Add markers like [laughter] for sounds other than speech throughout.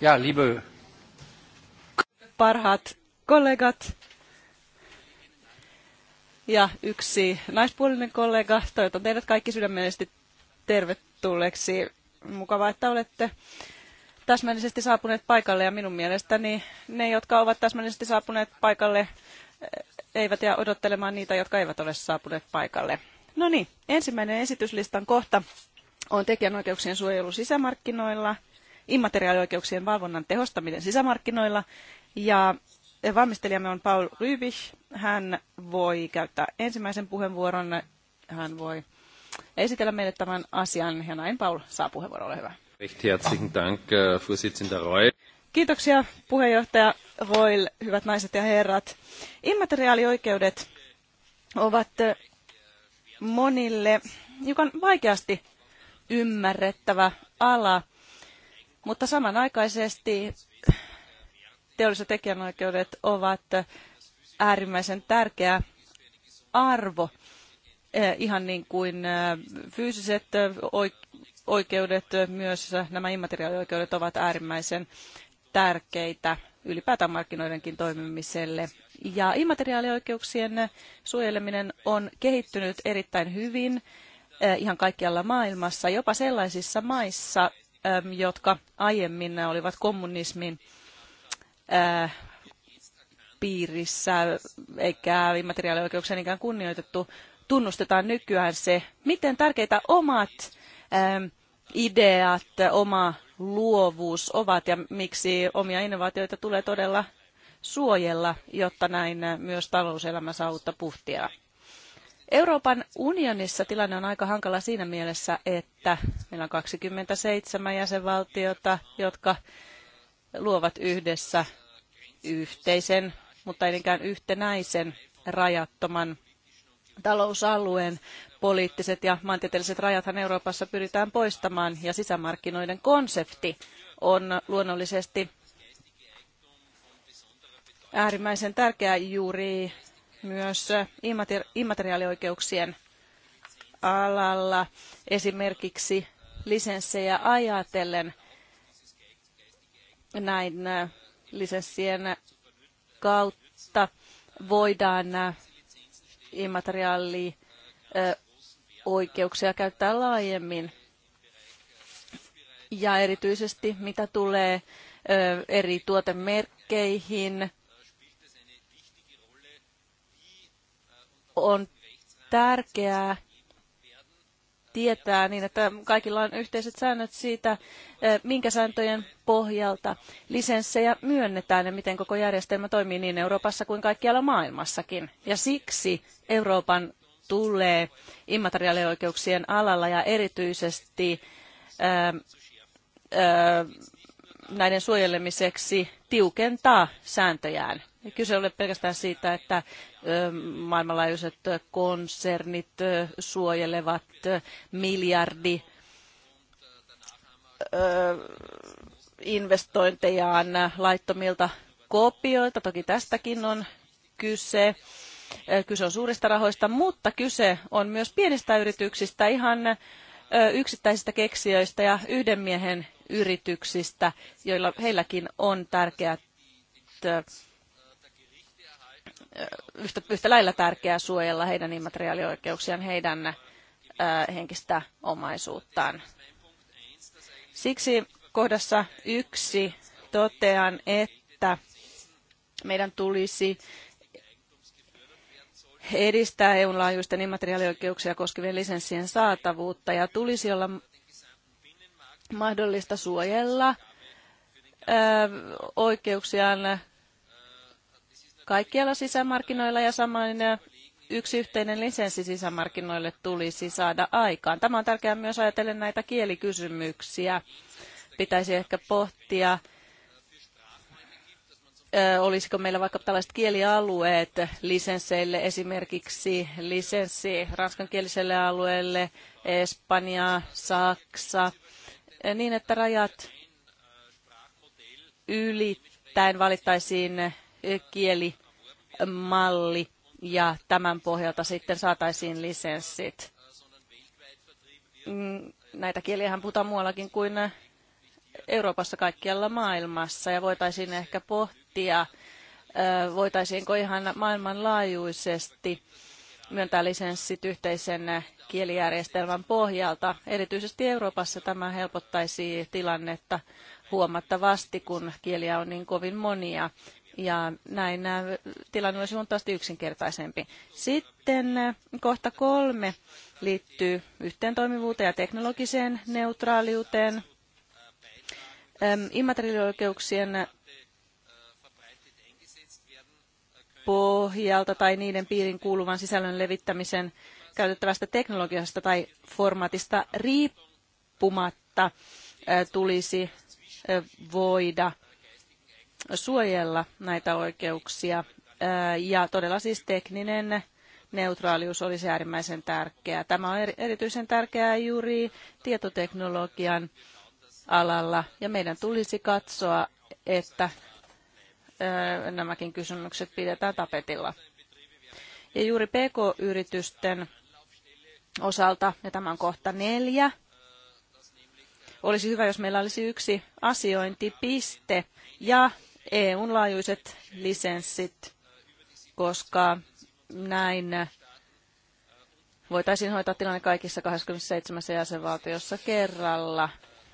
Ja, liebe... Parhaat kollegat ja yksi naispuolinen kollega, toivotan teidät kaikki sydämellisesti tervetulleeksi. Mukavaa, että olette täsmällisesti saapuneet paikalle ja minun mielestäni ne, jotka ovat täsmällisesti saapuneet paikalle, eh, eivät jää odottelemaan niitä, jotka eivät ole saapuneet paikalle. No niin, ensimmäinen esityslistan kohta on tekijänoikeuksien suojelu sisämarkkinoilla – immateriaalioikeuksien valvonnan tehostaminen sisämarkkinoilla. Ja valmistelijamme on Paul Rybich. Hän voi käyttää ensimmäisen puheenvuoron. Hän voi esitellä meille tämän asian. Ja näin Paul saa puheenvuoron. Ole hyvä. Recht herzlichen Dank, äh, Vorsitzender Roy. Kiitoksia puheenjohtaja Roil, hyvät naiset ja herrat. Immateriaalioikeudet ovat monille hiukan vaikeasti ymmärrettävä ala. Mutta samanaikaisesti teolliset ja tekijänoikeudet ovat äärimmäisen tärkeä arvo, eh, ihan niin kuin eh, fyysiset eh, oikeudet, myös nämä immateriaalioikeudet ovat äärimmäisen tärkeitä ylipäätään markkinoidenkin toimimiselle. Ja immateriaalioikeuksien suojeleminen on kehittynyt erittäin hyvin ihan kaikkialla maailmassa, jopa sellaisissa maissa, Ähm, jotka aiemmin olivat kommunismin äh, piirissä, eikä immateriaalioikeuksia ikään kunnioitettu, tunnustetaan nykyään se, miten tärkeitä omat ähm, ideat, oma luovuus ovat ja miksi omia innovaatioita tulee todella suojella, jotta näin äh, myös talouselämä saa uutta puhtia. Euroopan unionissa tilanne on aika hankala siinä mielessä, että meillä on 27 jäsenvaltiota, jotka luovat yhdessä yhteisen, mutta ei niinkään yhtenäisen rajattoman talousalueen poliittiset ja maantieteelliset rajathan Euroopassa pyritään poistamaan ja sisämarkkinoiden konsepti on luonnollisesti äärimmäisen tärkeä juuri myös äh, immateriaalioikeuksien alalla, esimerkiksi lisenssejä ajatellen näin äh, lisenssien kautta voidaan äh, immateriaalioikeuksia käyttää laajemmin. Ja erityisesti mitä tulee eri tuotemerkkeihin, on tärkeää tietää niin, että kaikilla on yhteiset säännöt siitä, eh, minkä sääntöjen pohjalta lisenssejä myönnetään ja miten koko järjestelmä toimii niin Euroopassa kuin kaikkialla maailmassakin. Ja siksi Euroopan tulee immateriaalioikeuksien alalla ja erityisesti ää, eh, ää, eh, näiden suojelemiseksi tiukentaa sääntöjään. Kyse ole pelkästään siitä, että maailmanlaajuiset konsernit suojelevat miljardi investointejaan laittomilta kopioilta. Toki tästäkin on kyse. Kyse on suurista rahoista, mutta kyse on myös pienistä yrityksistä, ihan yksittäisistä keksijöistä ja yhden miehen yrityksistä, joilla heilläkin on tärkeät yhtä, yhtä lailla tärkeää suojella heidän immateriaalioikeuksiaan, heidän henkistä omaisuuttaan. Siksi kohdassa yksi totean, että meidän tulisi edistää EUn laajuisten immateriaalioikeuksia koskevien lisenssien saatavuutta ja tulisi olla mahdollista suojella oikeuksiaan kaikkialla sisämarkkinoilla ja samoin äh, yksi yhteinen lisenssi sisämarkkinoille tulisi saada aikaan. Tämä on tärkeää myös ajatellen näitä kielikysymyksiä. Pitäisi ehkä pohtia, äh, olisiko meillä vaikka tällaiset kielialueet lisensseille, esimerkiksi lisenssi ranskankieliselle alueelle, Espanja, Saksa, äh, niin että rajat ylittäen valittaisiin kielimalli ja tämän pohjalta sitten saataisiin lisenssit. Mm, näitä kieliähän puhutaan muuallakin kuin Euroopassa kaikkialla maailmassa ja voitaisiin ehkä pohtia, voitaisiinko ihan maailmanlaajuisesti myöntää lisenssit yhteisen kielijärjestelmän pohjalta. Erityisesti Euroopassa tämä helpottaisi tilannetta huomattavasti, kun kieliä on niin kovin monia ja näin äh, tilanne olisi huomattavasti yksinkertaisempi. Sitten äh, kohta kolme liittyy yhteen toimivuuteen ja teknologiseen neutraaliuteen. Immateriaalioikeuksien pohjalta tai niiden piirin kuuluvan sisällön levittämisen käytettävästä teknologiasta tai formaatista riippumatta äh, tulisi voida – suojella näitä oikeuksia. Ja todella siis tekninen neutraalius olisi äärimmäisen tärkeää. Tämä on erityisen tärkeää juuri tietoteknologian alalla. Ja meidän tulisi katsoa, että nämäkin kysymykset pidetään tapetilla. Ja juuri PK-yritysten osalta, ja tämä on kohta neljä, olisi hyvä, jos meillä olisi yksi asiointipiste ja EUn laajuiset lisenssit, koska näin voitaisiin hoitaa tilanne kaikissa 27 jäsenvaltiossa kerralla.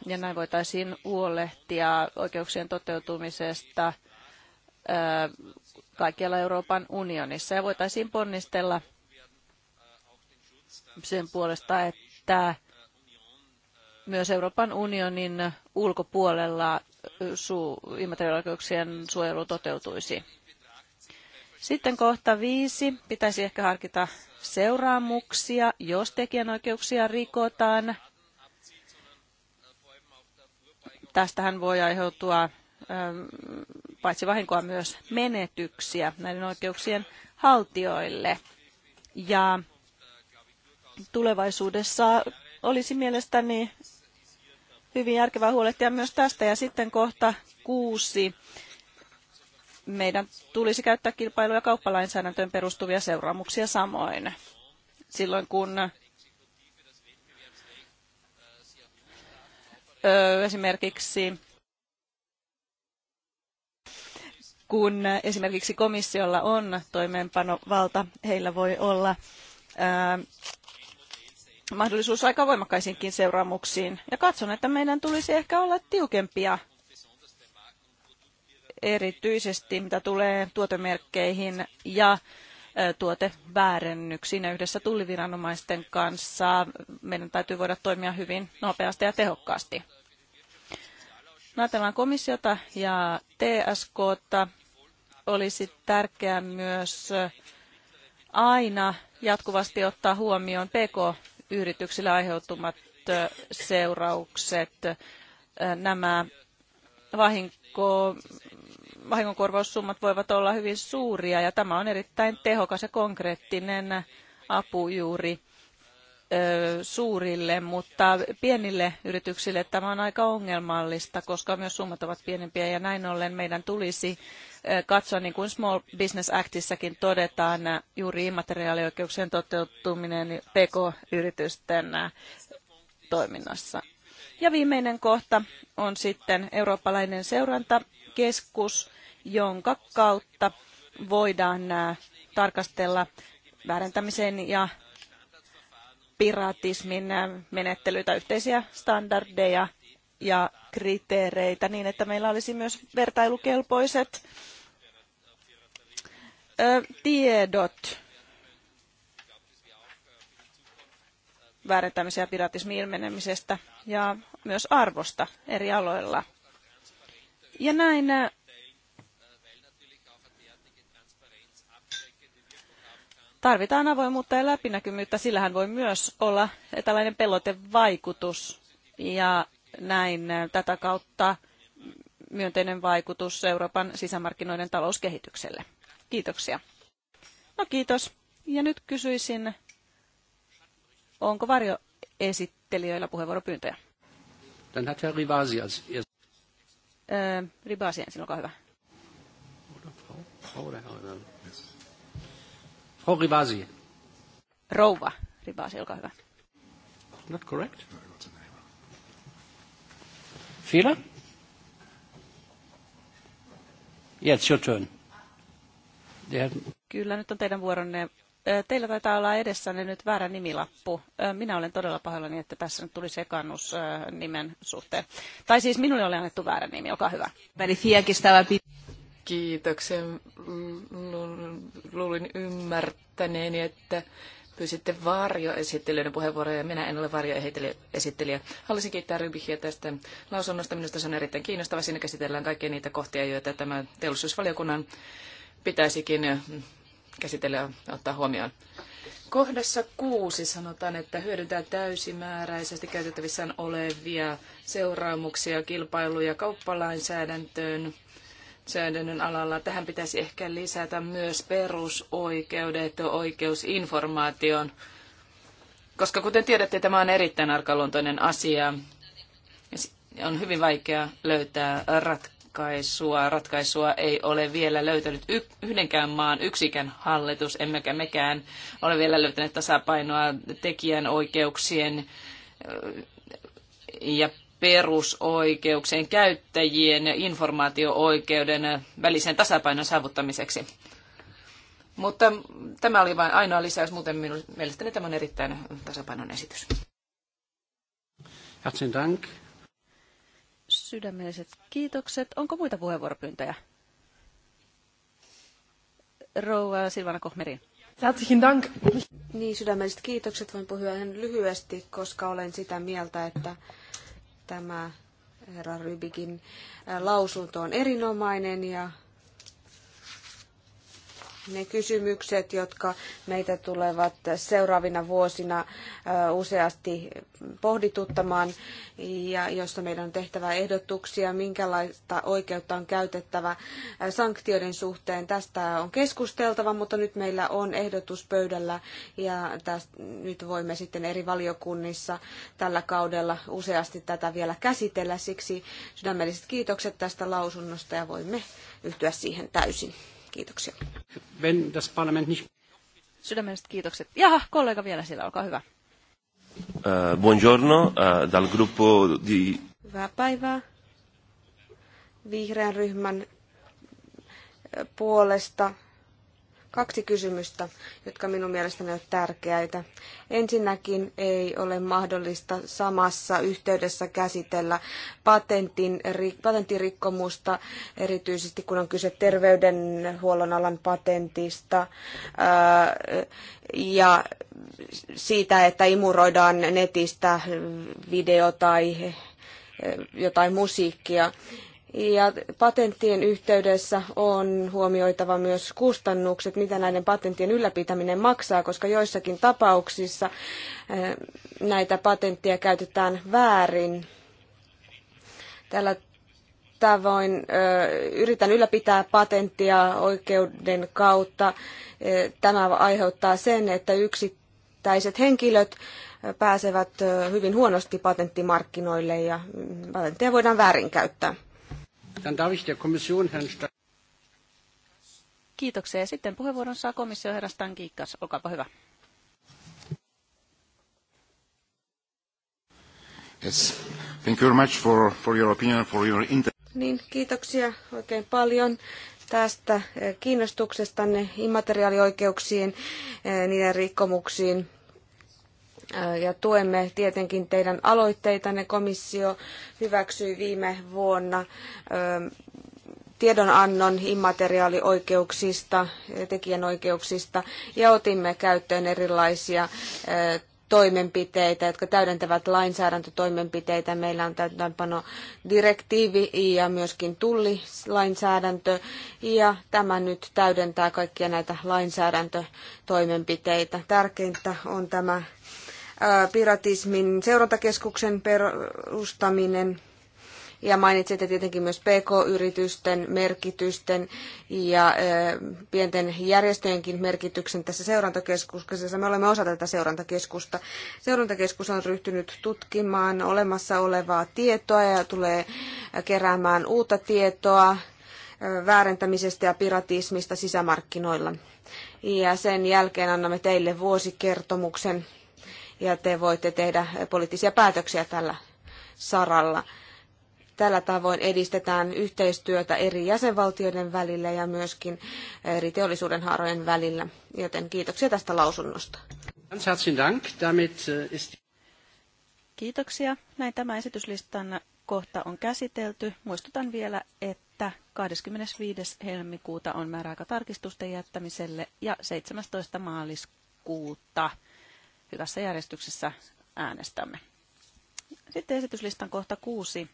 Ja näin voitaisiin huolehtia oikeuksien toteutumisesta kaikkialla Euroopan unionissa. Ja voitaisiin ponnistella sen puolesta, että myös Euroopan unionin ulkopuolella immateriaalioikeuksien suojelu toteutuisi. Sitten kohta viisi. Pitäisi ehkä harkita seuraamuksia, jos tekijänoikeuksia rikotaan. Tästähän voi aiheutua ähm, paitsi vahinkoa myös menetyksiä näiden oikeuksien haltioille. Ja tulevaisuudessa olisi mielestäni hyvin järkevää huolehtia myös tästä. Ja sitten kohta kuusi. Meidän tulisi käyttää kilpailu- ja kauppalainsäädäntöön perustuvia seuraamuksia samoin. Silloin kun öö, esimerkiksi kun esimerkiksi komissiolla on toimeenpanovalta, heillä voi olla mahdollisuus aika voimakkaisiinkin seuraamuksiin. Ja katson, että meidän tulisi ehkä olla tiukempia erityisesti, mitä tulee tuotemerkkeihin ja tuoteväärennyksiin yhdessä tulliviranomaisten kanssa. Meidän täytyy voida toimia hyvin nopeasti ja tehokkaasti. No, ajatellaan komissiota ja TSK olisi tärkeää myös aina jatkuvasti ottaa huomioon PK yrityksille aiheutumat seuraukset. Nämä vahinko, vahingonkorvaussummat voivat olla hyvin suuria ja tämä on erittäin tehokas ja konkreettinen apu juuri suurille, mutta pienille yrityksille tämä on aika ongelmallista, koska myös summat ovat pienempiä ja näin ollen meidän tulisi katsoa, niin kuin Small Business Actissakin todetaan, juuri immateriaalioikeuksien toteutuminen PK-yritysten toiminnassa. Ja viimeinen kohta on sitten eurooppalainen seurantakeskus, jonka kautta voidaan tarkastella väärentämiseen ja piraatismin menettelyitä, yhteisiä standardeja ja kriteereitä niin, että meillä olisi myös vertailukelpoiset tiedot väärentämisen ja piratismin ilmenemisestä ja myös arvosta eri aloilla. Ja näin Tarvitaan avoimuutta ja läpinäkymyyttä, sillähän voi myös olla tällainen pelotevaikutus ja näin äh, tätä kautta myönteinen vaikutus Euroopan sisämarkkinoiden talouskehitykselle. Kiitoksia. No kiitos. Ja nyt kysyisin, onko varjoesittelijöillä puheenvuoropyyntöjä? Dann hat Herr Rivasi als äh, Rivasi ensin, olkaa hyvä. Oder Frau, Frau oder Herr, Frau Rivasi. Rouva Rivasi, olkaa hyvä. Not correct? Fila? Yeah, it's your turn. Yeah. Kyllä, nyt on teidän vuoronne. Teillä taitaa olla edessänne nyt väärä nimilappu. Minä olen todella pahoillani, että tässä nyt tuli sekannus nimen suhteen. Tai siis minulle oli annettu väärä nimi, olkaa hyvä. Kiitoksen. Luulin ymmärtäneeni, että pyysitte varjoesittelijöiden puheenvuoroja ja minä en ole varjoesittelijä. Haluaisin kiittää Rybihiä tästä lausunnosta. Minusta se on erittäin kiinnostava. Siinä käsitellään kaikkia niitä kohtia, joita tämä teollisuusvaliokunnan pitäisikin käsitellä ja ottaa huomioon. Kohdassa kuusi sanotaan, että hyödyntää täysimääräisesti käytettävissään olevia seuraamuksia kilpailuja, kauppalainsäädäntöön säädännön alalla. Tähän pitäisi ehkä lisätä myös perusoikeudet, oikeus informaatioon, koska kuten tiedätte, tämä on erittäin arkaluontoinen asia. On hyvin vaikea löytää ratkaisua. Ratkaisua ei ole vielä löytänyt yhdenkään maan yksikään hallitus, emmekä mekään ole vielä löytäneet tasapainoa tekijän oikeuksien ja perusoikeuksien käyttäjien ja informaatio-oikeuden välisen tasapainon saavuttamiseksi. Mutta tämä oli vain ainoa lisäys, muuten minun mielestäni tämä on erittäin tasapainon esitys. Dank. Sydämelliset kiitokset. Onko muita puheenvuoropyyntöjä? Rouva Silvana Kohmerin. Herzlichen Dank. Niin, sydämelliset kiitokset. Voin puhua ihan lyhyesti, koska olen sitä mieltä, että Tämä herra Rybikin lausunto on erinomainen ja ne kysymykset, jotka meitä tulevat seuraavina vuosina useasti pohdituttamaan ja josta meidän on tehtävä ehdotuksia, minkälaista oikeutta on käytettävä sanktioiden suhteen. Tästä on keskusteltava, mutta nyt meillä on ehdotus pöydällä ja tästä, nyt voimme sitten eri valiokunnissa tällä kaudella useasti tätä vielä käsitellä. Siksi sydämelliset kiitokset tästä lausunnosta ja voimme yhtyä siihen täysin. Kiitoksia. Wenn das Parlament nicht... Sydämelliset kiitokset. Jaha, kollega vielä siellä, olkaa hyvä. Uh, buongiorno, uh, dal gruppo di... Hyvää päivää. Vihreän ryhmän eh, puolesta kaksi kysymystä, jotka minun mielestäni ovat tärkeitä. Ensinnäkin ei ole mahdollista samassa yhteydessä käsitellä patentin, patenttirikkomusta, erityisesti kun on kyse terveydenhuollon alan patentista ja siitä, että imuroidaan netistä video tai jotain musiikkia. Ja patenttien yhteydessä on huomioitava myös kustannukset, mitä näiden patenttien ylläpitäminen maksaa, koska joissakin tapauksissa eh, näitä patentteja käytetään väärin. Tällä tavoin eh, yritän ylläpitää patenttia oikeuden kautta. Eh, tämä aiheuttaa sen, että yksittäiset henkilöt pääsevät hyvin huonosti patenttimarkkinoille ja mm, patentteja voidaan väärinkäyttää. Dann darf ich der Kommission Herrn St- Kiitoksia. Ja sitten puheenvuoron saa komissio herra Stankiikkas. Olkaapa hyvä. Yes. Thank you very much for, for your opinion, for your inter- niin, kiitoksia oikein paljon tästä eh, kiinnostuksestanne immateriaalioikeuksiin, eh, niiden rikkomuksiin ja tuemme tietenkin teidän aloitteitanne. Komissio hyväksyi viime vuonna tiedonannon immateriaalioikeuksista, tekijänoikeuksista ja otimme käyttöön erilaisia toimenpiteitä, jotka täydentävät lainsäädäntötoimenpiteitä. Meillä on täytäntöönpano direktiivi ja myöskin tullilainsäädäntö ja tämä nyt täydentää kaikkia näitä lainsäädäntötoimenpiteitä. Tärkeintä on tämä Äh, piratismin seurantakeskuksen perustaminen ja mainitsitte tietenkin myös PK-yritysten merkitysten ja äh, pienten järjestöjenkin merkityksen tässä seurantakeskuksessa. Me olemme osa tätä seurantakeskusta. Seurantakeskus on ryhtynyt tutkimaan olemassa olevaa tietoa ja tulee keräämään uutta tietoa äh, väärentämisestä ja piratismista sisämarkkinoilla. Ja sen jälkeen annamme teille vuosikertomuksen ja te voitte tehdä poliittisia päätöksiä tällä saralla. Tällä tavoin edistetään yhteistyötä eri jäsenvaltioiden välillä ja myöskin eri teollisuuden haarojen välillä, joten kiitoksia tästä lausunnosta. Äh, kiitoksia. Näin tämä esityslistan kohta on käsitelty. Muistutan vielä, että 25. helmikuuta on määräaika tarkistusten jättämiselle ja 17. maaliskuuta hyvässä järjestyksessä äänestämme. Sitten esityslistan kohta kuusi.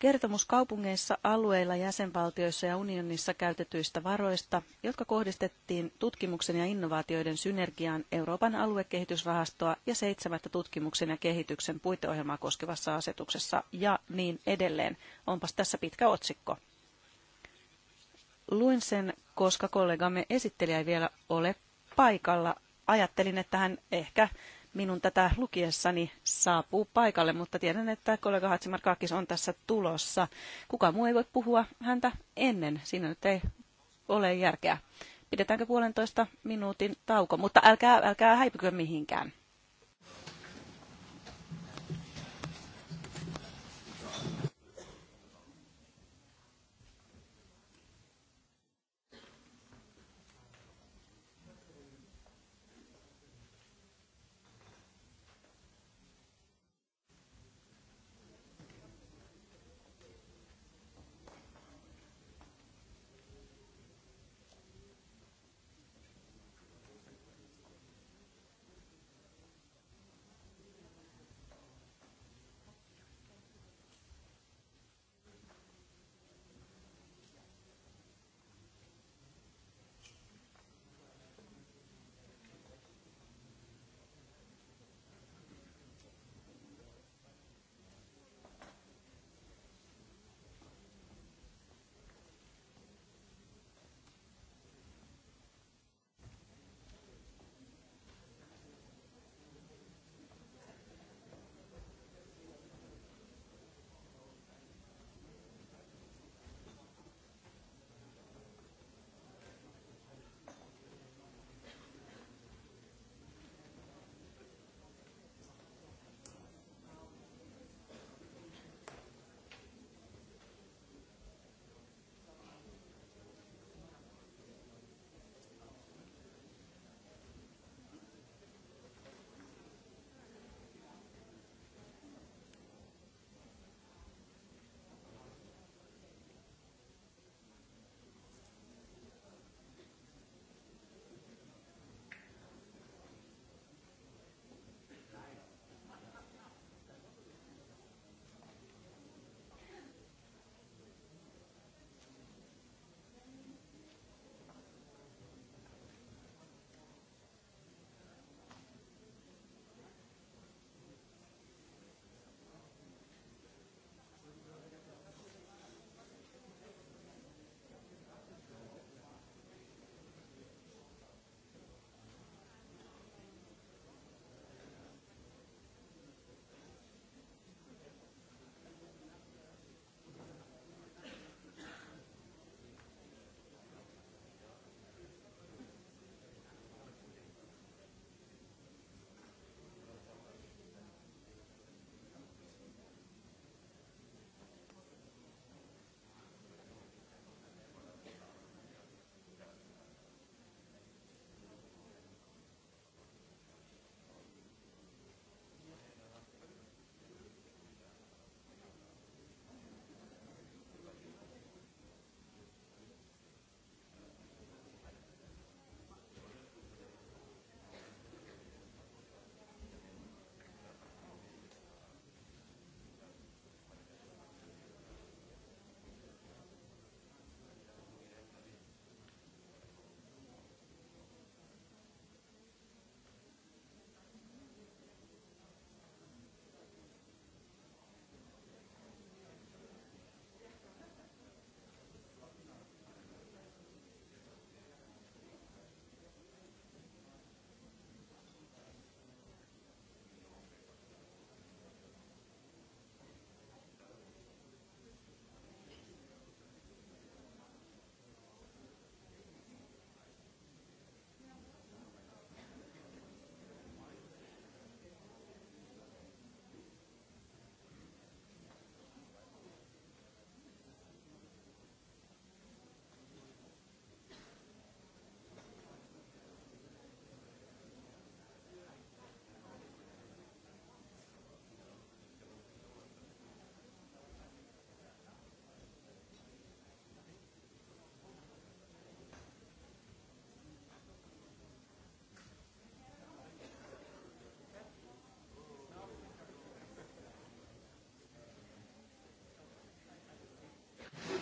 Kertomus kaupungeissa, alueilla, jäsenvaltioissa ja unionissa käytetyistä varoista, jotka kohdistettiin tutkimuksen ja innovaatioiden synergiaan Euroopan aluekehitysrahastoa ja seitsemättä tutkimuksen ja kehityksen puiteohjelmaa koskevassa asetuksessa ja niin edelleen. Onpas tässä pitkä otsikko. Luin sen, koska kollegamme esittelijä ei vielä ole paikalla, ajattelin, että hän ehkä minun tätä lukiessani saapuu paikalle, mutta tiedän, että kollega Hatsimarkaakis on tässä tulossa. Kuka muu ei voi puhua häntä ennen, siinä nyt ei ole järkeä. Pidetäänkö puolentoista minuutin tauko, mutta älkää, älkää häipykö mihinkään.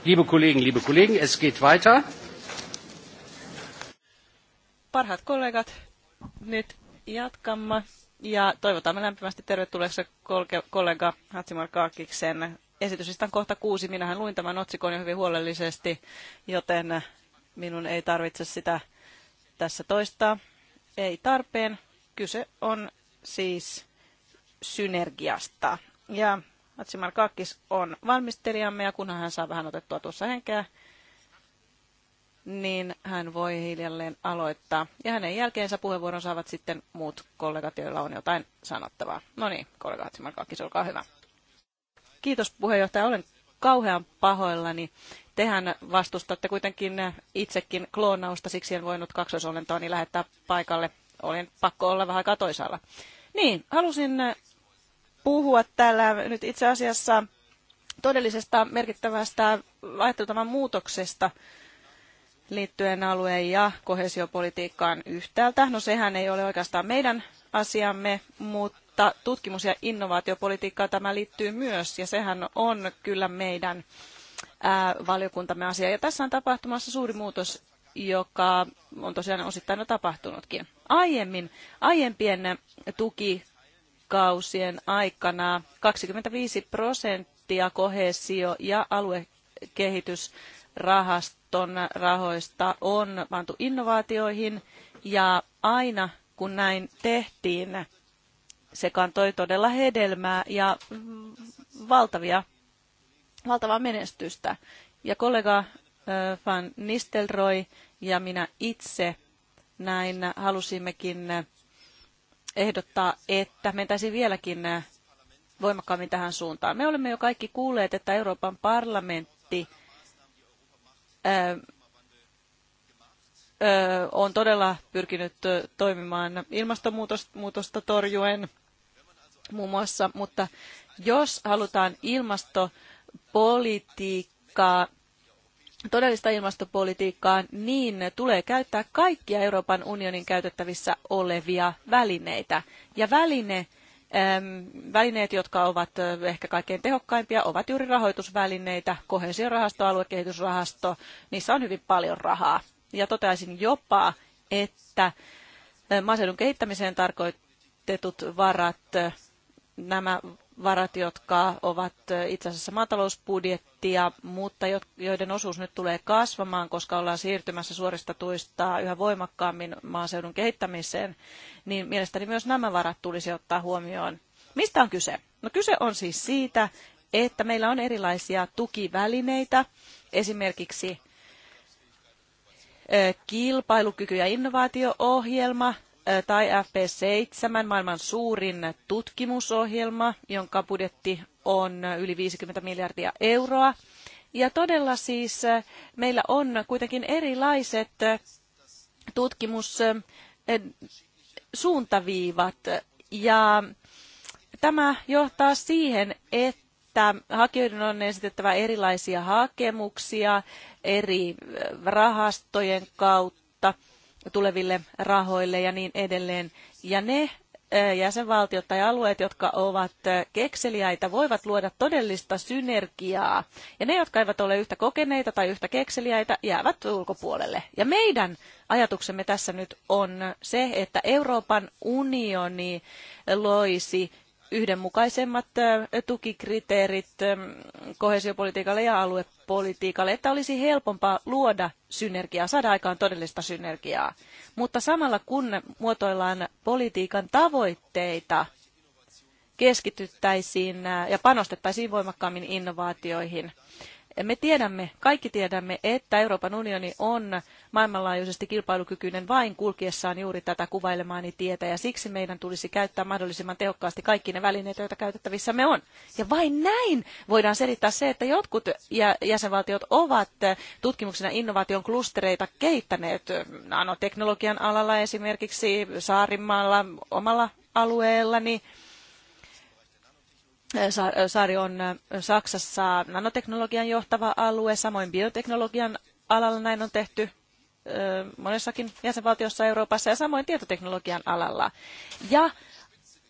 Liebe Kollegen, liebe Kollegen, es geht weiter. Parhaat kollegat, nyt jatkamme ja toivotamme lämpimästi tervetulleeksi kollega Hatsimar Kaakiksen esityslistan kohta kuusi. Minähän luin tämän otsikon jo hyvin huolellisesti, joten minun ei tarvitse sitä tässä toistaa. Ei tarpeen. Kyse on siis synergiasta. Ja Atsimar Kakkis on valmistelijamme ja kunhan hän saa vähän otettua tuossa henkeä, niin hän voi hiljalleen aloittaa. Ja hänen jälkeensä puheenvuoron saavat sitten muut kollegat, joilla on jotain sanottavaa. No niin, kollega Hatsimar Kakkis, olkaa hyvä. Kiitos puheenjohtaja, olen kauhean pahoillani. Tehän vastustatte kuitenkin itsekin kloonausta, siksi en voinut kaksoisolentoani lähettää paikalle. Olin pakko olla vähän katoisalla. Niin, halusin puhua täällä nyt itse asiassa todellisesta merkittävästä ajattelutavan muutoksesta liittyen alueen ja kohesiopolitiikkaan yhtäältä. No sehän ei ole oikeastaan meidän asiamme, mutta tutkimus- ja innovaatiopolitiikkaa tämä liittyy myös, ja sehän on kyllä meidän ää, valiokuntamme asia. Ja tässä on tapahtumassa suuri muutos, joka on tosiaan osittain jo tapahtunutkin. Aiemmin, aiempien tuki kausien aikana 25 prosenttia kohesio- ja aluekehitysrahaston rahoista on pantu innovaatioihin ja aina kun näin tehtiin, se kantoi todella hedelmää ja mm, valtavia, valtavaa menestystä. Ja kollega Van Nistelrooy ja minä itse näin halusimmekin ehdottaa, että mentäisiin vieläkin äh, voimakkaammin tähän suuntaan. Me olemme jo kaikki kuulleet, että Euroopan parlamentti äh, äh, on todella pyrkinyt toimimaan ilmastonmuutosta torjuen muun muassa, mutta jos halutaan ilmastopolitiikkaa todellista ilmastopolitiikkaa, niin tulee käyttää kaikkia Euroopan unionin käytettävissä olevia välineitä. Ja väline, välineet, jotka ovat äh, ehkä kaikkein tehokkaimpia, ovat juuri rahoitusvälineitä, kohesiorahasto, aluekehitysrahasto, niissä on hyvin paljon rahaa. Ja toteaisin jopa, että äh, maaseudun kehittämiseen tarkoitetut varat, äh, nämä varat, jotka ovat itse asiassa maatalousbudjettia, mutta joiden osuus nyt tulee kasvamaan, koska ollaan siirtymässä suorista tuista yhä voimakkaammin maaseudun kehittämiseen, niin mielestäni myös nämä varat tulisi ottaa huomioon. Mistä on kyse? No kyse on siis siitä, että meillä on erilaisia tukivälineitä, esimerkiksi kilpailukyky- ja innovaatio-ohjelma, tai FP7, maailman suurin tutkimusohjelma, jonka budjetti on yli 50 miljardia euroa. Ja todella siis meillä on kuitenkin erilaiset tutkimussuuntaviivat ja tämä johtaa siihen, että että hakijoiden on esitettävä erilaisia hakemuksia eri rahastojen kautta tuleville rahoille ja niin edelleen. Ja ne jäsenvaltiot tai alueet, jotka ovat kekseliäitä, voivat luoda todellista synergiaa. Ja ne, jotka eivät ole yhtä kokeneita tai yhtä kekseliäitä, jäävät ulkopuolelle. Ja meidän ajatuksemme tässä nyt on se, että Euroopan unioni loisi yhdenmukaisemmat tukikriteerit kohesiopolitiikalle ja aluepolitiikalle, että olisi helpompaa luoda synergiaa, saada aikaan todellista synergiaa. Mutta samalla kun muotoillaan politiikan tavoitteita, keskityttäisiin ja panostettaisiin voimakkaammin innovaatioihin. Me tiedämme, kaikki tiedämme, että Euroopan unioni on maailmanlaajuisesti kilpailukykyinen vain kulkiessaan juuri tätä kuvailemaani tietä, ja siksi meidän tulisi käyttää mahdollisimman tehokkaasti kaikki ne välineet, joita käytettävissämme on. Ja vain näin voidaan selittää se, että jotkut jäsenvaltiot ovat tutkimuksen ja innovaation klustereita kehittäneet nanoteknologian alalla esimerkiksi Saarimaalla omalla alueellani. Niin Saari on Saksassa nanoteknologian johtava alue, samoin bioteknologian alalla näin on tehty monessakin jäsenvaltiossa Euroopassa ja samoin tietoteknologian alalla. Ja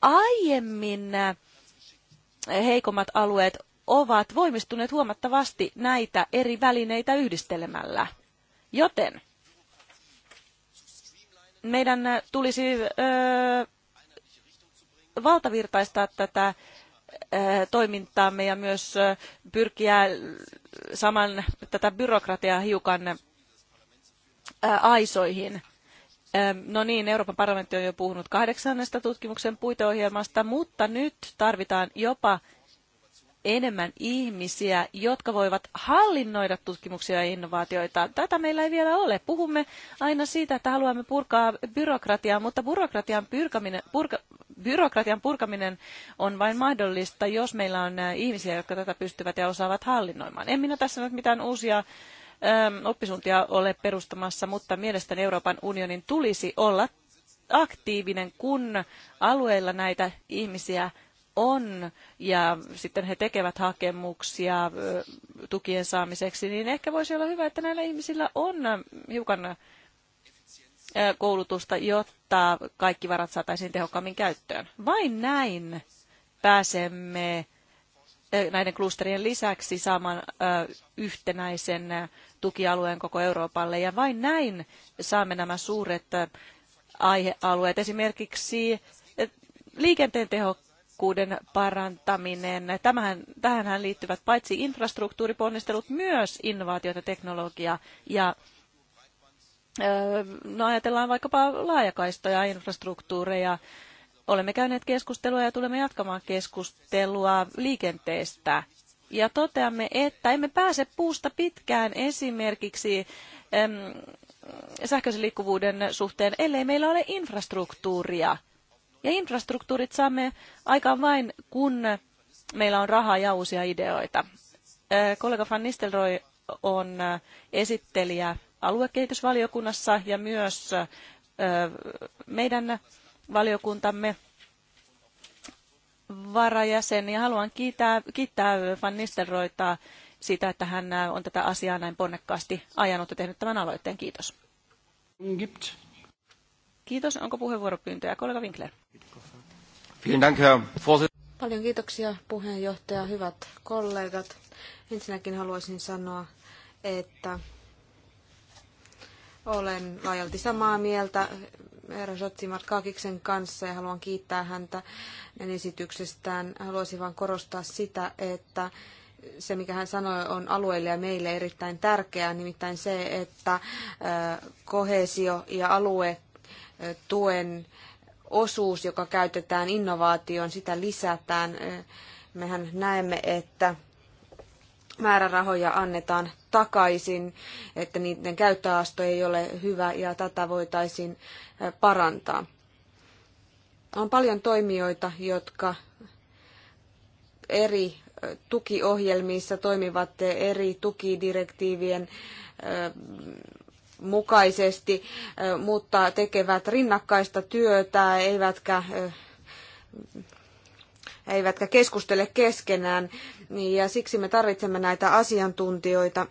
aiemmin heikommat alueet ovat voimistuneet huomattavasti näitä eri välineitä yhdistelemällä. Joten meidän tulisi ö, valtavirtaistaa tätä Eh, toimintaamme ja myös eh, pyrkiä saman tätä byrokratiaa hiukan eh, aisoihin. No niin, Euroopan parlamentti on jo puhunut kahdeksannesta tutkimuksen puiteohjelmasta, mutta nyt tarvitaan jopa enemmän ihmisiä, jotka voivat hallinnoida tutkimuksia ja innovaatioita. Tätä meillä ei vielä ole. Puhumme aina siitä, että haluamme purkaa byrokratiaa, mutta byrokratian, purka, byrokratian purkaminen on vain mahdollista, jos meillä on äh, ihmisiä, jotka tätä pystyvät ja osaavat hallinnoimaan. En minä tässä nyt mitään uusia ähm, oppisuuntia ole perustamassa, mutta mielestäni Euroopan unionin tulisi olla aktiivinen, kun alueilla näitä ihmisiä – on ja sitten he tekevät hakemuksia tukien saamiseksi, niin ehkä voisi olla hyvä, että näillä ihmisillä on hiukan koulutusta, jotta kaikki varat saataisiin tehokkaammin käyttöön. Vain näin pääsemme näiden klusterien lisäksi saamaan yhtenäisen tukialueen koko Euroopalle. Ja vain näin saamme nämä suuret aihealueet, esimerkiksi liikenteen tehokkaammin tehokkuuden parantaminen. Tämähän, tähänhän liittyvät paitsi infrastruktuuriponnistelut, myös innovaatiot ja teknologia. Ja no ajatellaan vaikkapa laajakaistoja, infrastruktuureja. Olemme käyneet keskustelua ja tulemme jatkamaan keskustelua liikenteestä. Ja toteamme, että emme pääse puusta pitkään esimerkiksi äm, sähköisen liikkuvuuden suhteen, ellei meillä ole infrastruktuuria – ja infrastruktuurit saamme aikaan vain, kun meillä on rahaa ja uusia ideoita. Kollega Van Nistelrooy on esittelijä aluekehitysvaliokunnassa ja myös meidän valiokuntamme varajäsen ja haluan kiittää, kiittää Van Nistelrooyta siitä, että hän on tätä asiaa näin ponnekkaasti ajanut ja tehnyt tämän aloitteen. Kiitos. Gibt. Kiitos. Onko puheenvuoropyyntöjä? Kollega Winkler. Paljon kiitoksia puheenjohtaja, hyvät kollegat. Ensinnäkin haluaisin sanoa, että olen laajalti samaa mieltä Eero Kakiksen kanssa ja haluan kiittää häntä hänen esityksestään. Haluaisin vain korostaa sitä, että se, mikä hän sanoi, on alueille ja meille erittäin tärkeää, nimittäin se, että kohesio ja alue tuen osuus, joka käytetään innovaatioon, sitä lisätään. Mehän näemme, että määrärahoja annetaan takaisin, että niiden käyttöasto ei ole hyvä ja tätä voitaisiin parantaa. On paljon toimijoita, jotka eri tukiohjelmissa toimivat eri tukidirektiivien mukaisesti, mutta tekevät rinnakkaista työtä, eivätkä eivätkä keskustele keskenään, ja siksi me tarvitsemme näitä asiantuntijoita.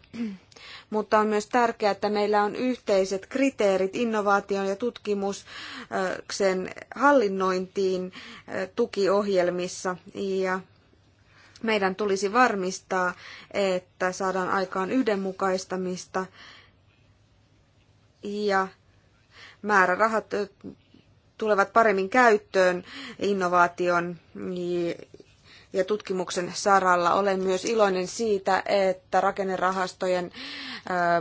Mutta on myös tärkeää, että meillä on yhteiset kriteerit innovaation ja tutkimuksen hallinnointiin tukiohjelmissa, ja meidän tulisi varmistaa, että saadaan aikaan yhdenmukaistamista ja määrärahat tulevat paremmin käyttöön innovaation ja tutkimuksen saralla. Olen myös iloinen siitä, että rakennerahastojen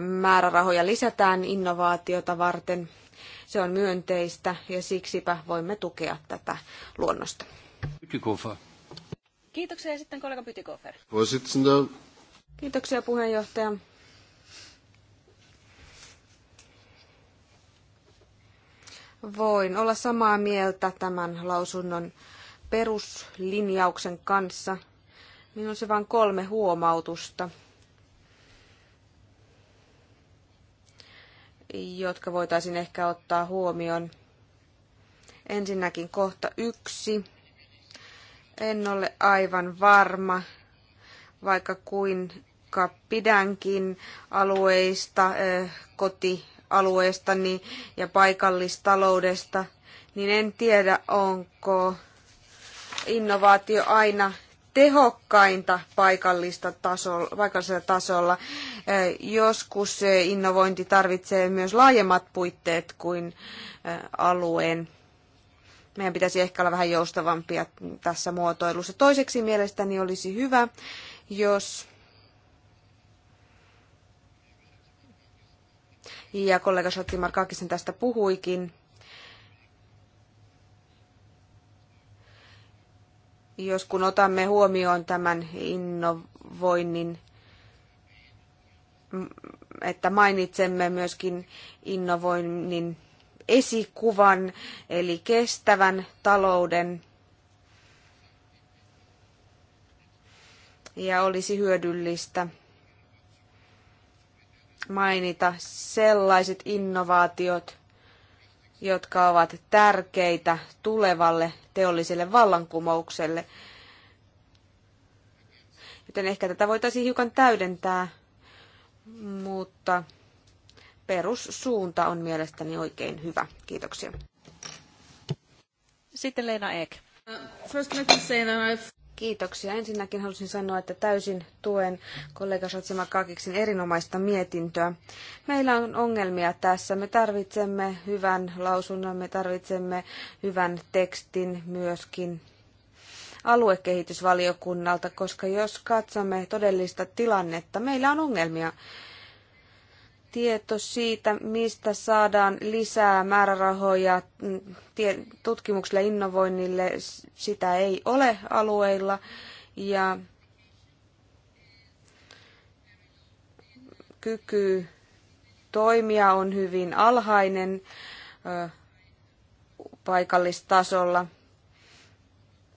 määrärahoja lisätään innovaatiota varten. Se on myönteistä ja siksipä voimme tukea tätä luonnosta. Pytikofer. Kiitoksia ja sitten kollega Pytikofer. Kiitoksia puheenjohtaja. voin olla samaa mieltä tämän lausunnon peruslinjauksen kanssa. Minun on se vain kolme huomautusta, jotka voitaisiin ehkä ottaa huomioon. Ensinnäkin kohta yksi. En ole aivan varma, vaikka kuinka pidänkin alueista, eh, koti alueestani niin, ja paikallistaloudesta, niin en tiedä, onko innovaatio aina tehokkainta paikallista tasolla, paikallisella tasolla. Joskus innovointi tarvitsee myös laajemmat puitteet kuin alueen. Meidän pitäisi ehkä olla vähän joustavampia tässä muotoilussa. Toiseksi mielestäni olisi hyvä, jos ja kollega Shotti Markakisen tästä puhuikin. Jos kun otamme huomioon tämän innovoinnin, että mainitsemme myöskin innovoinnin esikuvan, eli kestävän talouden, ja olisi hyödyllistä – mainita sellaiset innovaatiot, jotka ovat tärkeitä tulevalle teolliselle vallankumoukselle. Joten ehkä tätä voitaisiin hiukan täydentää, mutta perussuunta on mielestäni oikein hyvä. Kiitoksia. Sitten Leena Ek. Uh, first let me say that I've... Kiitoksia. Ensinnäkin halusin sanoa, että täysin tuen kollega Sotsima Kakiksen erinomaista mietintöä. Meillä on ongelmia tässä. Me tarvitsemme hyvän lausunnon, me tarvitsemme hyvän tekstin myöskin aluekehitysvaliokunnalta, koska jos katsomme todellista tilannetta, meillä on ongelmia tieto siitä, mistä saadaan lisää määrärahoja mm, tutkimukselle ja innovoinnille, sitä ei ole alueilla. Ja kyky toimia on hyvin alhainen paikallistasolla.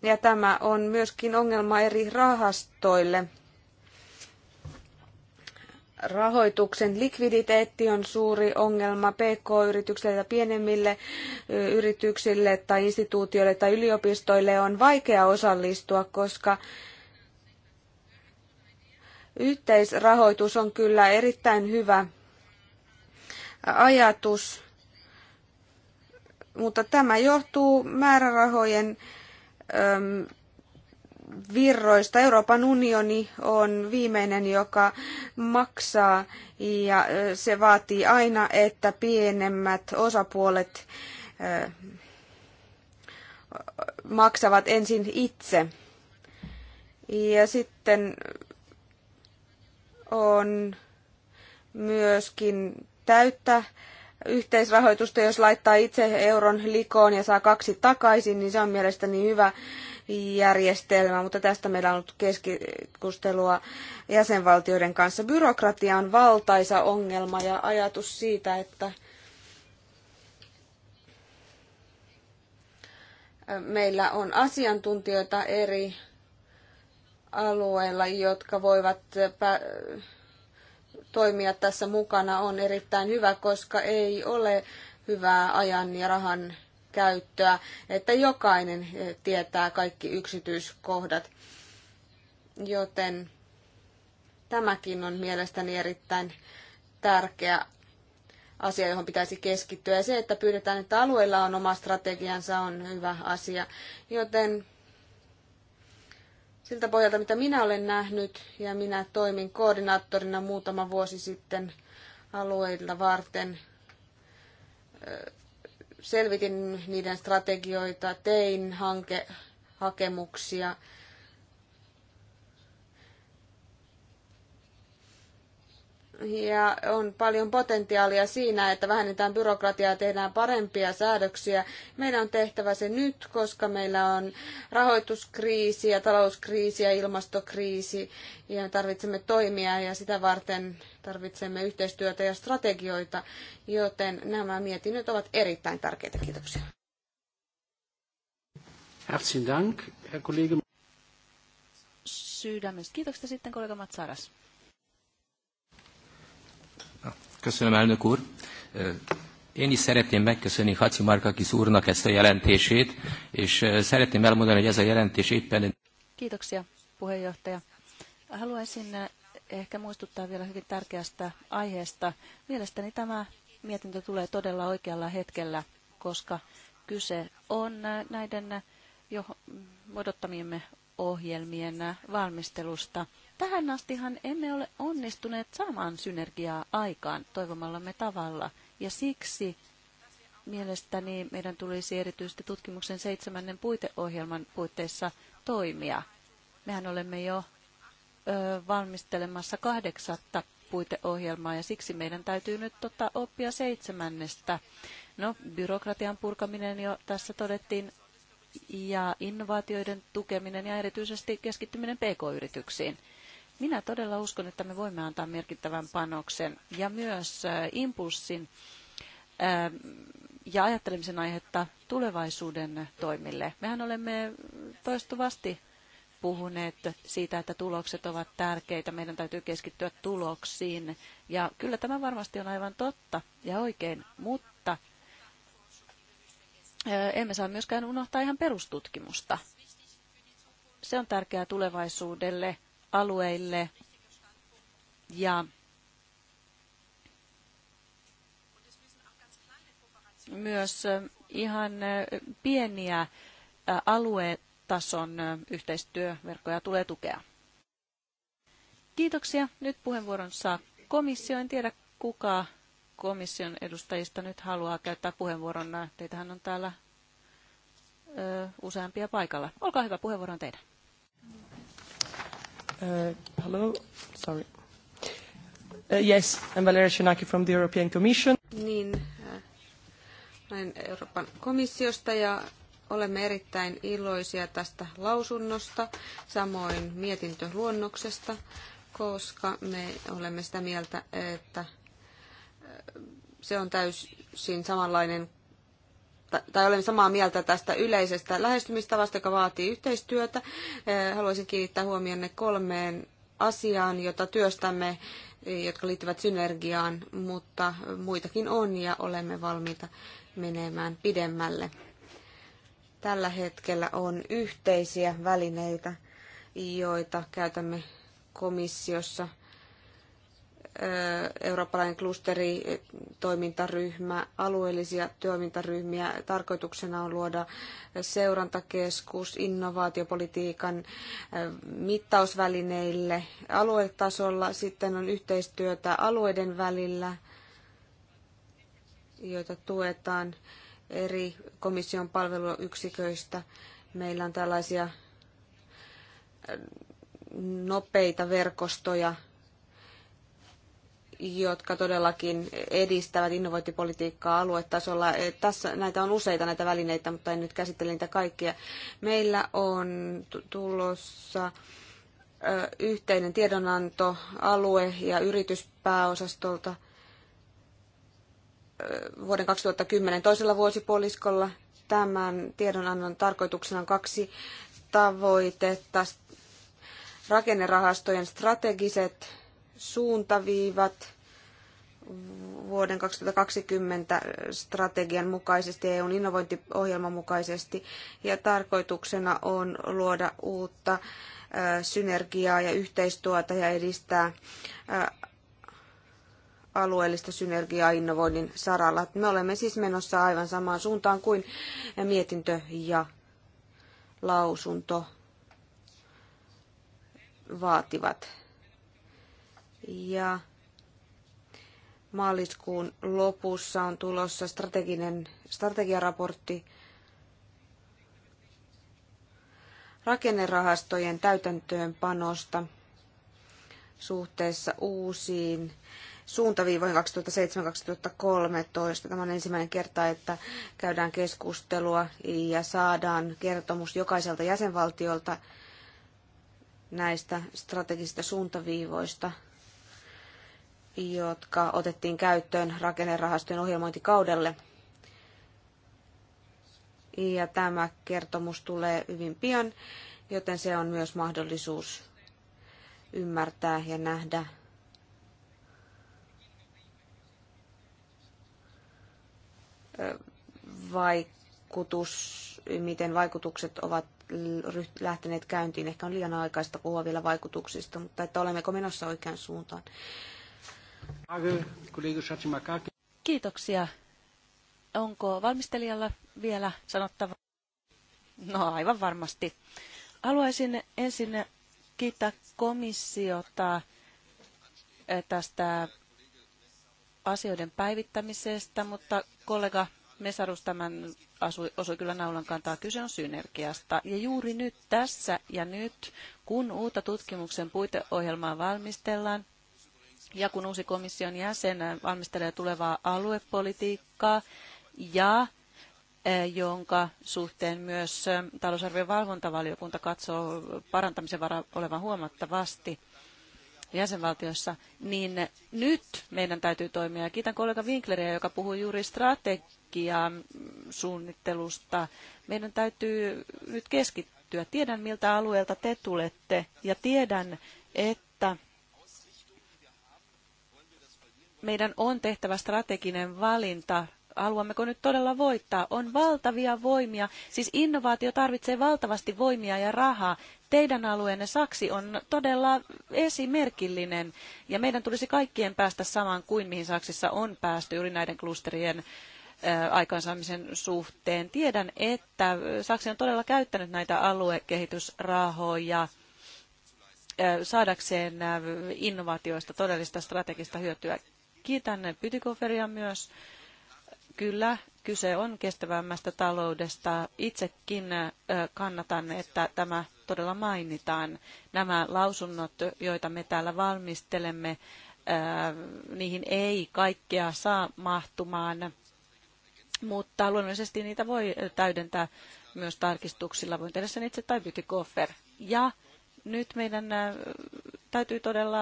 Ja tämä on myöskin ongelma eri rahastoille – rahoituksen likviditeetti on suuri ongelma PK-yrityksille ja pienemmille yrityksille tai instituutioille tai yliopistoille on vaikea osallistua, koska yhteisrahoitus on kyllä erittäin hyvä ajatus, mutta tämä johtuu määrärahojen virroista. Euroopan unioni on viimeinen, joka maksaa ja se vaatii aina, että pienemmät osapuolet maksavat ensin itse. Ja sitten on myöskin täyttä yhteisrahoitusta, jos laittaa itse euron likoon ja saa kaksi takaisin, niin se on mielestäni hyvä järjestelmä, mutta tästä meillä on ollut keskustelua jäsenvaltioiden kanssa. Byrokratia on valtaisa ongelma ja ajatus siitä, että meillä on asiantuntijoita eri alueilla, jotka voivat toimia tässä mukana, on erittäin hyvä, koska ei ole hyvää ajan ja rahan käyttöä, että jokainen eh, tietää kaikki yksityiskohdat. Joten tämäkin on mielestäni erittäin tärkeä asia, johon pitäisi keskittyä. Ja se, että pyydetään, että alueilla on oma strategiansa, on hyvä asia. Joten siltä pohjalta, mitä minä olen nähnyt, ja minä toimin koordinaattorina muutama vuosi sitten alueilla varten, eh, selvitin niiden strategioita, tein hankehakemuksia ja on paljon potentiaalia siinä, että vähennetään byrokratiaa ja tehdään parempia säädöksiä. Meidän on tehtävä se nyt, koska meillä on rahoituskriisi ja talouskriisi ja ilmastokriisi ja tarvitsemme toimia ja sitä varten tarvitsemme yhteistyötä ja strategioita, joten nämä mietinnöt ovat erittäin tärkeitä. Kiitoksia. Herzlichen Dank, Herr Kollege. Sydämestä kiitoksia sitten kollega Matsaras. Köszönöm, elnök úr. Én is szeretném megköszönni Haci Markakis úrnak ezt a jelentését, és szeretném elmondani, hogy ez a jelentés éppen... Kiitoksia, puheenjohtaja. Haluaisin ehkä muistuttaa vielä hyvin tärkeästä aiheesta. Mielestäni tämä mietintö tulee todella oikealla hetkellä, koska kyse on näiden jo odottamiemme ohjelmien valmistelusta. Tähän astihan emme ole onnistuneet saamaan synergiaa aikaan toivomallamme tavalla, ja siksi mielestäni meidän tulisi erityisesti tutkimuksen seitsemännen puiteohjelman puitteissa toimia. Mehän olemme jo ö, valmistelemassa kahdeksatta puiteohjelmaa ja siksi meidän täytyy nyt ottaa oppia seitsemännestä. No, byrokratian purkaminen jo tässä todettiin ja innovaatioiden tukeminen ja erityisesti keskittyminen pk-yrityksiin. Minä todella uskon, että me voimme antaa merkittävän panoksen ja myös äh, impulssin äh, ja ajattelemisen aihetta tulevaisuuden toimille. Mehän olemme toistuvasti puhuneet siitä, että tulokset ovat tärkeitä, meidän täytyy keskittyä tuloksiin. Ja kyllä tämä varmasti on aivan totta ja oikein, mutta äh, emme saa myöskään unohtaa ihan perustutkimusta. Se on tärkeää tulevaisuudelle alueille ja myös ihan pieniä aluetason yhteistyöverkkoja tulee tukea. Kiitoksia. Nyt puheenvuoron saa komissio. En tiedä, kuka komission edustajista nyt haluaa käyttää puheenvuoron. Teitähän on täällä ö, useampia paikalla. Olkaa hyvä, puheenvuoro on teidän. Uh, hello, sorry. Uh, yes, I'm Valeria Shinaki from the European Commission. Niin, äh, olen Euroopan komissiosta ja olemme erittäin iloisia tästä lausunnosta, samoin mietintöluonnoksesta, koska me olemme sitä mieltä, että äh, se on täysin samanlainen tai olemme samaa mieltä tästä yleisestä lähestymistavasta, joka vaatii yhteistyötä. Eh, haluaisin kiinnittää huomionne kolmeen asiaan, jota työstämme, jotka liittyvät synergiaan, mutta muitakin on ja olemme valmiita menemään pidemmälle. Tällä hetkellä on yhteisiä välineitä, joita käytämme komissiossa – eurooppalainen klusteri, toimintaryhmä, alueellisia toimintaryhmiä. Tarkoituksena on luoda seurantakeskus innovaatiopolitiikan mittausvälineille aluetasolla. Sitten on yhteistyötä alueiden välillä, joita tuetaan eri komission palveluyksiköistä. Meillä on tällaisia nopeita verkostoja, jotka todellakin edistävät innovointipolitiikkaa aluetasolla. Eh, tässä näitä on useita näitä välineitä, mutta en nyt käsittele niitä kaikkia. Meillä on tulossa eh, yhteinen tiedonanto alue- ja yrityspääosastolta eh, vuoden 2010 toisella vuosipuoliskolla. Tämän tiedonannon tarkoituksena on kaksi tavoitetta. Rakennerahastojen strategiset suuntaviivat vuoden 2020 strategian mukaisesti, EUn innovointiohjelman mukaisesti, ja tarkoituksena on luoda uutta synergiaa ja yhteistyötä ja edistää alueellista synergiaa innovoinnin saralla. Me olemme siis menossa aivan samaan suuntaan kuin mietintö ja lausunto vaativat. Ja maaliskuun lopussa on tulossa strateginen strategiaraportti rakennerahastojen täytäntöönpanosta suhteessa uusiin suuntaviivoihin 2007-2013. Tämä on ensimmäinen kerta, että käydään keskustelua ja saadaan kertomus jokaiselta jäsenvaltiolta näistä strategisista suuntaviivoista – jotka otettiin käyttöön rakennerahastojen ohjelmointikaudelle. Ja tämä kertomus tulee hyvin pian, joten se on myös mahdollisuus ymmärtää ja nähdä vaikutus, miten vaikutukset ovat lähteneet käyntiin. Ehkä on liian aikaista puhua vielä vaikutuksista, mutta että olemmeko menossa oikeaan suuntaan. Kiitoksia. Onko valmistelijalla vielä sanottavaa? No aivan varmasti. Haluaisin ensin kiittää komissiota eh, tästä asioiden päivittämisestä, mutta kollega Mesarus tämän asui, osui kyllä naulan kantaa. Kyse on synergiasta. Ja juuri nyt tässä ja nyt, kun uutta tutkimuksen puiteohjelmaa valmistellaan, ja kun uusi komission jäsen äh, valmistelee tulevaa aluepolitiikkaa ja äh, jonka suhteen myös äh, talousarvion valvontavaliokunta katsoo parantamisen varaa olevan huomattavasti jäsenvaltiossa, niin nyt meidän täytyy toimia. Ja kiitän kollega Winkleriä, joka puhui juuri strategiasuunnittelusta. Meidän täytyy nyt keskittyä. Tiedän, miltä alueelta te tulette ja tiedän, että meidän on tehtävä strateginen valinta haluammeko nyt todella voittaa. On valtavia voimia, siis innovaatio tarvitsee valtavasti voimia ja rahaa. Teidän alueenne Saksi on todella esimerkillinen ja meidän tulisi kaikkien päästä samaan kuin mihin Saksissa on päästy juuri näiden klusterien aikaansaamisen suhteen. Tiedän, että Saksi on todella käyttänyt näitä aluekehitysrahoja saadakseen innovaatioista todellista strategista hyötyä. Kiitän Pytikoferia myös. Kyllä, kyse on kestävämmästä taloudesta. Itsekin kannatan, että tämä todella mainitaan. Nämä lausunnot, joita me täällä valmistelemme, niihin ei kaikkea saa mahtumaan, mutta luonnollisesti niitä voi täydentää myös tarkistuksilla. Voin tehdä sen itse tai Koffer. Ja nyt meidän täytyy todella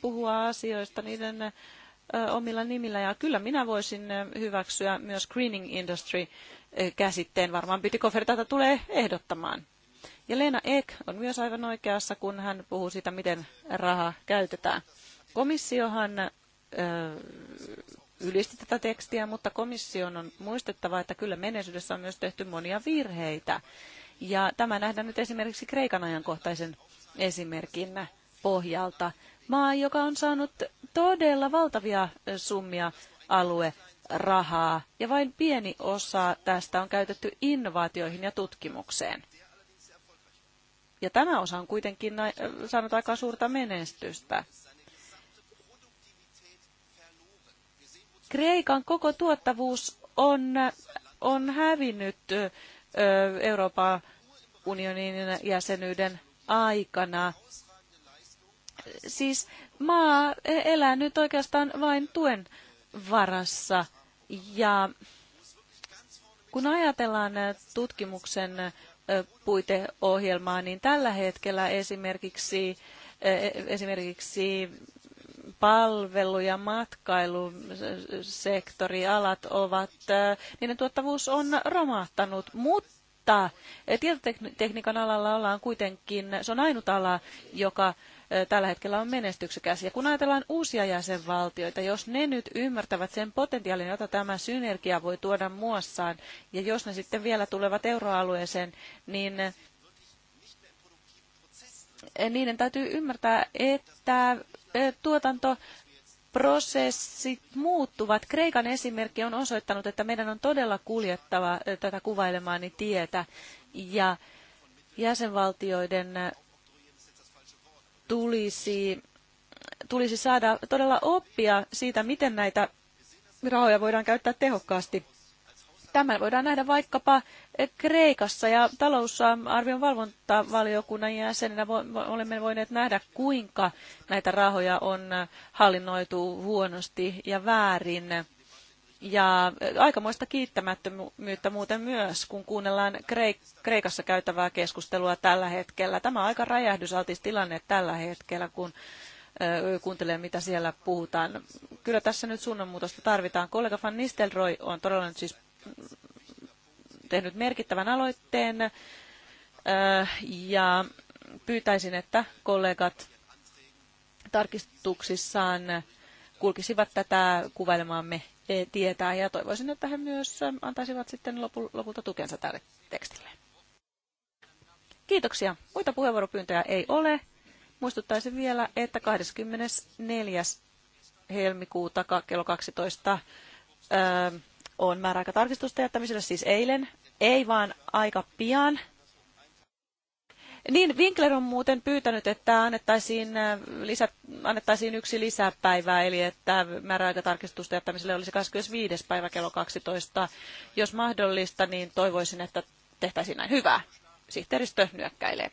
puhua asioista niiden omilla nimillä. Ja kyllä minä voisin hyväksyä myös greening industry käsitteen. Varmaan Bytikofer tätä tulee ehdottamaan. Ja Lena Ek on myös aivan oikeassa, kun hän puhuu siitä, miten raha käytetään. Komissiohan ö, ylisti tätä tekstiä, mutta komission on muistettava, että kyllä menneisyydessä on myös tehty monia virheitä. Ja tämä nähdään nyt esimerkiksi Kreikan ajankohtaisen esimerkin pohjalta maa, joka on saanut todella valtavia summia alue rahaa ja vain pieni osa tästä on käytetty innovaatioihin ja tutkimukseen. Ja tämä osa on kuitenkin saanut aika suurta menestystä. Kreikan koko tuottavuus on, on hävinnyt Euroopan unionin jäsenyyden aikana siis maa elää nyt oikeastaan vain tuen varassa. Ja kun ajatellaan äh, tutkimuksen äh, puiteohjelmaa, niin tällä hetkellä esimerkiksi, äh, esimerkiksi palvelu- ja matkailusektorialat ovat, niiden tuottavuus on romahtanut, mutta tietotekniikan alalla ollaan kuitenkin, se on ainut ala, joka tällä hetkellä on menestyksekäs. Ja kun ajatellaan uusia jäsenvaltioita, jos ne nyt ymmärtävät sen potentiaalin, jota tämä synergia voi tuoda muassaan, ja jos ne sitten vielä tulevat euroalueeseen, niin niiden täytyy ymmärtää, että tuotanto prosessit muuttuvat. Kreikan esimerkki on osoittanut, että meidän on todella kuljettava tätä kuvailemaani tietä ja jäsenvaltioiden tulisi, tulisi saada todella oppia siitä, miten näitä rahoja voidaan käyttää tehokkaasti. Tämä voidaan nähdä vaikkapa Kreikassa ja talousarvion valvontavaliokunnan jäsenenä olemme voineet nähdä, kuinka näitä rahoja on hallinnoitu huonosti ja väärin ja äh, aikamoista kiittämättömyyttä muuten myös, kun kuunnellaan Kreik- Kreikassa käytävää keskustelua tällä hetkellä. Tämä on aika räjähdysaltis tilanne tällä hetkellä, kun äh, kuuntelee, mitä siellä puhutaan. Kyllä tässä nyt suunnanmuutosta tarvitaan. Kollega Van Nistelrooy on todella nyt siis mm, tehnyt merkittävän aloitteen äh, ja pyytäisin, että kollegat tarkistuksissaan kulkisivat tätä kuvailemaamme E, tietää ja toivoisin, että he myös antaisivat sitten lopulta tukensa tälle tekstille. Kiitoksia. Muita puheenvuoropyyntöjä ei ole. Muistuttaisin vielä, että 24. helmikuuta kello 12 on määräaika tarkistusta jättämiselle, siis eilen. Ei vaan aika pian niin, Winkler on muuten pyytänyt, että annettaisiin, äh, lisä, annettaisiin yksi lisäpäivä, eli että määräaikatarkistusten jättämiselle olisi 25. päivä kello 12. Jos mahdollista, niin toivoisin, että tehtäisiin näin hyvää. Sihteeristö nyökkäilee.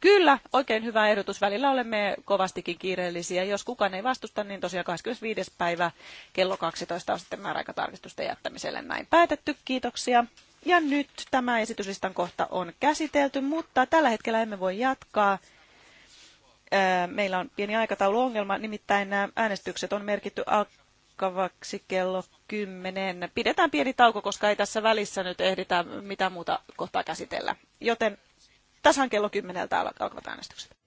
Kyllä, oikein hyvä ehdotus. Välillä olemme kovastikin kiireellisiä. Jos kukaan ei vastusta, niin tosiaan 25. päivä kello 12 on sitten määräaikatarkistusten jättämiselle näin päätetty. Kiitoksia. Ja nyt tämä esityslistan kohta on käsitelty, mutta tällä hetkellä emme voi jatkaa. Meillä on pieni aikatauluongelma, nimittäin nämä äänestykset on merkitty alkavaksi kello 10. Pidetään pieni tauko, koska ei tässä välissä nyt ehditä mitään muuta kohtaa käsitellä. Joten tasan kello 10 alkavat äänestykset.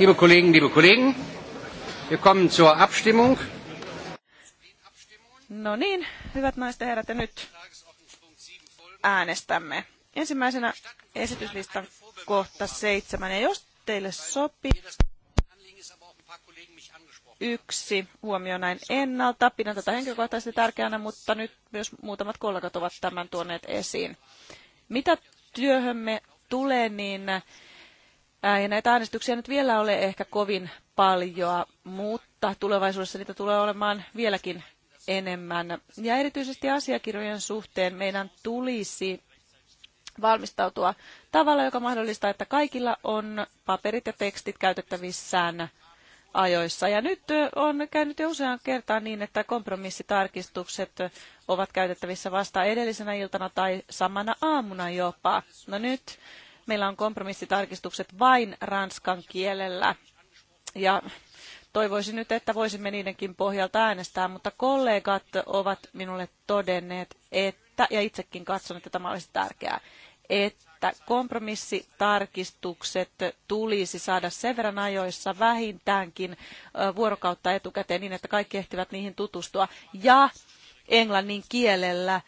Liebe Kolleginnen, liebe Kollegen, wir kommen zur Abstimmung. No niin, hyvät naiset ja herrat, ja nyt äänestämme. Ensimmäisenä esityslistan kohta seitsemän, ja jos teille sopii yksi huomio näin ennalta. Pidän tätä henkilökohtaisesti tärkeänä, mutta nyt myös muutamat kollegat ovat tämän tuoneet esiin. Mitä työhömme tulee, niin ja näitä äänestyksiä nyt vielä ole ehkä kovin paljon, mutta tulevaisuudessa niitä tulee olemaan vieläkin enemmän. Ja erityisesti asiakirjojen suhteen meidän tulisi valmistautua tavalla, joka mahdollistaa, että kaikilla on paperit ja tekstit käytettävissään ajoissa. Ja nyt on käynyt jo usean kertaan niin, että kompromissitarkistukset ovat käytettävissä vasta edellisenä iltana tai samana aamuna jopa. No nyt Meillä on kompromissitarkistukset vain ranskan kielellä. Ja toivoisin nyt, että voisimme niidenkin pohjalta äänestää, mutta kollegat ovat minulle todenneet, että, ja itsekin katson, että tämä olisi tärkeää, että kompromissitarkistukset tulisi saada sen verran ajoissa vähintäänkin vuorokautta etukäteen niin, että kaikki ehtivät niihin tutustua ja englannin kielellä,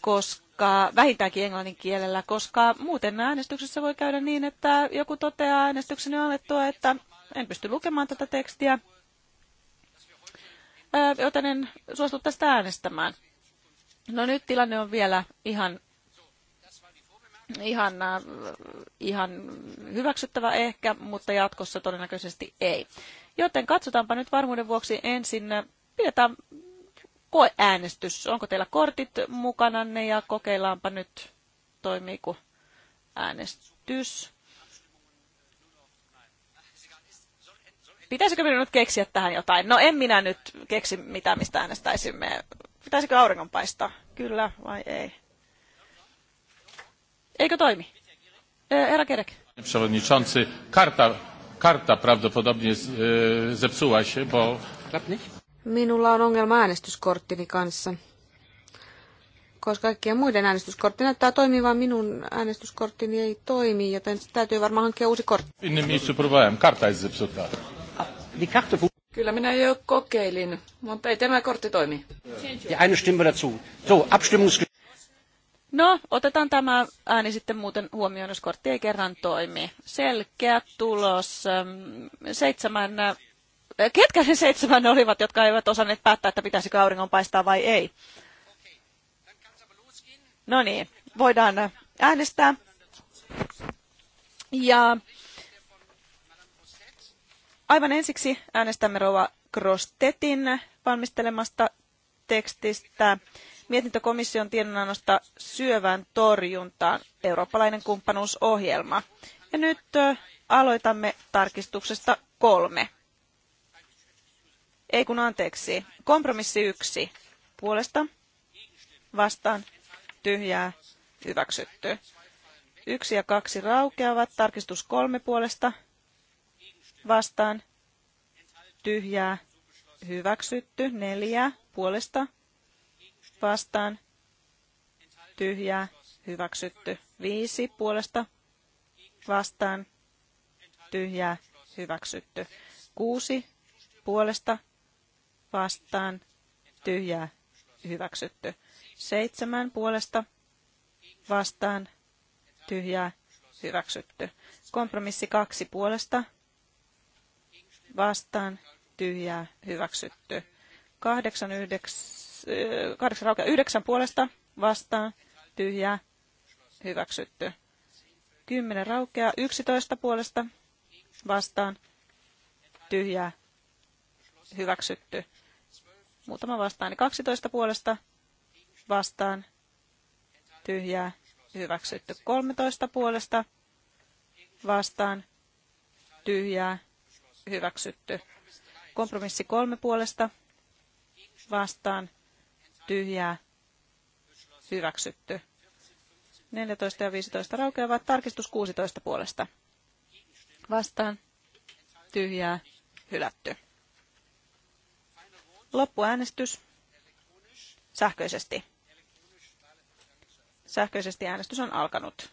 koska tarkkaa vähintäänkin englannin kielellä, koska muuten äänestyksessä voi käydä niin, että joku toteaa äänestykseni alettua, että en pysty lukemaan tätä tekstiä, joten en suostu tästä äänestämään. No nyt tilanne on vielä ihan, ihan, ihan hyväksyttävä ehkä, mutta jatkossa todennäköisesti ei. Joten katsotaanpa nyt varmuuden vuoksi ensin, pidetään koeäänestys. Onko teillä kortit mukananne ja kokeillaanpa nyt, toimiiko äänestys. Pitäisikö minun nyt keksiä tähän jotain? No en minä nyt keksi mitään, mistä äänestäisimme. Pitäisikö auringon paistaa? Kyllä vai ei? Eikö toimi? Herra Kerek. Przewodniczący, karta, karta prawdopodobnie e, zepsuła się, bo... Klapnik? Minulla on ongelma äänestyskorttini kanssa, koska kaikkien muiden äänestyskortti näyttää toimivan, minun äänestyskorttini ei toimi, joten täytyy varmaan hankkia uusi kortti. Kyllä minä jo kokeilin, mutta ei tämä kortti toimi. So, No, otetaan tämä ääni sitten muuten huomioon, jos kortti ei kerran toimi. Selkeä tulos. Seitsemän ketkä ne seitsemän olivat, jotka eivät osanneet päättää, että pitäisikö auringon paistaa vai ei? No niin, voidaan äänestää. Ja aivan ensiksi äänestämme Rova Krostetin valmistelemasta tekstistä mietintökomission tiedonannosta syövän torjuntaan eurooppalainen kumppanuusohjelma. Ja nyt aloitamme tarkistuksesta kolme. Ei kun anteeksi. Kompromissi yksi. Puolesta vastaan tyhjää hyväksytty. Yksi ja kaksi raukeavat. Tarkistus kolme puolesta vastaan tyhjää hyväksytty. Neljä puolesta vastaan tyhjää hyväksytty. Viisi puolesta vastaan tyhjää hyväksytty. Kuusi puolesta vastaan tyhjää hyväksytty. Seitsemän puolesta vastaan tyhjää hyväksytty. Kompromissi kaksi puolesta vastaan tyhjää hyväksytty. Kahdeksan, yhdeks, äh, kahdeksan raukea, yhdeksän puolesta vastaan tyhjää hyväksytty. Kymmenen raukea, yksitoista puolesta vastaan tyhjää hyväksytty. Muutama vastaan. 12 puolesta vastaan. Tyhjää. Hyväksytty. 13 puolesta vastaan. Tyhjää. Hyväksytty. Kompromissi kolme puolesta vastaan. Tyhjää. Hyväksytty. 14 ja 15 raukeavat. Tarkistus 16 puolesta. Vastaan. Tyhjää. Hylätty. Loppuäänestys sähköisesti. Sähköisesti äänestys on alkanut.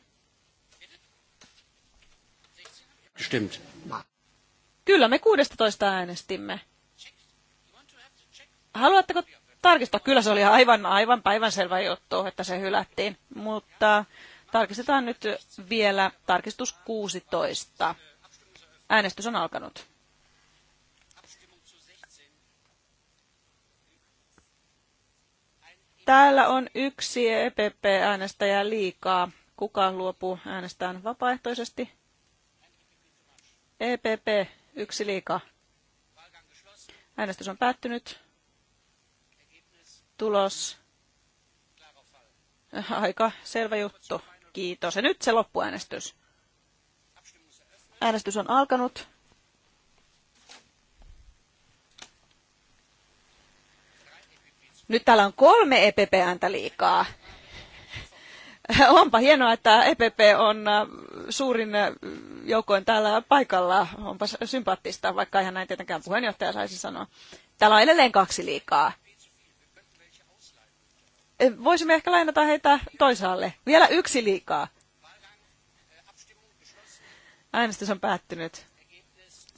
Stimmt. Kyllä me 16 äänestimme. Haluatteko tarkistaa? Kyllä se oli aivan, aivan päivänselvä juttu, että se hylättiin, mutta tarkistetaan nyt vielä tarkistus 16. Äänestys on alkanut. Täällä on yksi EPP-äänestäjä liikaa. Kuka luopuu äänestään vapaaehtoisesti? EPP, yksi liikaa. Äänestys on päättynyt. Tulos. Aika selvä juttu. Kiitos. Ja nyt se loppuäänestys. Äänestys on alkanut. Nyt täällä on kolme EPP-ääntä liikaa. Onpa hienoa, että EPP on äh, suurin äh, joukoin täällä paikalla. Onpa sympaattista, vaikka ihan näin tietenkään puheenjohtaja saisi sanoa. Täällä on edelleen kaksi liikaa. E, voisimme ehkä lainata heitä toisaalle. Vielä yksi liikaa. Äänestys on päättynyt.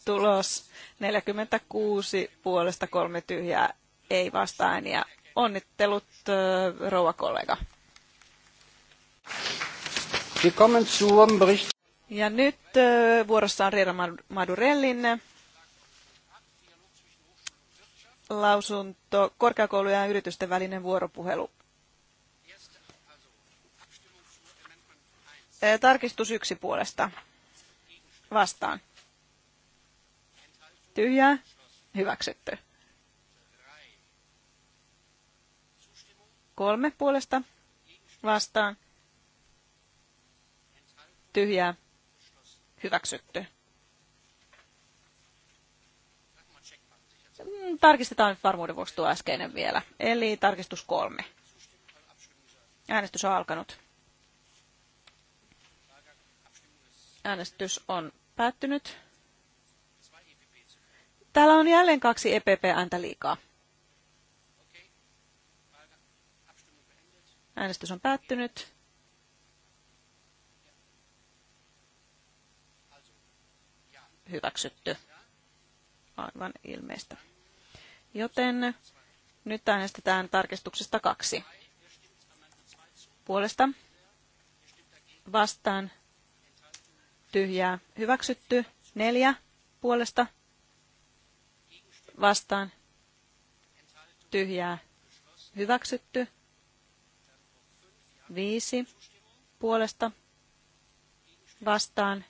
Tulos 46 puolesta kolme tyhjää, ei vasta ääniä. Onnittelut, rouva kollega. Ja nyt vuorossa on Riera Madurellin lausunto korkeakoulujen ja yritysten välinen vuoropuhelu. Tarkistus yksi puolesta. Vastaan. Tyhjää. Hyväksytty. Kolme puolesta vastaan. Tyhjää. Hyväksytty. Tarkistetaan nyt varmuuden vuoksi tuo äskeinen vielä. Eli tarkistus kolme. Äänestys on alkanut. Äänestys on päättynyt. Täällä on jälleen kaksi EPP-ääntä liikaa. Äänestys on päättynyt. Hyväksytty. Aivan ilmeistä. Joten nyt äänestetään tarkistuksesta kaksi. Puolesta vastaan tyhjää hyväksytty. Neljä puolesta vastaan tyhjää hyväksytty viisi puolesta vastaan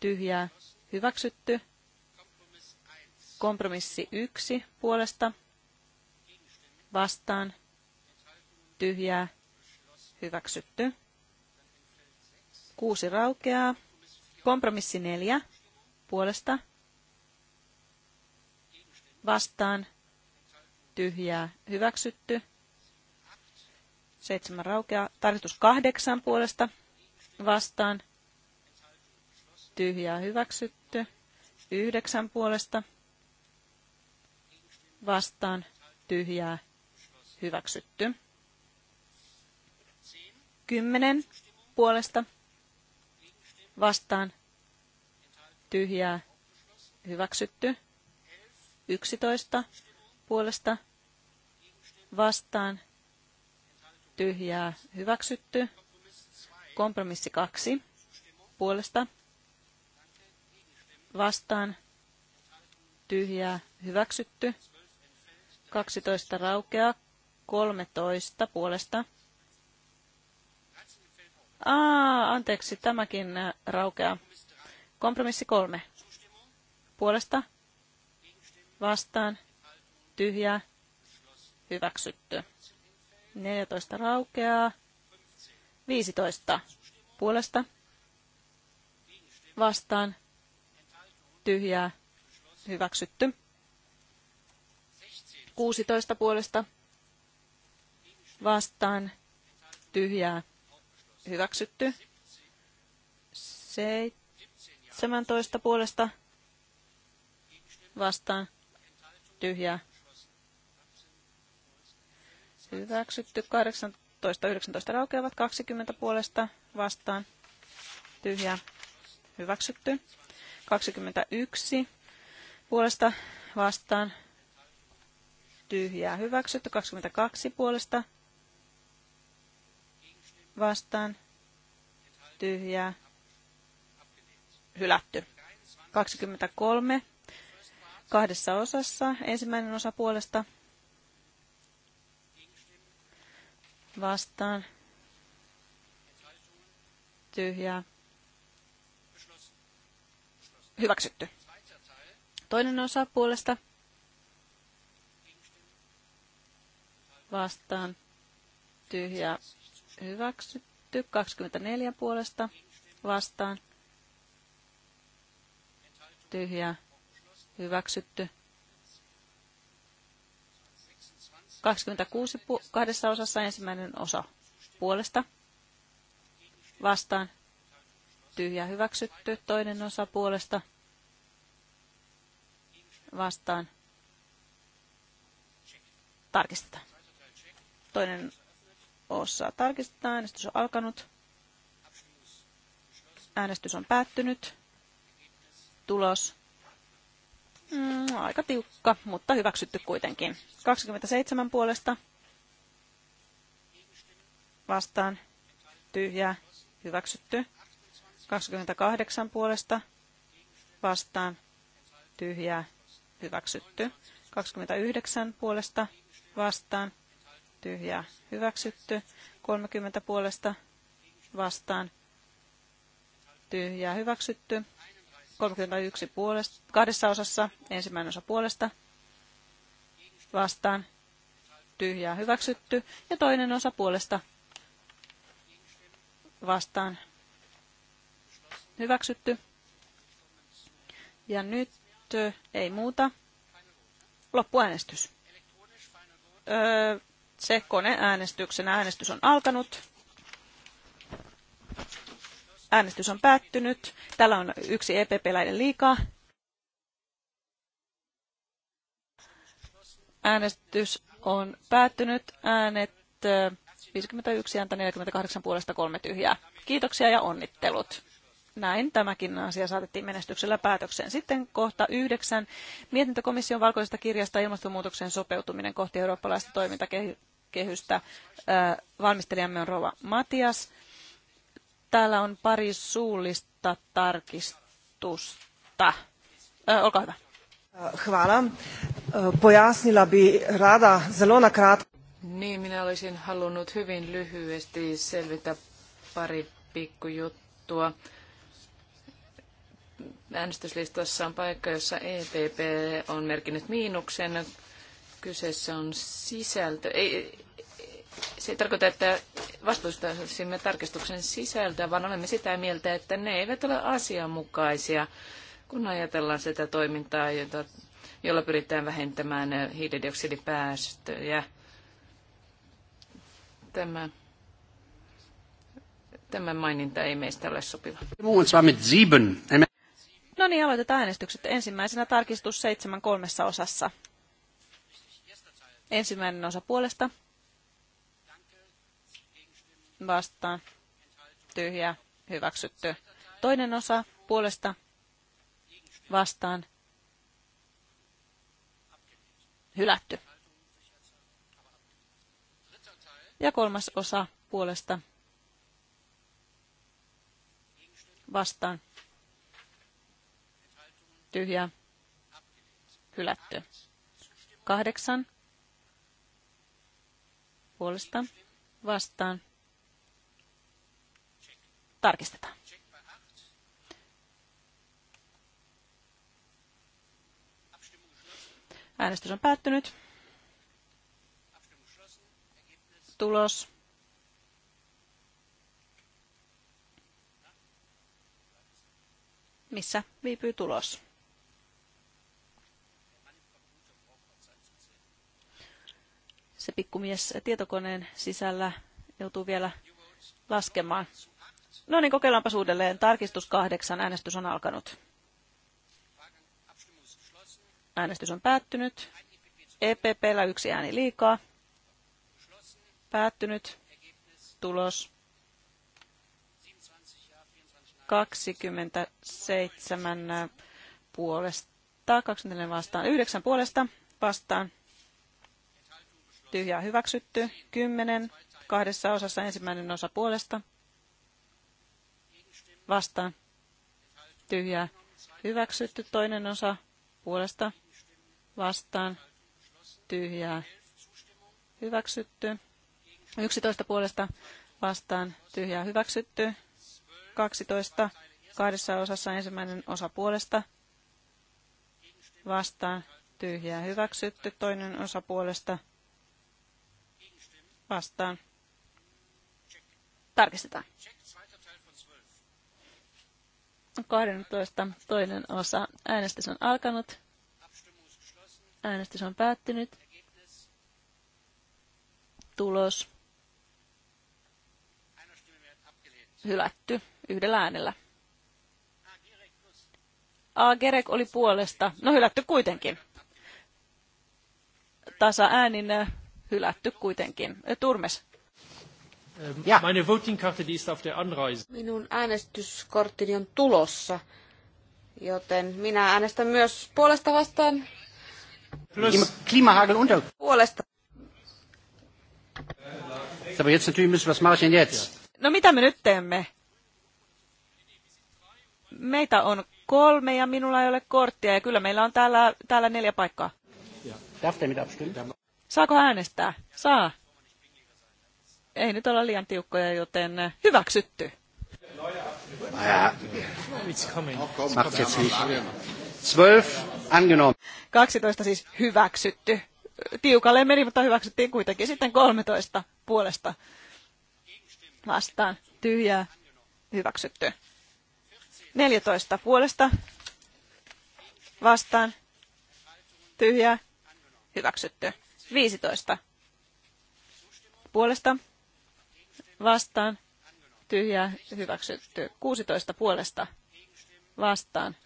tyhjää hyväksytty. Kompromissi yksi puolesta vastaan tyhjää hyväksytty. Kuusi raukeaa. Kompromissi neljä puolesta vastaan tyhjää hyväksytty seitsemän raukeaa. Tarkistus kahdeksan puolesta vastaan. Tyhjää hyväksytty. yhdeksän puolesta vastaan. Tyhjää hyväksytty. kymmenen puolesta vastaan. Tyhjää hyväksytty. yksitoista puolesta vastaan tyhjää hyväksytty. Kompromissi kaksi puolesta vastaan tyhjää hyväksytty. 12 raukeaa 13 puolesta. Aa, anteeksi, tämäkin äh, raukeaa. Kompromissi kolme. Puolesta, vastaan, tyhjää, hyväksytty. 14 raukeaa. 15 puolesta vastaan tyhjää hyväksytty. 16 puolesta vastaan tyhjää hyväksytty. 17 puolesta vastaan tyhjää Hyväksytty. 18, 19 raukeavat. 20 puolesta vastaan. Tyhjää. Hyväksytty. 21 puolesta vastaan. Tyhjää. Hyväksytty. 22 puolesta vastaan. Tyhjää. Hylätty. 23 kahdessa osassa. Ensimmäinen osa puolesta vastaan tyhjää hyväksytty. Toinen osa puolesta vastaan tyhjää hyväksytty. 24 puolesta vastaan tyhjää hyväksytty. 26 kahdessa osassa ensimmäinen osa puolesta vastaan tyhjä hyväksytty, toinen osa puolesta vastaan tarkistetaan. Toinen osa tarkistetaan, äänestys on alkanut. Äänestys on päättynyt. Tulos Mm, aika tiukka, mutta hyväksytty kuitenkin. 27 puolesta vastaan tyhjää hyväksytty. 28 puolesta vastaan tyhjää hyväksytty. 29 puolesta vastaan tyhjää hyväksytty. 30 puolesta vastaan tyhjää hyväksytty. 31 puolesta, kahdessa osassa, ensimmäinen osa puolesta, vastaan, tyhjää hyväksytty, ja toinen osa puolesta, vastaan, hyväksytty. Ja nyt ei muuta. Loppuäänestys. Öö, se koneäänestyksen äänestys on alkanut. Äänestys on päättynyt. Täällä on yksi EPP-läinen liikaa. Äänestys on päättynyt. Äänet 51 ääntä 48 puolesta kolme tyhjää. Kiitoksia ja onnittelut. Näin tämäkin asia saatettiin menestyksellä päätökseen. Sitten kohta yhdeksän. Mietintökomission valkoisesta kirjasta ilmastonmuutokseen sopeutuminen kohti eurooppalaista toimintakehystä. Valmistelijamme on Rova Matias. Täällä on pari suullista tarkistusta. Ö, olkaa hyvä. Hvala. Pojasnila bi rada zelo nakrat. Niin, minä olisin halunnut hyvin lyhyesti selvitä pari pikkujuttua. Äänestyslistassa on paikka, jossa EPP on merkinnyt miinuksen. Kyseessä on sisältö. Ei, se ei tarkoita, että vastustaisimme tarkistuksen sisältöä, vaan olemme sitä mieltä, että ne eivät ole asianmukaisia, kun ajatellaan sitä toimintaa, jota, jolla pyritään vähentämään hiilidioksidipäästöjä. Tämä, tämä maininta ei meistä ole sopiva. No niin, aloitetaan äänestykset. Ensimmäisenä tarkistus seitsemän kolmessa osassa. Ensimmäinen osa puolesta vastaan tyhjää hyväksytty. Toinen osa puolesta vastaan hylätty. Ja kolmas osa puolesta vastaan tyhjää hylätty. Kahdeksan puolesta vastaan tarkistetaan. Äänestys on päättynyt. Tulos. Missä viipyy tulos? Se pikkumies tietokoneen sisällä joutuu vielä laskemaan. No niin, kokeillaanpa uudelleen. Tarkistus kahdeksan. Äänestys on alkanut. Äänestys on päättynyt. EPPllä yksi ääni liikaa. Päättynyt. Tulos. 27 puolesta, 24 vastaan, 9 puolesta vastaan. Tyhjää hyväksytty. 10 kahdessa osassa ensimmäinen osa puolesta vastaan tyhjää hyväksytty. Toinen osa puolesta vastaan tyhjää hyväksytty. 11 puolesta vastaan tyhjää hyväksytty. 12 kahdessa osassa ensimmäinen osa puolesta vastaan tyhjää hyväksytty. Toinen osa puolesta vastaan. Tarkistetaan. 12. toinen osa. Äänestys on alkanut. Äänestys on päättynyt. Tulos. Hylätty yhdellä äänellä. A. Gerek oli puolesta. No hylätty kuitenkin. Tasa äänin eh, hylätty kuitenkin. Eh, Turmes Ähm, ja. Meine Votingkarte, die ist auf der Anreise. Minun äänestyskorttini on tulossa, joten minä äänestän myös puolesta vastaan. Plus. Klimahagel unter. Puolesta. Aber jetzt natürlich müssen jetzt. No mitä me nyt teemme? Meitä on kolme ja minulla ei ole korttia ja kyllä meillä on täällä, täällä neljä paikkaa. Saako äänestää? Saa ei nyt olla liian tiukkoja, joten eh, hyväksytty. 12 siis hyväksytty. Tiukalle meni, mutta hyväksyttiin kuitenkin. Sitten 13 puolesta vastaan. Tyhjää hyväksytty. 14 puolesta vastaan. Tyhjää hyväksytty. 15 puolesta vastaan, tyhjää, hyväksytty. 16 puolesta vastaan,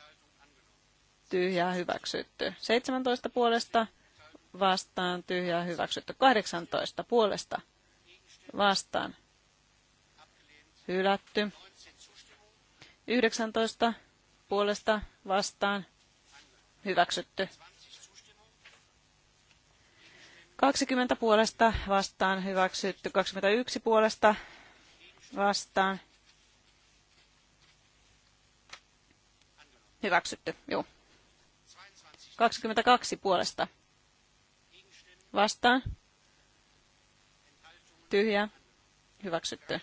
tyhjää, hyväksytty. 17 puolesta vastaan, tyhjää, hyväksytty. 18 puolesta vastaan, hylätty. 19 puolesta vastaan, hyväksytty. 20 puolesta vastaan hyväksytty, 21 puolesta vastaan hyväksytty, joo. 22 puolesta vastaan tyhjä hyväksytty.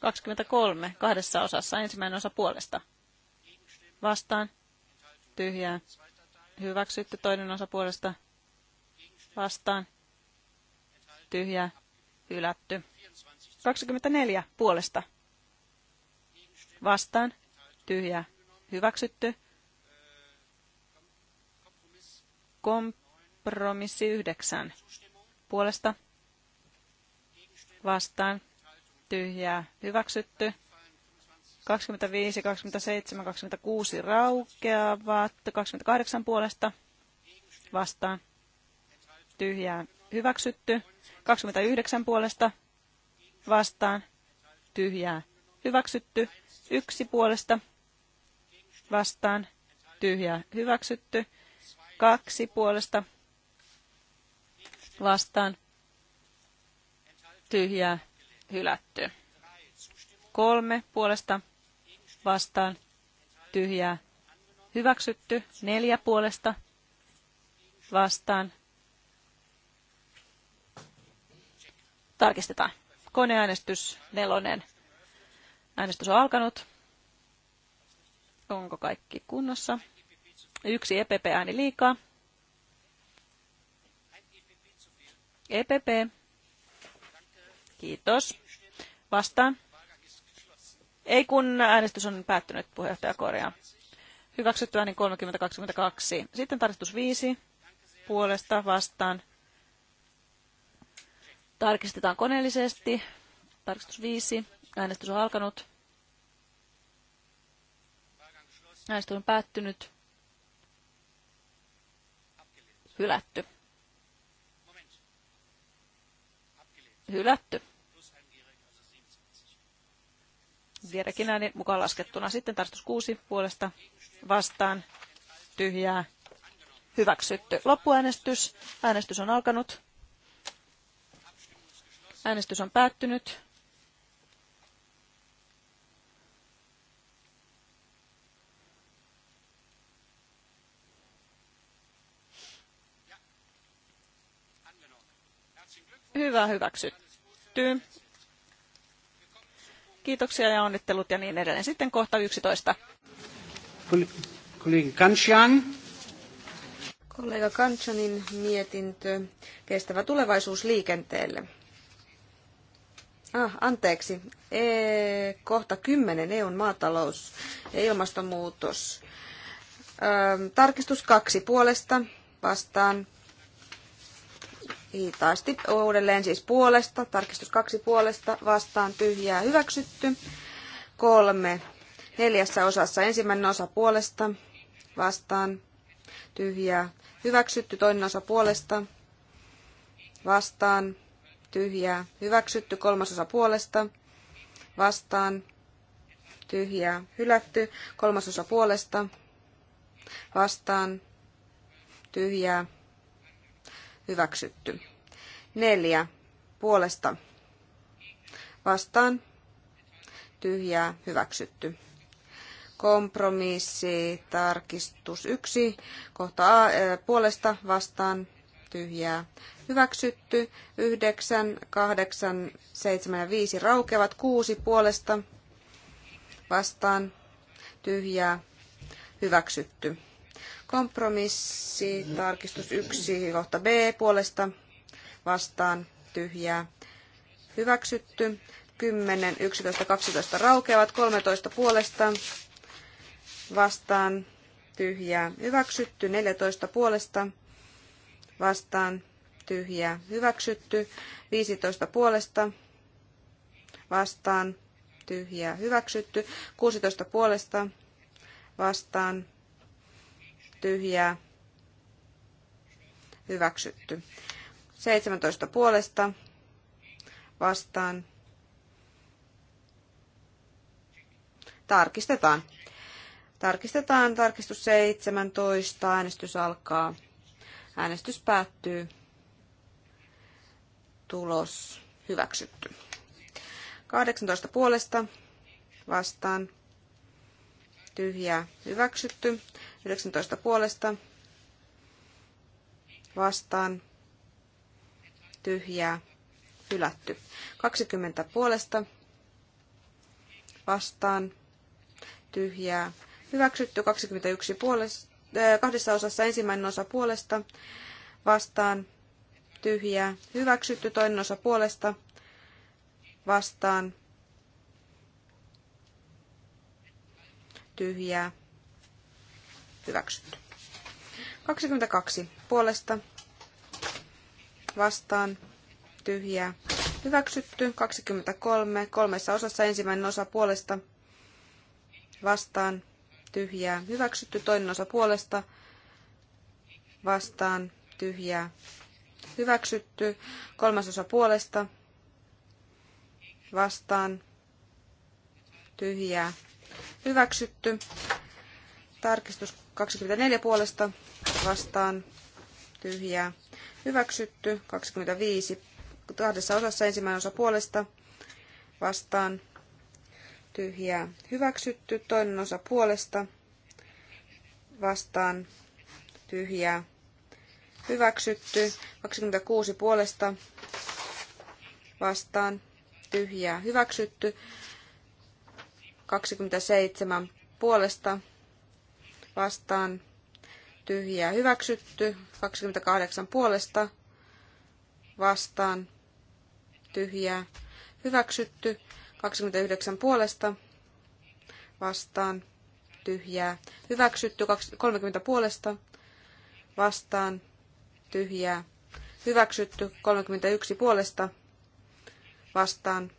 23 kahdessa osassa ensimmäinen osa puolesta vastaan tyhjää hyväksytty toinen osa puolesta vastaan tyhjä hylätty. 24 puolesta vastaan, tyhjä hyväksytty. Kompromissi 9 puolesta vastaan, tyhjää, hyväksytty. 25, 27, 26 raukeavat, 28 puolesta vastaan, tyhjää hyväksytty. 29 puolesta vastaan tyhjää hyväksytty. Yksi puolesta vastaan tyhjää hyväksytty. Kaksi puolesta vastaan tyhjää hylätty. Kolme puolesta vastaan tyhjää hyväksytty. Neljä puolesta vastaan Tarkistetaan. Koneäänestys nelonen. Äänestys on alkanut. Onko kaikki kunnossa? Yksi EPP-ääni liikaa. EPP. Kiitos. Vastaan. Ei kun äänestys on päättynyt puheenjohtaja korjaa. Hyväksytty ääni 30-22. Sitten tarkistus 5. Puolesta vastaan. Tarkistetaan koneellisesti. Tarkistus 5. Äänestys on alkanut. Äänestys on päättynyt. Hylätty. Hylätty. Vierekin ääni mukaan laskettuna. Sitten tarkistus 6 puolesta vastaan. Tyhjää. Hyväksytty. Loppuäänestys. Äänestys on alkanut. Äänestys on päättynyt. Hyvä, hyväksytty. Kiitoksia ja onnittelut ja niin edelleen. Sitten kohta 11. Kollega Kansian. Kollega Kanchanin mietintö Kestävä tulevaisuus liikenteelle. Ah, anteeksi. E, kohta 10. EUn maatalous ja ilmastonmuutos. Ö, tarkistus kaksi puolesta vastaan. Hitaasti uudelleen siis puolesta. Tarkistus kaksi puolesta vastaan tyhjää hyväksytty. Kolme. Neljässä osassa ensimmäinen osa puolesta vastaan tyhjää hyväksytty. Toinen osa puolesta vastaan tyhjää, hyväksytty kolmasosa puolesta, vastaan, tyhjää, hylätty kolmasosa puolesta, vastaan, tyhjää, hyväksytty. Neljä, puolesta, vastaan, tyhjää, hyväksytty. Kompromissi, tarkistus yksi kohta A, eh, puolesta, vastaan, tyhjää hyväksytty. 9, 8, 7 ja 5 raukeavat. 6 puolesta vastaan tyhjää hyväksytty. Kompromissi, tarkistus 1, kohta B puolesta vastaan tyhjää hyväksytty. 10, 11, 12 raukeavat, 13 puolesta vastaan tyhjää hyväksytty, 14 puolesta vastaan tyhjä hyväksytty. 15 puolesta vastaan tyhjä hyväksytty. 16 puolesta vastaan tyhjä hyväksytty. 17 puolesta vastaan tarkistetaan. Tarkistetaan tarkistus 17. Äänestys alkaa. Äänestys päättyy. Tulos hyväksytty. 18 puolesta vastaan tyhjää hyväksytty. 19 puolesta vastaan tyhjää hylätty. 20 puolesta vastaan tyhjää hyväksytty. 21 puolesta kahdessa osassa ensimmäinen osa puolesta vastaan tyhjää hyväksytty, toinen osa puolesta vastaan tyhjää hyväksytty. 22 puolesta vastaan tyhjää hyväksytty. 23 kolmessa osassa ensimmäinen osa puolesta vastaan tyhjää hyväksytty, toinen osa puolesta vastaan tyhjää hyväksytty, kolmas osa puolesta vastaan tyhjää hyväksytty, tarkistus 24 puolesta vastaan tyhjää hyväksytty, 25 kahdessa osassa ensimmäinen osa puolesta vastaan tyhjää hyväksytty, toinen osa puolesta vastaan tyhjää hyväksytty, 26 puolesta vastaan tyhjää hyväksytty, 27 puolesta vastaan tyhjää hyväksytty, 28 puolesta vastaan tyhjää hyväksytty, 29 puolesta vastaan tyhjää. Hyväksytty 30 puolesta vastaan tyhjää. Hyväksytty 31 puolesta vastaan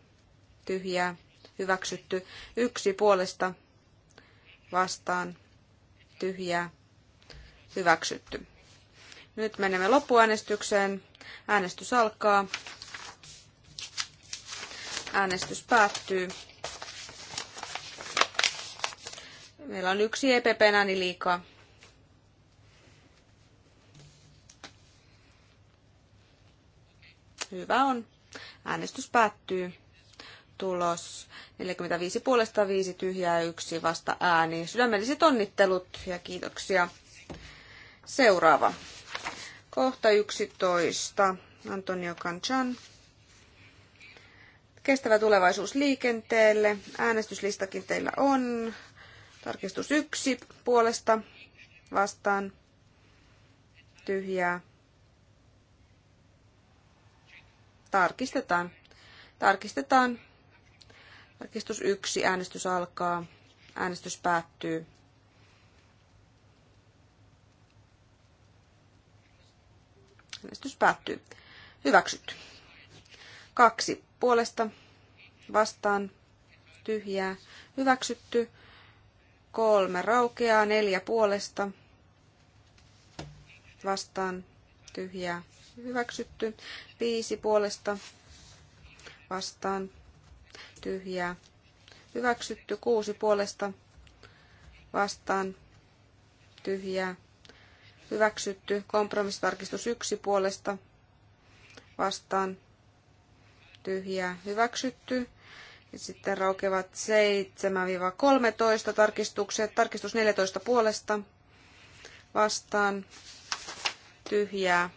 tyhjää. Hyväksytty yksi puolesta vastaan tyhjää. Hyväksytty. Nyt menemme loppuäänestykseen. Äänestys alkaa. Äänestys päättyy. Meillä on yksi EPP-ääni liikaa. Hyvä on. Äänestys päättyy. Tulos 45 puolesta 5 tyhjää yksi vasta ääni. Sydämelliset onnittelut ja kiitoksia. Seuraava. Kohta 11. Antonio Kanchan. Kestävä tulevaisuus liikenteelle. Äänestyslistakin teillä on. Tarkistus yksi puolesta vastaan tyhjää. Tarkistetaan. Tarkistetaan. Tarkistus yksi Äänestys alkaa. Äänestys päättyy. Äänestys päättyy. Hyväksytty. Kaksi puolesta vastaan tyhjää hyväksytty. Kolme raukeaa, neljä puolesta vastaan tyhjää hyväksytty. Viisi puolesta vastaan tyhjää hyväksytty. Kuusi puolesta vastaan tyhjää hyväksytty. Kompromissitarkistus yksi puolesta vastaan tyhjä, hyväksytty. Ja sitten raukevat 7-13 tarkistukset. Tarkistus 14 puolesta vastaan tyhjää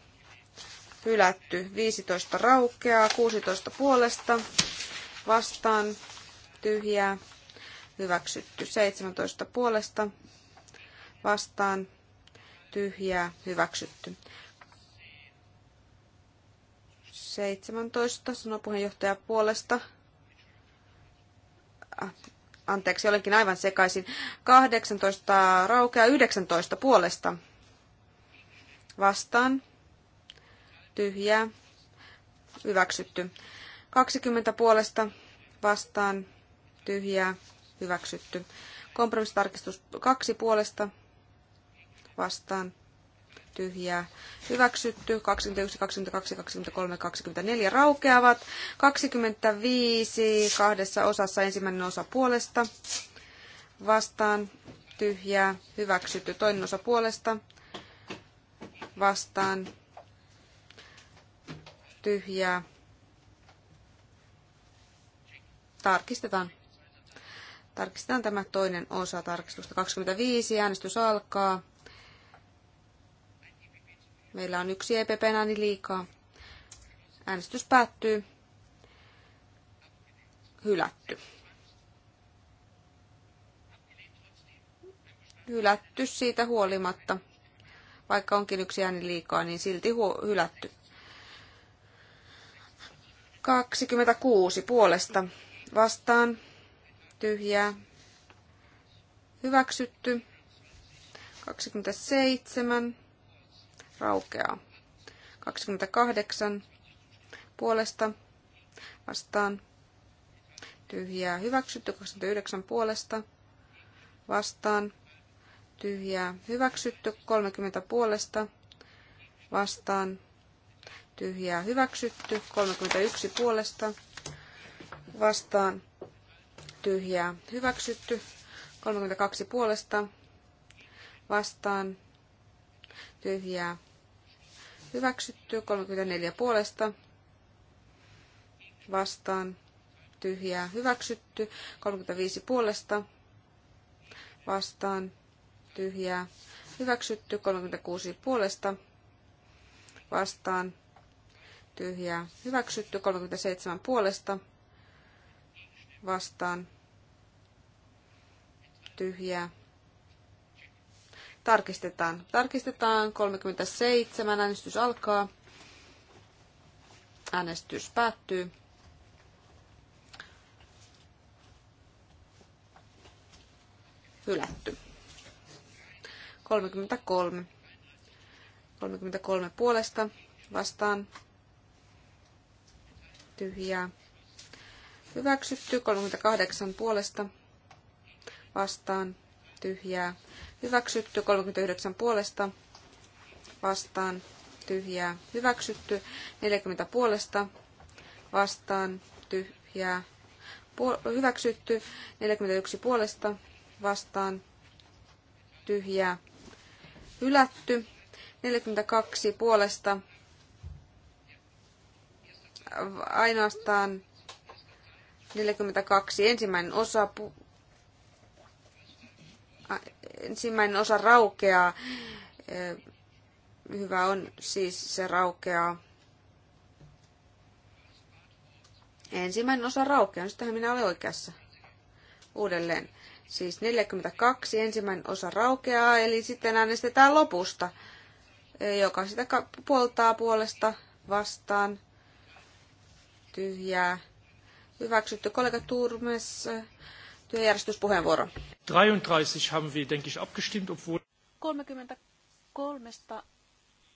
hylätty. 15 raukeaa, 16 puolesta vastaan tyhjää hyväksytty. 17 puolesta vastaan tyhjää hyväksytty. 17, sanoi puheenjohtaja puolesta. Ah, anteeksi, olenkin aivan sekaisin. 18 raukea 19 puolesta. Vastaan. Tyhjää. Hyväksytty. 20 puolesta. Vastaan. Tyhjää. Hyväksytty. Kompromissitarkistus 2 puolesta. Vastaan tyhjää hyväksytty. 21, 22, 23, 24 raukeavat. 25 kahdessa osassa ensimmäinen osa puolesta vastaan tyhjää hyväksytty. Toinen osa puolesta vastaan tyhjää. Tarkistetaan. Tarkistetaan tämä toinen osa tarkistusta. 25. Äänestys alkaa. Meillä on yksi epp ääni liikaa. Äänestys päättyy. Hylätty. Hylätty siitä huolimatta. Vaikka onkin yksi ääni liikaa, niin silti huo- hylätty. 26 puolesta vastaan tyhjää hyväksytty. 27 raukeaa. 28 puolesta vastaan tyhjää hyväksytty. 29 puolesta vastaan tyhjää hyväksytty. 30 puolesta vastaan tyhjää hyväksytty. 31 puolesta vastaan tyhjää hyväksytty. 32 puolesta vastaan tyhjää hyväksytty. 34 puolesta vastaan tyhjää hyväksytty. 35 puolesta vastaan tyhjää hyväksytty. 36 puolesta vastaan tyhjää hyväksytty. 37 puolesta vastaan tyhjää Tarkistetaan. Tarkistetaan. 37. Äänestys alkaa. Äänestys päättyy. Hylätty. 33. 33 puolesta vastaan. Tyhjää. Hyväksytty. 38 puolesta vastaan. Tyhjää hyväksytty, 39 puolesta vastaan tyhjää hyväksytty, 40 puolesta vastaan tyhjää hyväksytty, 41 puolesta vastaan tyhjää hylätty, 42 puolesta ainoastaan 42 ensimmäinen osa ensimmäinen osa raukeaa. Eh, hyvä on siis se raukeaa. Ensimmäinen osa raukeaa, sitähän minä olen oikeassa. Uudelleen. Siis 42 ensimmäinen osa raukeaa, eli sitten äänestetään lopusta, eh, joka sitä puoltaa puolesta vastaan. Tyhjää. Hyväksytty kollega Turmes työjärjestyspuheenvuoro. 33 haben wir, denke ich, abgestimmt, obwohl... 33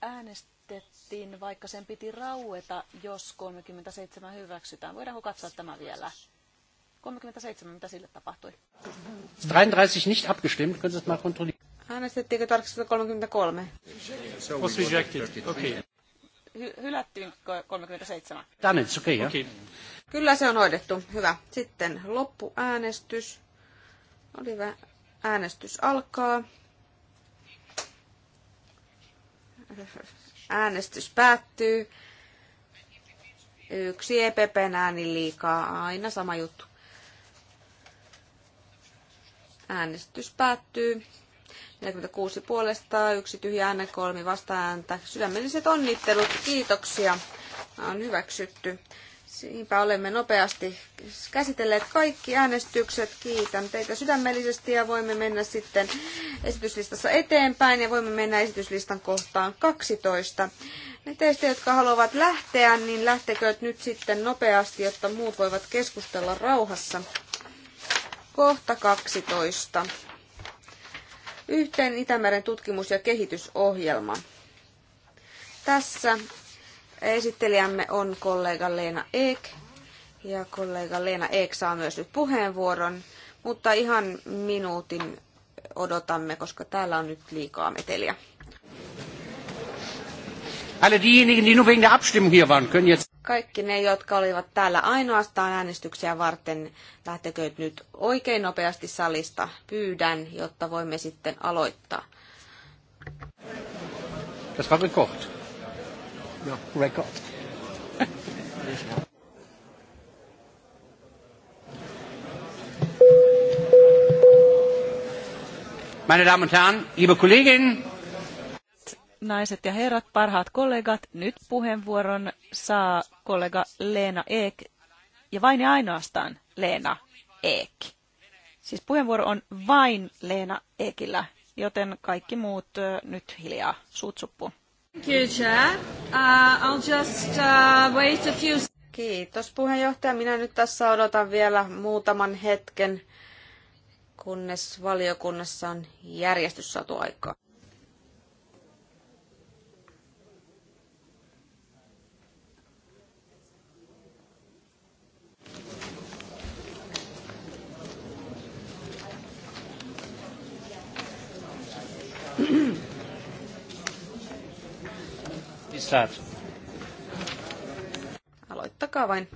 äänestettiin, vaikka sen piti raueta, jos 37 hyväksytään. Voidaanko katsoa tämä vielä? 37, mitä sille tapahtui? 33 nicht abgestimmt, können Sie das mal kontrollieren. Äänestettiinkö tarkistusta 33? Was rejected, okay. Hy- hylättiin 37. Done it, okay, yeah. okay. Kyllä se on hoidettu. Hyvä. Sitten loppuäänestys. Oli vä, äänestys alkaa. Äänestys päättyy. Yksi epp ääni liikaa. Aina sama juttu. Äänestys päättyy. 46 puolesta, yksi tyhjä ääne, kolmi ääntä. Sydämelliset onnittelut, kiitoksia. On hyväksytty. Siinpä olemme nopeasti käsitelleet kaikki äänestykset. Kiitän teitä sydämellisesti ja voimme mennä sitten esityslistassa eteenpäin ja voimme mennä esityslistan kohtaan 12. Ne teistä, jotka haluavat lähteä, niin lähtekööt nyt sitten nopeasti, jotta muut voivat keskustella rauhassa. Kohta 12. Yhteen Itämeren tutkimus- ja kehitysohjelma. Tässä Esittelijämme on kollega Leena Eek. ja kollega Leena Eek saa myös nyt puheenvuoron, mutta ihan minuutin odotamme, koska täällä on nyt liikaa meteliä. Kaikki ne, jotka olivat täällä ainoastaan äänestyksiä varten, lähtekööt nyt oikein nopeasti salista. Pyydän, jotta voimme sitten aloittaa. Das war gekocht your record. Meine Damen und Herren, liebe Kolleginnen, naiset ja herrat, parhaat kollegat, nyt puheenvuoron saa kollega Leena Eek ja vain ja ainoastaan Leena Eek. Siis puheenvuoro on vain Leena Eekillä, joten kaikki muut nyt hiljaa suutsuppuun. Kiitos puheenjohtaja. Minä nyt tässä odotan vielä muutaman hetken, kunnes valiokunnassa on järjestys saatu aikaan. start. Aloittakaa vain.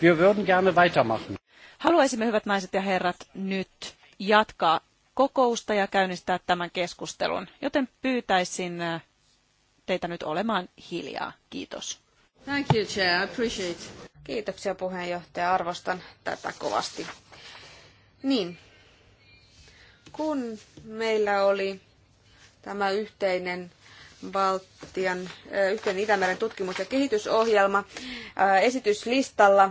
Wir würden gerne weitermachen. Haluaisimme, hyvät naiset ja herrat, nyt jatkaa kokousta ja käynnistää tämän keskustelun, joten pyytäisin äh, teitä nyt olemaan hiljaa. Kiitos. Thank you, Chair. I appreciate. Kiitoksia puheenjohtaja. Arvostan tätä kovasti. Niin, kun meillä oli tämä yhteinen Baltian, äh, yhteinen Itämeren tutkimus- ja kehitysohjelma äh, esityslistalla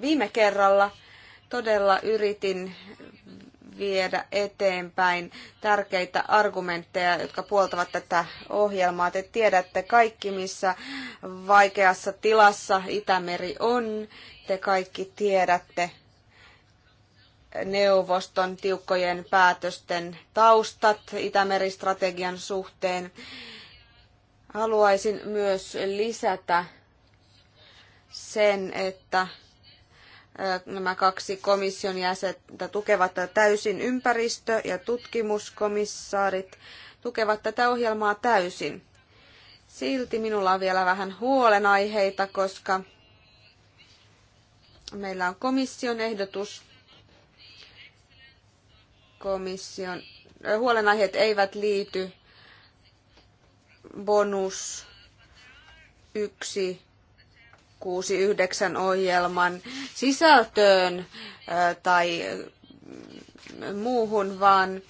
viime kerralla, todella yritin viedä eteenpäin tärkeitä argumentteja, jotka puoltavat tätä ohjelmaa. Te tiedätte kaikki, missä vaikeassa tilassa Itämeri on. Te kaikki tiedätte neuvoston tiukkojen päätösten taustat Itämeri-strategian suhteen. Haluaisin myös lisätä sen, että nämä kaksi komission jäsentä tukevat täysin ympäristö- ja tutkimuskomissaarit tukevat tätä ohjelmaa täysin. Silti minulla on vielä vähän huolenaiheita, koska meillä on komission ehdotus. Komission huolenaiheet eivät liity bonus yksi 6.9 ohjelman sisältöön tai muuhun, vaan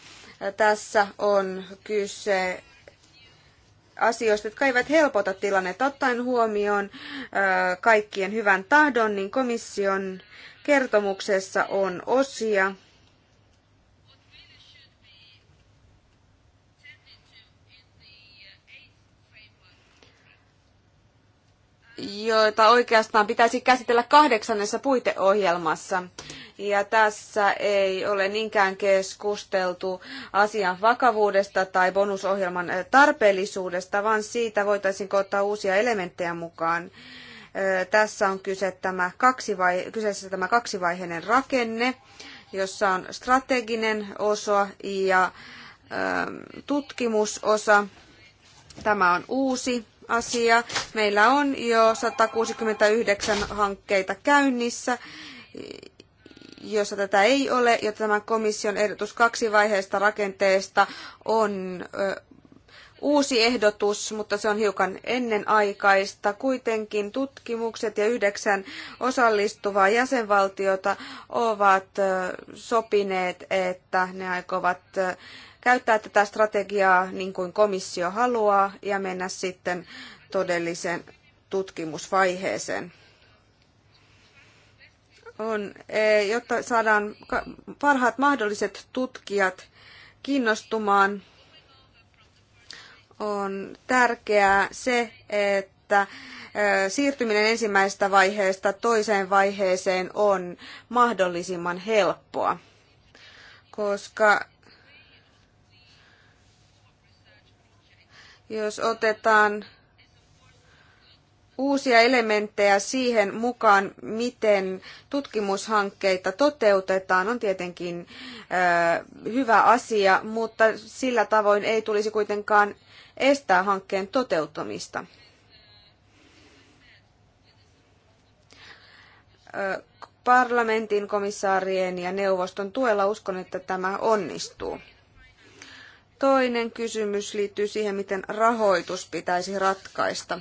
tässä on kyse asioista, jotka eivät helpota tilannetta. Ottaen huomioon kaikkien hyvän tahdon, niin komission kertomuksessa on osia, joita oikeastaan pitäisi käsitellä kahdeksannessa puiteohjelmassa. Ja tässä ei ole niinkään keskusteltu asian vakavuudesta tai bonusohjelman äh, tarpeellisuudesta, vaan siitä voitaisiinko ottaa uusia elementtejä mukaan. Äh, tässä on kyse tämä kaksivai- kyseessä tämä kaksivaiheinen rakenne, jossa on strateginen osa ja ähm, tutkimusosa. Tämä on uusi asia. Meillä on jo 169 hankkeita käynnissä, jossa tätä ei ole, ja tämä komission ehdotus kaksivaiheista rakenteesta on uusi ehdotus, mutta se on hiukan ennenaikaista. Kuitenkin tutkimukset ja yhdeksän osallistuvaa jäsenvaltiota ovat sopineet, että ne aikovat käyttää tätä strategiaa niin kuin komissio haluaa ja mennä sitten todelliseen tutkimusvaiheeseen. On, e, jotta saadaan parhaat mahdolliset tutkijat kiinnostumaan, on tärkeää se, että e, siirtyminen ensimmäisestä vaiheesta toiseen vaiheeseen on mahdollisimman helppoa, koska jos otetaan uusia elementtejä siihen mukaan, miten tutkimushankkeita toteutetaan, on tietenkin hyvä asia, mutta sillä tavoin ei tulisi kuitenkaan estää hankkeen toteuttamista. Parlamentin, komissaarien ja neuvoston tuella uskon, että tämä onnistuu. Toinen kysymys liittyy siihen, miten rahoitus pitäisi ratkaista.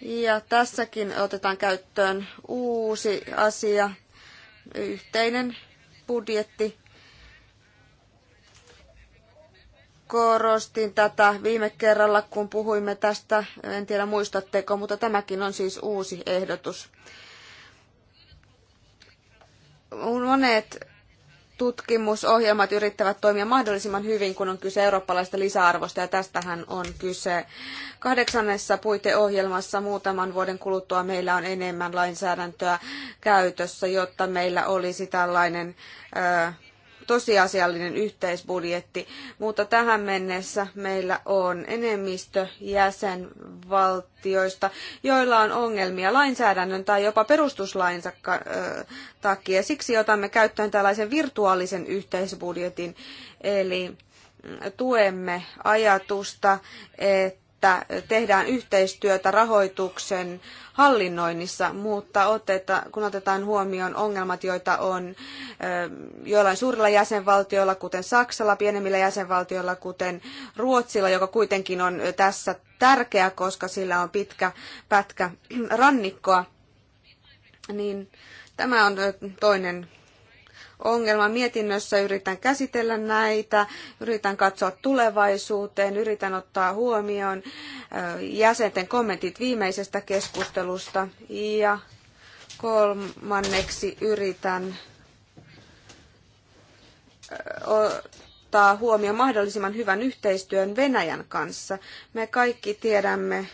Ja tässäkin otetaan käyttöön uusi asia, yhteinen budjetti. Korostin tätä viime kerralla, kun puhuimme tästä, en tiedä muistatteko, mutta tämäkin on siis uusi ehdotus. Monet tutkimusohjelmat yrittävät toimia mahdollisimman hyvin, kun on kyse eurooppalaista lisäarvosta, ja tästähän on kyse. Kahdeksannessa puiteohjelmassa muutaman vuoden kuluttua meillä on enemmän lainsäädäntöä käytössä, jotta meillä olisi tällainen äh, tosiasiallinen yhteisbudjetti, mutta tähän mennessä meillä on enemmistö jäsenvaltioista, joilla on ongelmia lainsäädännön tai jopa perustuslainsa takia. Siksi otamme käyttöön tällaisen virtuaalisen yhteisbudjetin, eli tuemme ajatusta, että että tehdään yhteistyötä rahoituksen hallinnoinnissa, mutta kun otetaan huomioon ongelmat, joita on ähm, joillain suurilla jäsenvaltioilla, kuten Saksalla, pienemmillä jäsenvaltioilla, kuten Ruotsilla, joka kuitenkin on tässä tärkeä, koska sillä on pitkä pätkä rannikkoa, niin tämä on äh, toinen ongelma mietinnössä, yritän käsitellä näitä, yritän katsoa tulevaisuuteen, yritän ottaa huomioon jäsenten kommentit viimeisestä keskustelusta ja kolmanneksi yritän ottaa huomioon mahdollisimman hyvän yhteistyön Venäjän kanssa. Me kaikki tiedämme,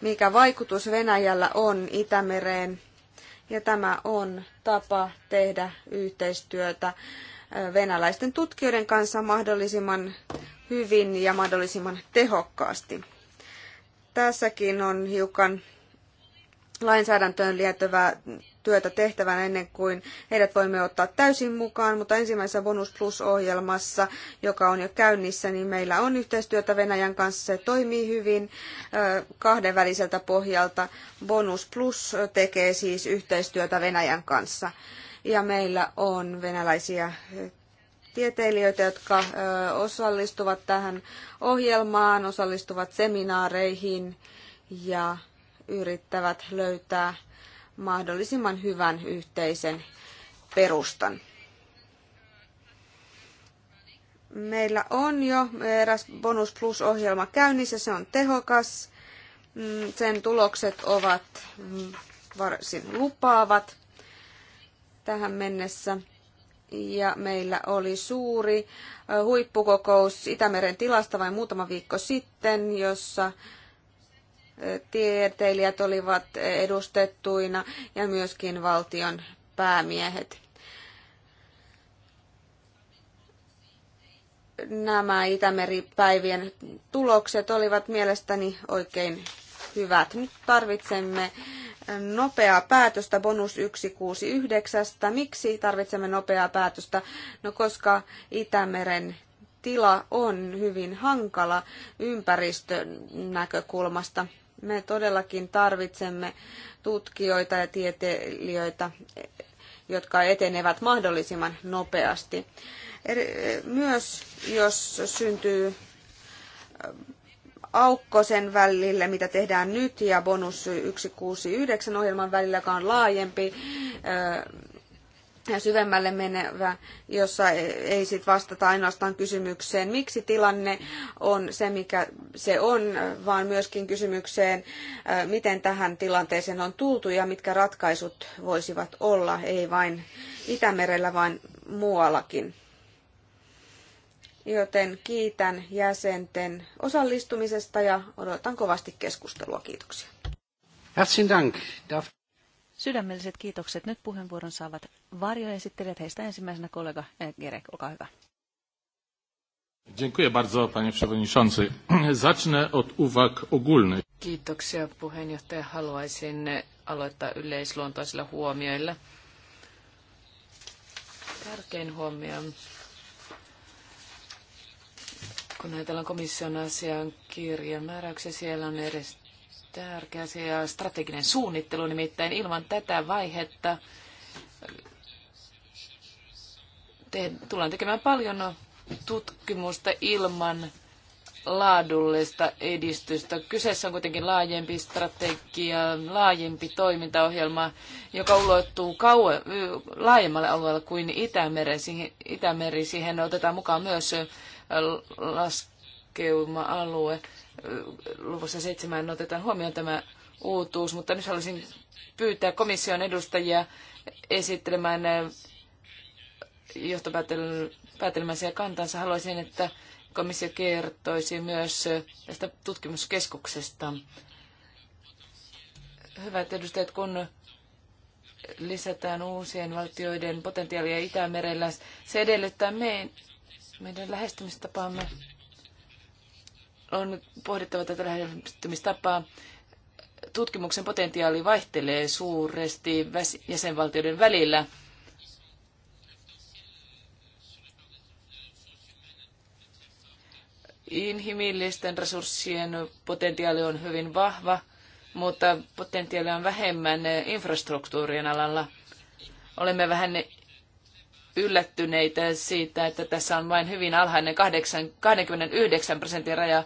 mikä vaikutus Venäjällä on Itämereen ja tämä on tapa tehdä yhteistyötä venäläisten tutkijoiden kanssa mahdollisimman hyvin ja mahdollisimman tehokkaasti. Tässäkin on hiukan lainsäädäntöön lietävää työtä tehtävän ennen kuin heidät voimme ottaa täysin mukaan, mutta ensimmäisessä Bonus Plus-ohjelmassa, joka on jo käynnissä, niin meillä on yhteistyötä Venäjän kanssa. Se toimii hyvin kahdenväliseltä pohjalta. Bonus Plus tekee siis yhteistyötä Venäjän kanssa. Ja meillä on venäläisiä tieteilijöitä, jotka osallistuvat tähän ohjelmaan, osallistuvat seminaareihin ja yrittävät löytää mahdollisimman hyvän yhteisen perustan. Meillä on jo eräs Bonus Plus-ohjelma käynnissä, se on tehokas. Mm, sen tulokset ovat varsin lupaavat tähän mennessä. Ja meillä oli suuri huippukokous Itämeren tilasta vain muutama viikko sitten, jossa tieteilijät olivat edustettuina ja myöskin valtion päämiehet. Nämä Itämeripäivien tulokset olivat mielestäni oikein hyvät. Nyt tarvitsemme nopeaa päätöstä bonus 169. Miksi tarvitsemme nopeaa päätöstä? No koska Itämeren tila on hyvin hankala ympäristön näkökulmasta. Me todellakin tarvitsemme tutkijoita ja tieteilijöitä, jotka etenevät mahdollisimman nopeasti. Myös jos syntyy äh, aukko sen välille, mitä tehdään nyt, ja bonus 169 ohjelman välillä, joka on laajempi, äh, syvemmälle menevä, jossa e- ei sit vastata ainoastaan kysymykseen, miksi tilanne on se, mikä se on, vaan myöskin kysymykseen, miten tähän tilanteeseen on tultu ja mitkä ratkaisut voisivat olla, ei vain Itämerellä, vaan muuallakin. Joten kiitän jäsenten osallistumisesta ja odotan kovasti keskustelua. Kiitoksia. Herzlichen Dank. Sydämelliset kiitokset. Nyt puheenvuoron saavat varjoesittelijät. Heistä ensimmäisenä kollega Gerek, olkaa hyvä. Dziękuję bardzo, panie przewodniczący. Zacznę od uwag ogólnych. Kiitoksia puheenjohtaja. Haluaisin aloittaa yleisluontoisilla huomioilla. Tärkein huomio, kun ajatellaan komission asian kirjan siellä on tärkeä asia, strateginen suunnittelu, nimittäin ilman tätä vaihetta te, tullaan tekemään paljon tutkimusta ilman laadullista edistystä. Kyseessä on kuitenkin laajempi strategia, laajempi toimintaohjelma, joka ulottuu kauan, laajemmalle alueelle kuin Itämeri. Siihen, Itämeri. Siihen otetaan mukaan myös äh, las, korkeuma-alue. Luvussa seitsemän otetaan huomioon tämä uutuus, mutta nyt haluaisin pyytää komission edustajia esittelemään eh, johtopäätelmänsä ja kantansa. Haluaisin, että komissio kertoisi myös eh, tästä tutkimuskeskuksesta. Hyvät edustajat, kun lisätään uusien valtioiden potentiaalia Itämerellä, se edellyttää meidän lähestymistapaamme on pohdittava tätä lähestymistapaa. Tutkimuksen potentiaali vaihtelee suuresti jäsenvaltioiden välillä. Inhimillisten resurssien potentiaali on hyvin vahva, mutta potentiaali on vähemmän infrastruktuurien alalla. Olemme vähän yllättyneitä siitä, että tässä on vain hyvin alhainen 8, 29 prosentin raja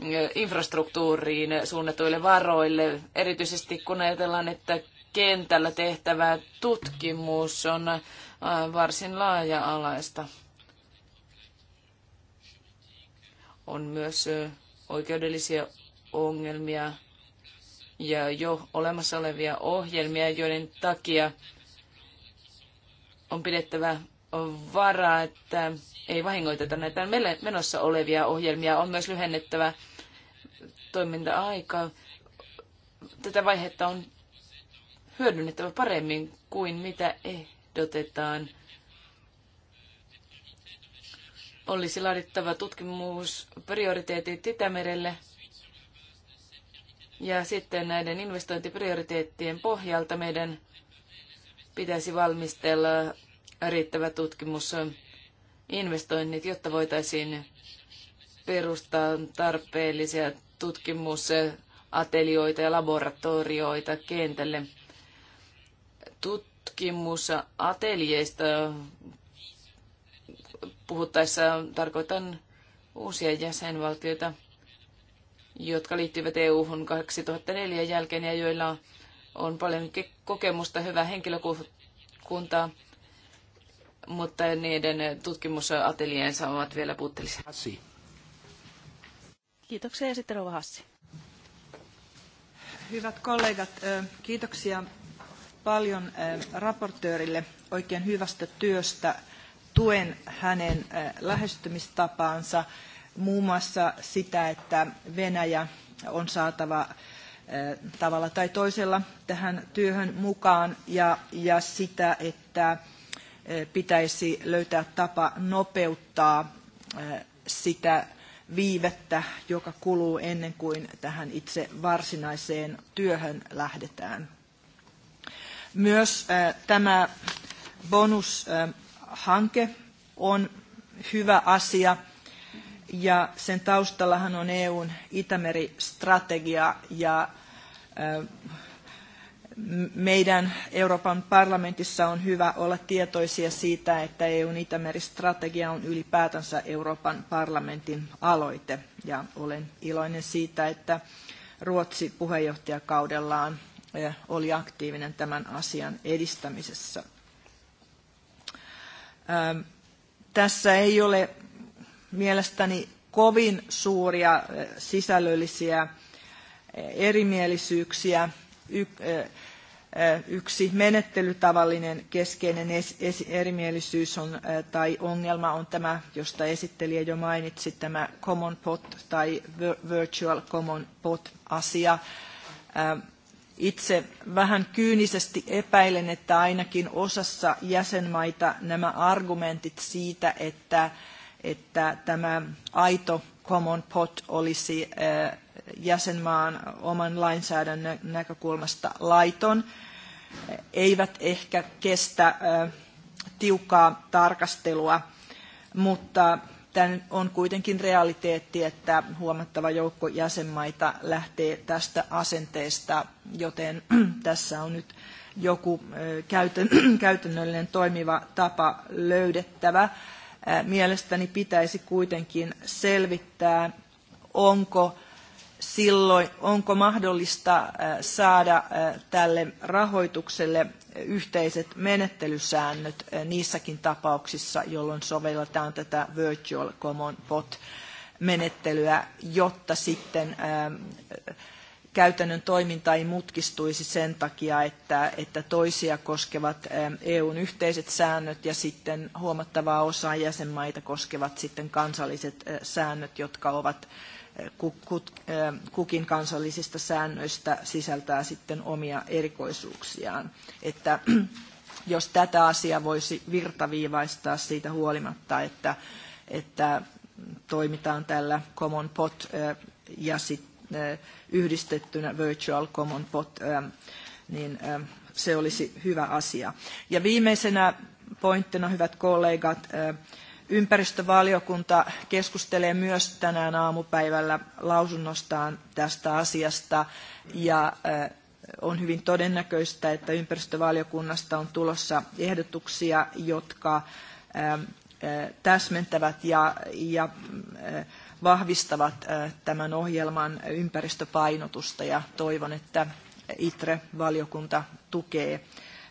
eh, infrastruktuuriin suunnatuille varoille, erityisesti kun ajatellaan, että kentällä tehtävä tutkimus on eh, varsin laaja-alaista. On myös eh, oikeudellisia ongelmia ja jo olemassa olevia ohjelmia, joiden takia on pidettävä varaa, että ei vahingoiteta näitä menossa olevia ohjelmia. On myös lyhennettävä toiminta aika Tätä vaihetta on hyödynnettävä paremmin kuin mitä ehdotetaan. Olisi laadittava prioriteetit Itämerelle ja sitten näiden investointiprioriteettien pohjalta meidän pitäisi valmistella riittävä tutkimus investoinnit, jotta voitaisiin perustaa tarpeellisia tutkimusatelioita ja laboratorioita kentälle. Tutkimusateljeista puhuttaessa tarkoitan uusia jäsenvaltioita, jotka liittyvät EU-hun 2004 jälkeen ja joilla on paljon kokemusta, hyvää henkilökuntaa, mutta niiden tutkimusateljeensa ovat vielä puutteellisia. Hassi. Kiitoksia ja sitten Rova Hassi. Hyvät kollegat, kiitoksia paljon raportöörille oikein hyvästä työstä. Tuen hänen lähestymistapaansa, muun muassa sitä, että Venäjä on saatava tavalla tai toisella tähän työhön mukaan ja, ja sitä, että pitäisi löytää tapa nopeuttaa sitä viivettä, joka kuluu ennen kuin tähän itse varsinaiseen työhön lähdetään. Myös tämä bonushanke on hyvä asia ja sen taustallahan on EUn Itämeri-strategia ja meidän Euroopan parlamentissa on hyvä olla tietoisia siitä, että EUn Itämeri-strategia on ylipäätänsä Euroopan parlamentin aloite. Ja olen iloinen siitä, että Ruotsi puheenjohtajakaudellaan oli aktiivinen tämän asian edistämisessä. Tässä ei ole mielestäni kovin suuria eh, sisällöllisiä eh, erimielisyyksiä. Eh, yksi menettelytavallinen keskeinen erimielisyys on, tai ongelma on tämä, josta esittelijä jo mainitsi, tämä common pot tai virtual common pot asia. Itse vähän kyynisesti epäilen, että ainakin osassa jäsenmaita nämä argumentit siitä, että että tämä aito common pot olisi eh, jäsenmaan oman lainsäädännön näkökulmasta laiton, eivät ehkä kestä eh, tiukkaa tarkastelua, mutta tämä on kuitenkin realiteetti, että huomattava joukko jäsenmaita lähtee tästä asenteesta, joten [clears throat] tässä on nyt joku eh, [clears throat] käytännöllinen toimiva tapa löydettävä mielestäni pitäisi kuitenkin selvittää, onko silloin, onko mahdollista saada tälle rahoitukselle yhteiset menettelysäännöt niissäkin tapauksissa, jolloin sovelletaan tätä Virtual Common Pot-menettelyä, jotta sitten käytännön toiminta ei mutkistuisi sen takia, että, että toisia koskevat ähm, EUn yhteiset säännöt ja sitten huomattavaa osaa jäsenmaita koskevat sitten kansalliset äh, säännöt, jotka ovat äh, ähm, kukin kansallisista säännöistä sisältää sitten omia erikoisuuksiaan. Että [clears throat] jos tätä asiaa voisi virtaviivaistaa siitä huolimatta, että, että toimitaan tällä common pot äh, ja sitten Eh, yhdistettynä Virtual Common Pot, eh, niin eh, se olisi hyvä asia. Ja viimeisenä pointtina, hyvät kollegat, Ympäristövaliokunta keskustelee myös tänään aamupäivällä lausunnostaan tästä asiasta ja on hyvin todennäköistä, että ympäristövaliokunnasta on tulossa ehdotuksia, jotka täsmentävät ja, ja vahvistavat tämän ohjelman ympäristöpainotusta ja toivon, että ITRE-valiokunta tukee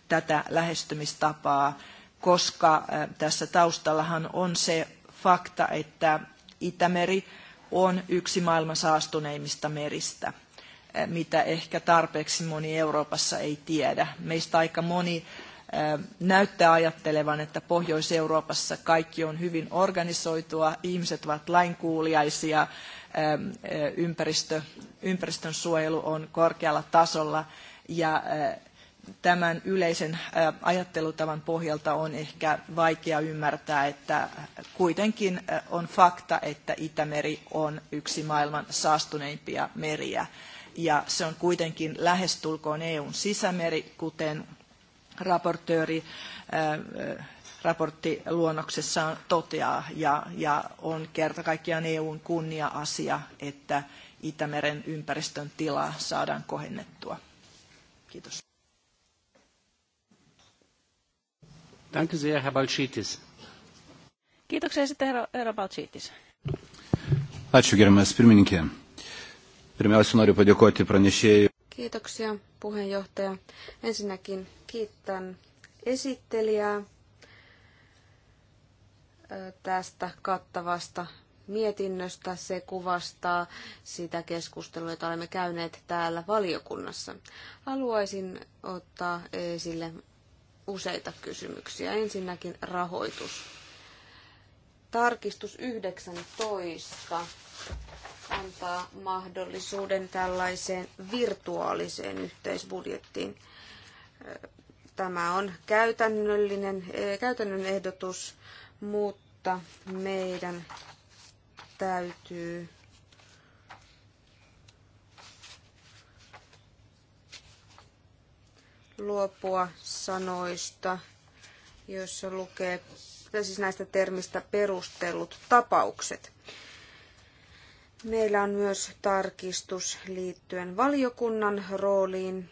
tätä lähestymistapaa, koska tässä taustallahan on se fakta, että Itämeri on yksi maailman saastuneimmista meristä, mitä ehkä tarpeeksi moni Euroopassa ei tiedä. Meistä aika moni näyttää ajattelevan, että Pohjois-Euroopassa kaikki on hyvin organisoitua, ihmiset ovat lainkuuliaisia, ympäristö, ympäristön suojelu on korkealla tasolla ja tämän yleisen ajattelutavan pohjalta on ehkä vaikea ymmärtää, että kuitenkin on fakta, että Itämeri on yksi maailman saastuneimpia meriä. Ja se on kuitenkin lähestulkoon EUn sisämeri, kuten raportööri raporttiluonnoksessaan toteaa ja, ja on kerta kaikkiaan EUn kunnia-asia, että Itämeren ympäristön tilaa saadaan kohennettua. Kiitos. Danke sehr, Herr Balcitis. Kiitoksia sitten herra, herra Balčytis. Ačiū, gerbiamas pirmininkė. Pirmiausia, noriu padėkoti pranešėjai. Kiitoksia, puheenjohtaja. Ensinnäkin Kiitän esittelijää tästä kattavasta mietinnöstä. Se kuvastaa sitä keskustelua, jota olemme käyneet täällä valiokunnassa. Haluaisin ottaa esille useita kysymyksiä. Ensinnäkin rahoitus. Tarkistus 19 antaa mahdollisuuden tällaiseen virtuaaliseen yhteisbudjettiin. Tämä on käytännöllinen, eh, käytännön ehdotus, mutta meidän täytyy luopua sanoista, joissa lukee, tai siis näistä termistä perustellut tapaukset. Meillä on myös tarkistus liittyen valiokunnan rooliin.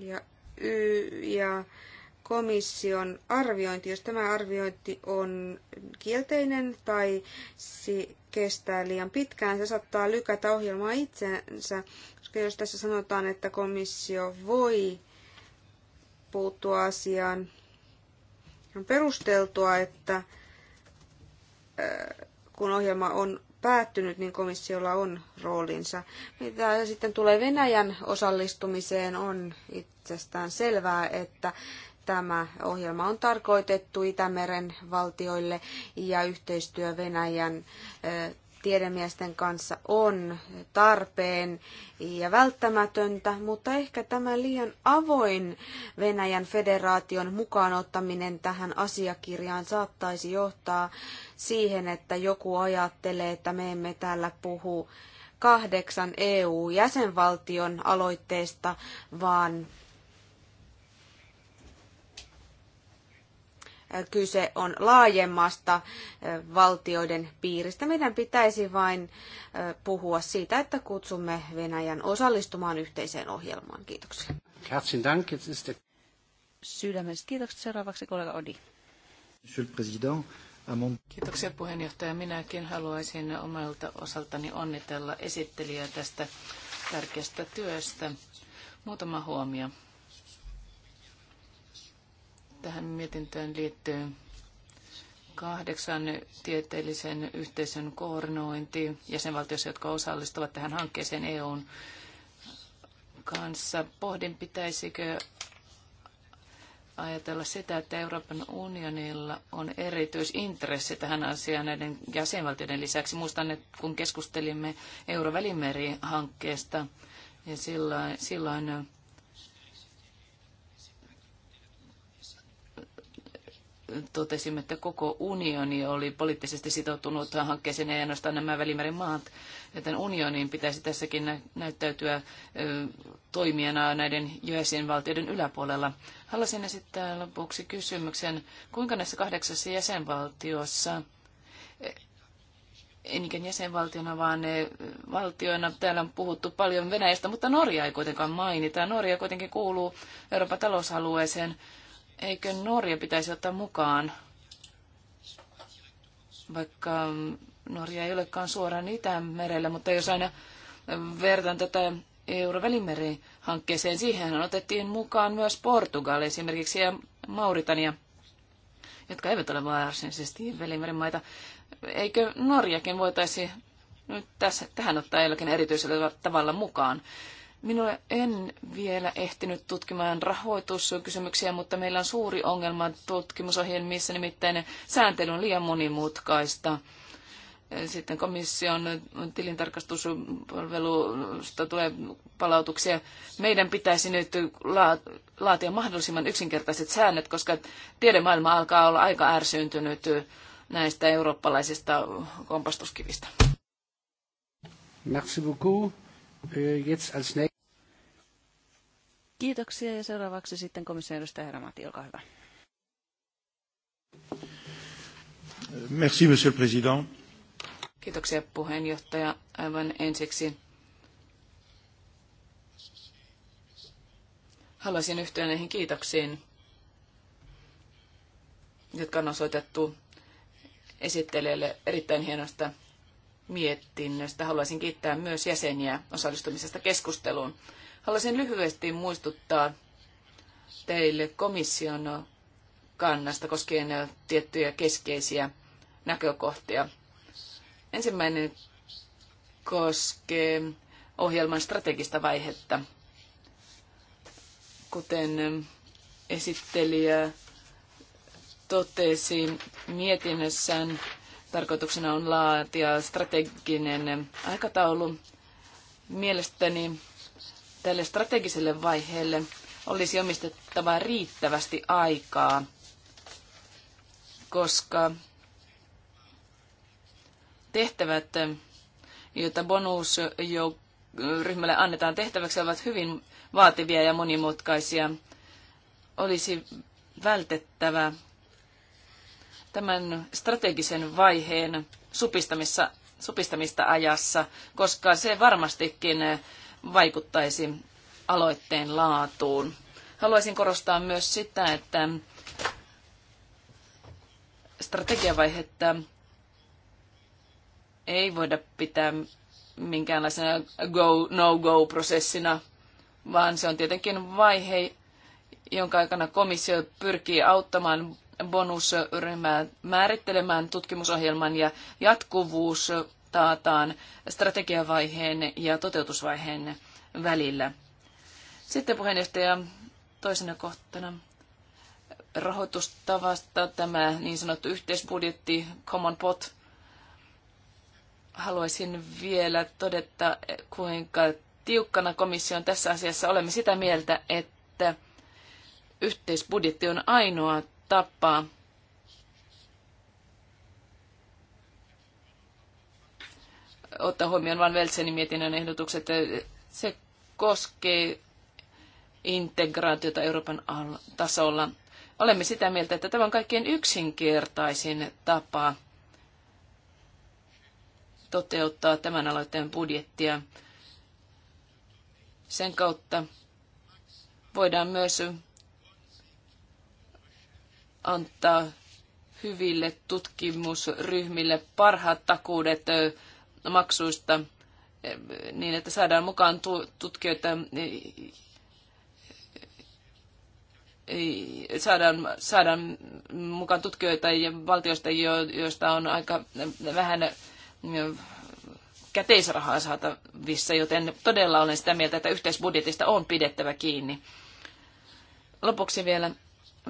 ja, y- ja komission arviointi, jos tämä arviointi on kielteinen tai si- kestää liian pitkään, se saattaa lykätä ohjelmaa itsensä, koska jos tässä sanotaan, että komissio voi puuttua asiaan, on perusteltua, että kun ohjelma on päättynyt, niin komissiolla on roolinsa. Mitä sitten tulee Venäjän osallistumiseen, on itsestään selvää, että tämä ohjelma on tarkoitettu Itämeren valtioille ja yhteistyö Venäjän tiedemiesten kanssa on tarpeen ja välttämätöntä, mutta ehkä tämä liian avoin Venäjän federaation mukaan ottaminen tähän asiakirjaan saattaisi johtaa siihen, että joku ajattelee, että me emme täällä puhu kahdeksan EU-jäsenvaltion aloitteesta, vaan kyse on laajemmasta valtioiden piiristä. Meidän pitäisi vain puhua siitä, että kutsumme Venäjän osallistumaan yhteiseen ohjelmaan. Kiitoksia. Herzlichen kiitokset. Seuraavaksi kollega Odi. Monsieur le Président, Kiitoksia puheenjohtaja. Minäkin haluaisin omalta osaltani onnitella esittelijää tästä tärkeästä työstä. Muutama huomio. Tähän mietintöön liittyy kahdeksan tieteellisen yhteisön koordinointi jäsenvaltioissa, jotka osallistuvat tähän hankkeeseen EUn kanssa. Pohdin, pitäisikö ajatella sitä, että Euroopan unionilla on erityisintressi tähän asiaan näiden jäsenvaltioiden lisäksi. Muistan, että kun keskustelimme Eurovälimeri-hankkeesta, ja niin silloin, silloin äh, totesimme, että koko unioni oli poliittisesti sitoutunut hankkeeseen, ja ainoastaan nämä välimeren maat joten unionin pitäisi tässäkin näyttäytyä toimijana näiden jäsenvaltioiden yläpuolella. Haluaisin esittää lopuksi kysymyksen, kuinka näissä kahdeksassa jäsenvaltiossa e, enikin jäsenvaltiona, vaan valtioina. Täällä on puhuttu paljon Venäjästä, mutta Norja ei kuitenkaan mainita. Norja kuitenkin kuuluu Euroopan talousalueeseen. Eikö Norja pitäisi ottaa mukaan, vaikka Norja ei olekaan suoraan Itämerellä, mutta jos aina vertaan tätä Eurovälimeri-hankkeeseen, siihen otettiin mukaan myös Portugal esimerkiksi ja Mauritania, jotka eivät ole varsinaisesti välimerimaita. Eikö Norjakin voitaisi nyt tässä, tähän ottaa jollakin erityisellä tavalla mukaan? Minulle en vielä ehtinyt tutkimaan rahoituskysymyksiä, mutta meillä on suuri ongelma tutkimusohjelmissa, nimittäin sääntely on liian monimutkaista sitten komission tilintarkastuspalvelusta tulee palautuksia. Meidän pitäisi nyt laatia mahdollisimman yksinkertaiset säännöt, koska tiedemaailma alkaa olla aika ärsyyntynyt näistä eurooppalaisista kompastuskivistä. Merci beaucoup. Jetzt als Kiitoksia ja seuraavaksi sitten komission edustaja Hermati, olkaa hyvä. Merci, monsieur le président. Kiitoksia puheenjohtaja. Aivan ensiksi haluaisin yhtyä näihin kiitoksiin, jotka on osoitettu esittelijälle erittäin hienosta mietinnöstä. Haluaisin kiittää myös jäseniä osallistumisesta keskusteluun. Haluaisin lyhyesti muistuttaa teille komission kannasta koskien tiettyjä keskeisiä näkökohtia – Ensimmäinen koskee ohjelman strategista vaihetta. Kuten esittelijä totesi mietinnössään, tarkoituksena on laatia strateginen aikataulu. Mielestäni tälle strategiselle vaiheelle olisi omistettava riittävästi aikaa, koska tehtävät, joita bonusryhmälle annetaan tehtäväksi, ovat hyvin vaativia ja monimutkaisia. Olisi vältettävä tämän strategisen vaiheen supistamissa, supistamista ajassa, koska se varmastikin vaikuttaisi aloitteen laatuun. Haluaisin korostaa myös sitä, että strategiavaihetta ei voida pitää minkäänlaisena go, no-go-prosessina, vaan se on tietenkin vaihe, jonka aikana komissio pyrkii auttamaan bonusryhmää määrittelemään tutkimusohjelman ja jatkuvuus taataan strategiavaiheen ja toteutusvaiheen välillä. Sitten puheenjohtaja toisena kohtana rahoitustavasta tämä niin sanottu yhteisbudjetti, common pot, haluaisin vielä todeta, kuinka tiukkana komission tässä asiassa olemme sitä mieltä, että yhteisbudjetti on ainoa tapa ottaa huomioon vain Veltsenin mietinnön ehdotukset. Se koskee integraatiota Euroopan tasolla. Olemme sitä mieltä, että tämä on kaikkein yksinkertaisin tapa toteuttaa tämän aloitteen budjettia. Sen kautta voidaan myös antaa hyville tutkimusryhmille parhaat takuudet maksuista niin, että saadaan mukaan tutkijoita, saadaan, saadaan mukaan tutkijoita ja valtioista, joista on aika vähän käteisrahaa saatavissa, joten todella olen sitä mieltä, että yhteisbudjetista on pidettävä kiinni. Lopuksi vielä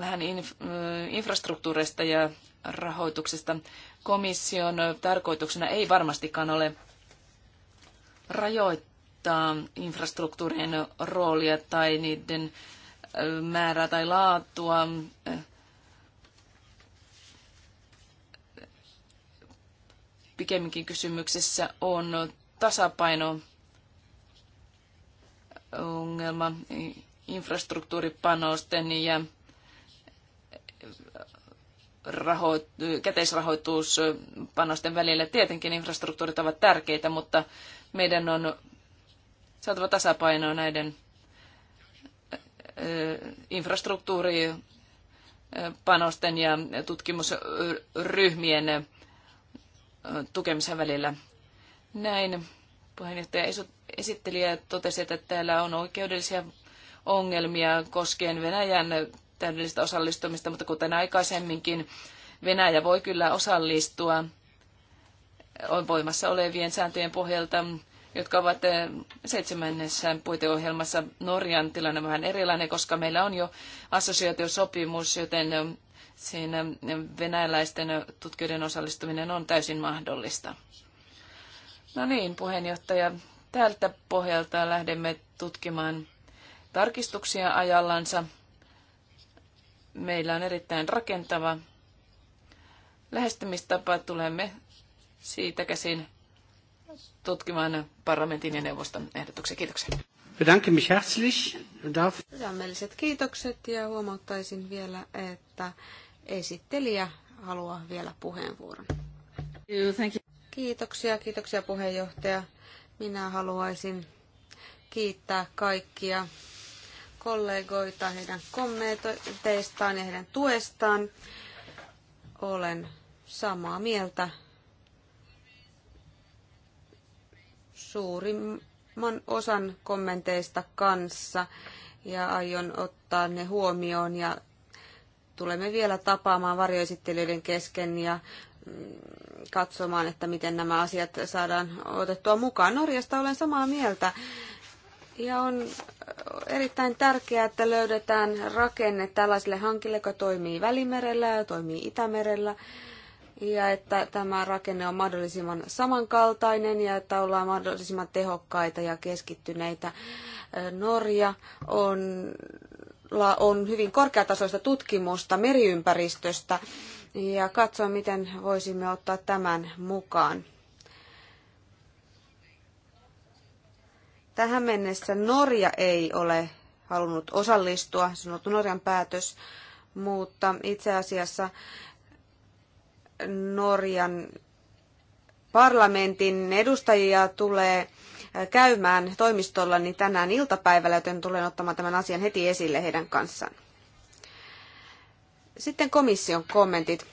vähän inf- infrastruktuurista ja rahoituksesta. Komission tarkoituksena ei varmastikaan ole rajoittaa infrastruktuurien roolia tai niiden määrää tai laatua pikemminkin kysymyksessä on tasapaino ongelma infrastruktuuripanosten ja rahoit- käteisrahoituspanosten välillä. Tietenkin infrastruktuurit ovat tärkeitä, mutta meidän on saatava tasapaino näiden infrastruktuuripanosten ja tutkimusryhmien tukemisen välillä. Näin puheenjohtaja ja totesi, että täällä on oikeudellisia ongelmia koskien Venäjän täydellistä osallistumista, mutta kuten aikaisemminkin, Venäjä voi kyllä osallistua on voimassa olevien sääntöjen pohjalta, jotka ovat eh, seitsemännessä puiteohjelmassa. Norjan tilanne vähän erilainen, koska meillä on jo assosiaatiosopimus, joten eh, siinä venäläisten tutkijoiden osallistuminen on täysin mahdollista. No niin, puheenjohtaja, tältä pohjalta lähdemme tutkimaan tarkistuksia ajallansa. Meillä on erittäin rakentava lähestymistapa. Tulemme siitä käsin tutkimaan parlamentin ja neuvoston ehdotuksia. Kiitoksia. Bedanke mich herzlich. Sydämelliset kiitokset ja huomauttaisin vielä, että esittelijä haluaa vielä puheenvuoron. Kiitoksia, kiitoksia puheenjohtaja. Minä haluaisin kiittää kaikkia kollegoita heidän kommenteistaan ja heidän tuestaan. Olen samaa mieltä suurimman osan kommenteista kanssa ja aion ottaa ne huomioon ja tulemme vielä tapaamaan varjoesittelyiden kesken ja mm, katsomaan, että miten nämä asiat saadaan otettua mukaan. Norjasta olen samaa mieltä. Ja on erittäin tärkeää, että löydetään rakenne tällaisille hankille, joka toimii Välimerellä ja toimii Itämerellä. Ja että tämä rakenne on mahdollisimman samankaltainen ja että ollaan mahdollisimman tehokkaita ja keskittyneitä. Norja on jolla on hyvin korkeatasoista tutkimusta meriympäristöstä ja katsoa, miten voisimme ottaa tämän mukaan. Tähän mennessä Norja ei ole halunnut osallistua, se on ollut Norjan päätös, mutta itse asiassa Norjan parlamentin edustajia tulee käymään toimistollani niin tänään iltapäivällä, joten tulen ottamaan tämän asian heti esille heidän kanssaan. Sitten komission kommentit.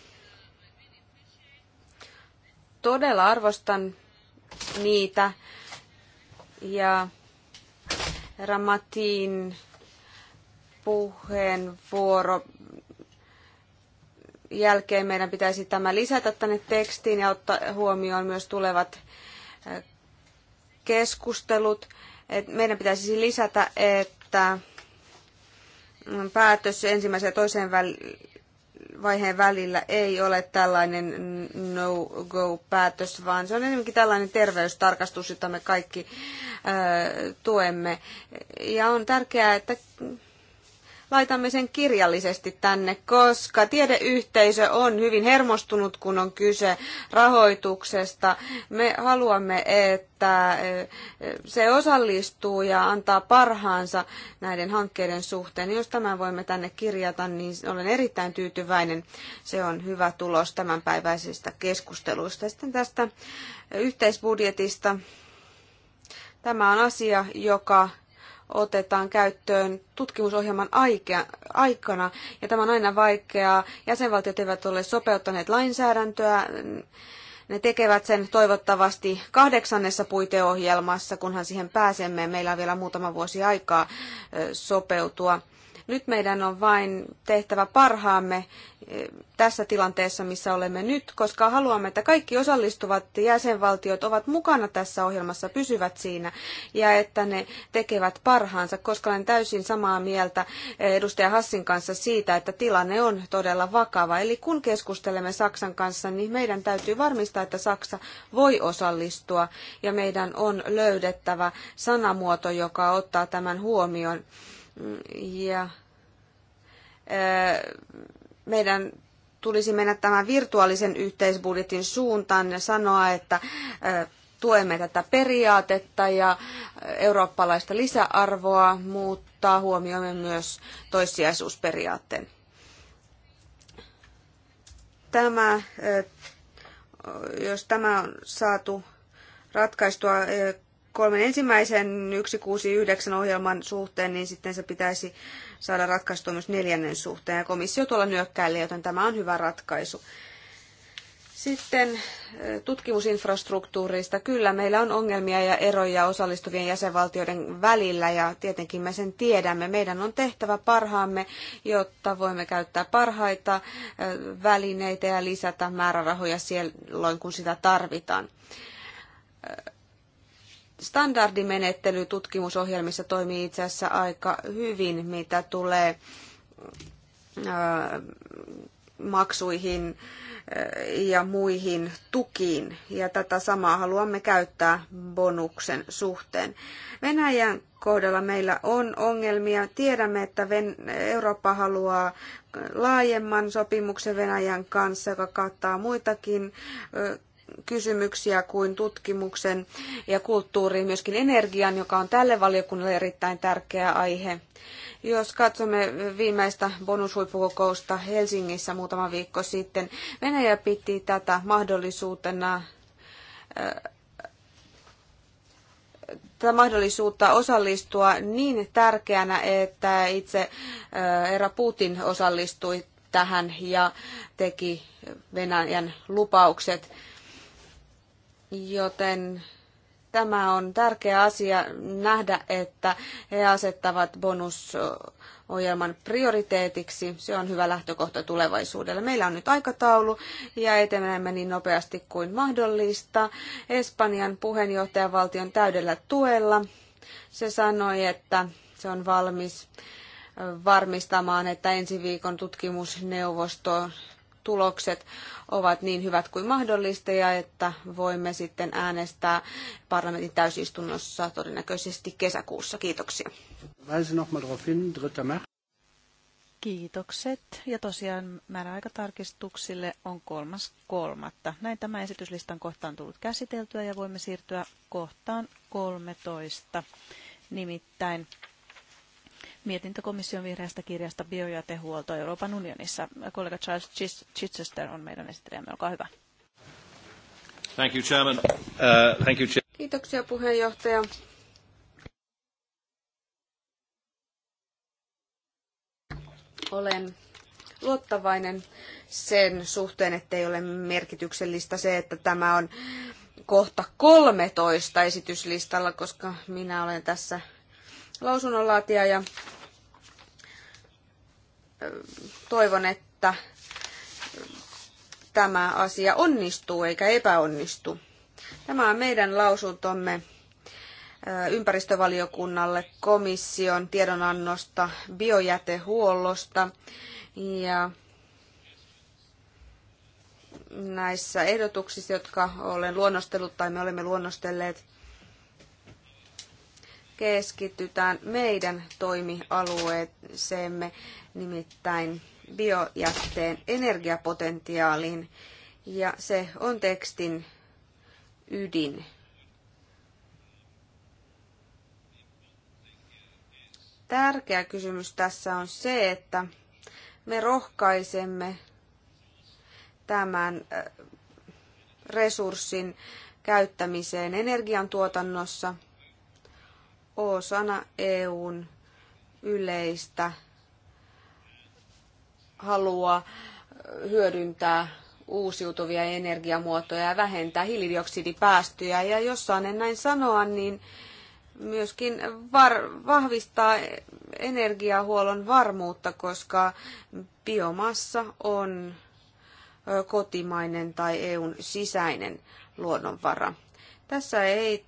Todella arvostan niitä ja Ramatin puheenvuoro jälkeen meidän pitäisi tämä lisätä tänne tekstiin ja ottaa huomioon myös tulevat keskustelut. Meidän pitäisi lisätä, että päätös ensimmäisen ja toisen vaiheen välillä ei ole tällainen no-go-päätös, vaan se on enemmänkin tällainen terveystarkastus, jota me kaikki tuemme. Ja on tärkeää, että laitamme sen kirjallisesti tänne, koska tiedeyhteisö on hyvin hermostunut, kun on kyse rahoituksesta. Me haluamme, että se osallistuu ja antaa parhaansa näiden hankkeiden suhteen. Jos tämän voimme tänne kirjata, niin olen erittäin tyytyväinen. Se on hyvä tulos tämänpäiväisistä keskusteluista. Sitten tästä yhteisbudjetista. Tämä on asia, joka otetaan käyttöön tutkimusohjelman aikana, ja tämä on aina vaikeaa. Jäsenvaltiot eivät ole sopeuttaneet lainsäädäntöä, ne tekevät sen toivottavasti kahdeksannessa puiteohjelmassa, kunhan siihen pääsemme. Meillä on vielä muutama vuosi aikaa sopeutua. Nyt meidän on vain tehtävä parhaamme eh, tässä tilanteessa, missä olemme nyt, koska haluamme, että kaikki osallistuvat jäsenvaltiot ovat mukana tässä ohjelmassa, pysyvät siinä ja että ne tekevät parhaansa, koska olen täysin samaa mieltä eh, edustaja Hassin kanssa siitä, että tilanne on todella vakava. Eli kun keskustelemme Saksan kanssa, niin meidän täytyy varmistaa, että Saksa voi osallistua ja meidän on löydettävä sanamuoto, joka ottaa tämän huomioon. Ja meidän tulisi mennä tämän virtuaalisen yhteisbudjetin suuntaan ja sanoa, että tuemme tätä periaatetta ja eurooppalaista lisäarvoa, mutta huomioimme myös toissijaisuusperiaatteen. Tämä, jos tämä on saatu ratkaistua kolmen ensimmäisen 169 ohjelman suhteen, niin sitten se pitäisi saada ratkaistua myös neljännen suhteen. Ja komissio tuolla nyökkäilee, joten tämä on hyvä ratkaisu. Sitten tutkimusinfrastruktuurista. Kyllä, meillä on ongelmia ja eroja osallistuvien jäsenvaltioiden välillä ja tietenkin me sen tiedämme. Meidän on tehtävä parhaamme, jotta voimme käyttää parhaita välineitä ja lisätä määrärahoja silloin, kun sitä tarvitaan standardimenettely tutkimusohjelmissa toimii itse asiassa aika hyvin, mitä tulee maksuihin ja muihin tukiin. Ja tätä samaa haluamme käyttää bonuksen suhteen. Venäjän kohdalla meillä on ongelmia. Tiedämme, että Eurooppa haluaa laajemman sopimuksen Venäjän kanssa, joka kattaa muitakin kysymyksiä kuin tutkimuksen ja kulttuurin, myöskin energian, joka on tälle valiokunnalle erittäin tärkeä aihe. Jos katsomme viimeistä bonushuippukokousta Helsingissä muutama viikko sitten, Venäjä piti tätä mahdollisuutena äh, tätä mahdollisuutta osallistua niin tärkeänä, että itse äh, Era Putin osallistui tähän ja teki Venäjän lupaukset. Joten tämä on tärkeä asia nähdä, että he asettavat bonusohjelman prioriteetiksi. Se on hyvä lähtökohta tulevaisuudelle. Meillä on nyt aikataulu ja etenemme niin nopeasti kuin mahdollista. Espanjan puheenjohtajavaltion täydellä tuella. Se sanoi, että se on valmis varmistamaan, että ensi viikon tutkimusneuvosto tulokset ovat niin hyvät kuin mahdollista ja että voimme sitten äänestää parlamentin täysistunnossa todennäköisesti kesäkuussa. Kiitoksia. Kiitokset. Ja tosiaan määräaikatarkistuksille on kolmas kolmatta. Näin tämä esityslistan kohta on tullut käsiteltyä ja voimme siirtyä kohtaan 13. Nimittäin mietintö komission vihreästä kirjasta biojätehuolto Euroopan unionissa. Kollega Charles Chichester on meidän esittelijämme. Olkaa hyvä. Thank you, Chairman. Uh, thank you, Kiitoksia puheenjohtaja. Olen luottavainen sen suhteen, että ei ole merkityksellistä se, että tämä on kohta 13 esityslistalla, koska minä olen tässä lausunnonlaatija ja toivon, että tämä asia onnistuu eikä epäonnistu. Tämä on meidän lausuntomme ympäristövaliokunnalle komission tiedonannosta biojätehuollosta ja näissä ehdotuksissa, jotka olen luonnostellut tai me olemme luonnostelleet, keskitytään meidän toimialueeseemme, nimittäin biojätteen energiapotentiaaliin. Ja se on tekstin ydin. Tärkeä kysymys tässä on se, että me rohkaisemme tämän äh, resurssin käyttämiseen energiantuotannossa – osana EUn yleistä halua hyödyntää uusiutuvia energiamuotoja ja vähentää hiilidioksidipäästöjä. Ja jos en näin sanoa, niin myöskin var- vahvistaa energiahuollon varmuutta, koska biomassa on kotimainen tai EUn sisäinen luonnonvara. Tässä ei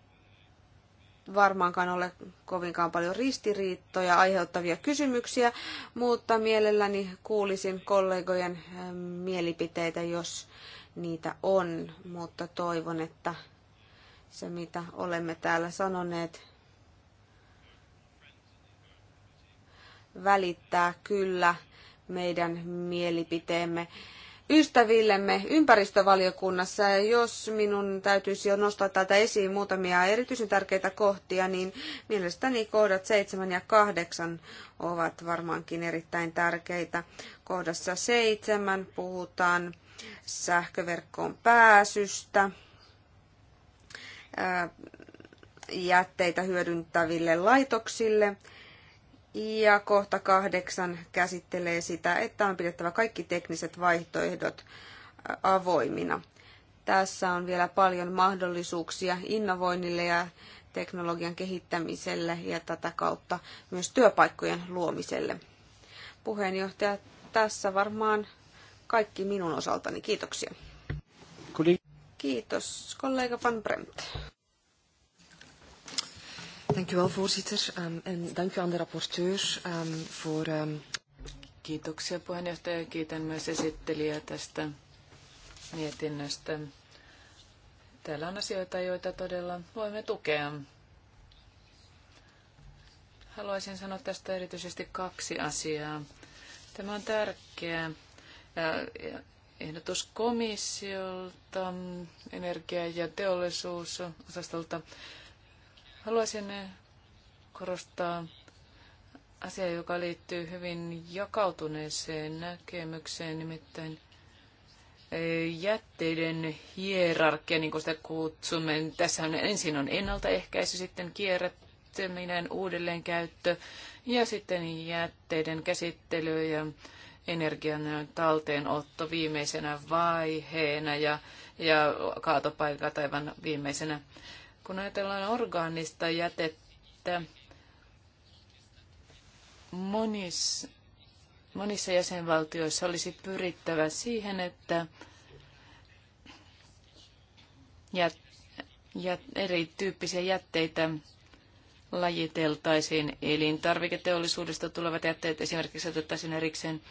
varmaankaan ole kovinkaan paljon ristiriittoja aiheuttavia kysymyksiä, mutta mielelläni kuulisin kollegojen eh, mielipiteitä, jos niitä on, mutta toivon, että se mitä olemme täällä sanoneet välittää kyllä meidän mielipiteemme ystävillemme ympäristövaliokunnassa. Ja jos minun täytyisi jo nostaa täältä esiin muutamia erityisen tärkeitä kohtia, niin mielestäni kohdat 7 ja 8 ovat varmaankin erittäin tärkeitä. Kohdassa 7 puhutaan sähköverkkoon pääsystä jätteitä hyödyntäville laitoksille ja kohta kahdeksan käsittelee sitä, että on pidettävä kaikki tekniset vaihtoehdot avoimina. Tässä on vielä paljon mahdollisuuksia innovoinnille ja teknologian kehittämiselle ja tätä kautta myös työpaikkojen luomiselle. Puheenjohtaja, tässä varmaan kaikki minun osaltani. Kiitoksia. Kiitos, kollega Van Bremt. Dank u wel, voorzitter. Um, en dank u aan de rapporteur um, voor... Um... Kiitoksia puheenjohtaja. Kiitän myös esittelijää tästä mietinnöstä. Täällä on asioita, joita todella voimme tukea. Haluaisin sanoa tästä erityisesti kaksi asiaa. Tämä on tärkeä ehdotus komissiolta, energia- ja teollisuusosastolta. Haluaisin korostaa asiaa, joka liittyy hyvin jakautuneeseen näkemykseen, nimittäin e, jätteiden hierarkia, niin kuin sitä kutsumme. Tässä on, ensin on ennaltaehkäisy, sitten kierrättäminen, uudelleenkäyttö ja sitten jätteiden käsittely ja energian talteenotto viimeisenä vaiheena ja, ja kaatopaikat aivan viimeisenä kun ajatellaan orgaanista jätettä, monis, monissa jäsenvaltioissa olisi pyrittävä siihen, että jät, jät, erityyppisiä jätteitä lajiteltaisiin. Elintarviketeollisuudesta tulevat jätteet esimerkiksi otettaisiin erikseen.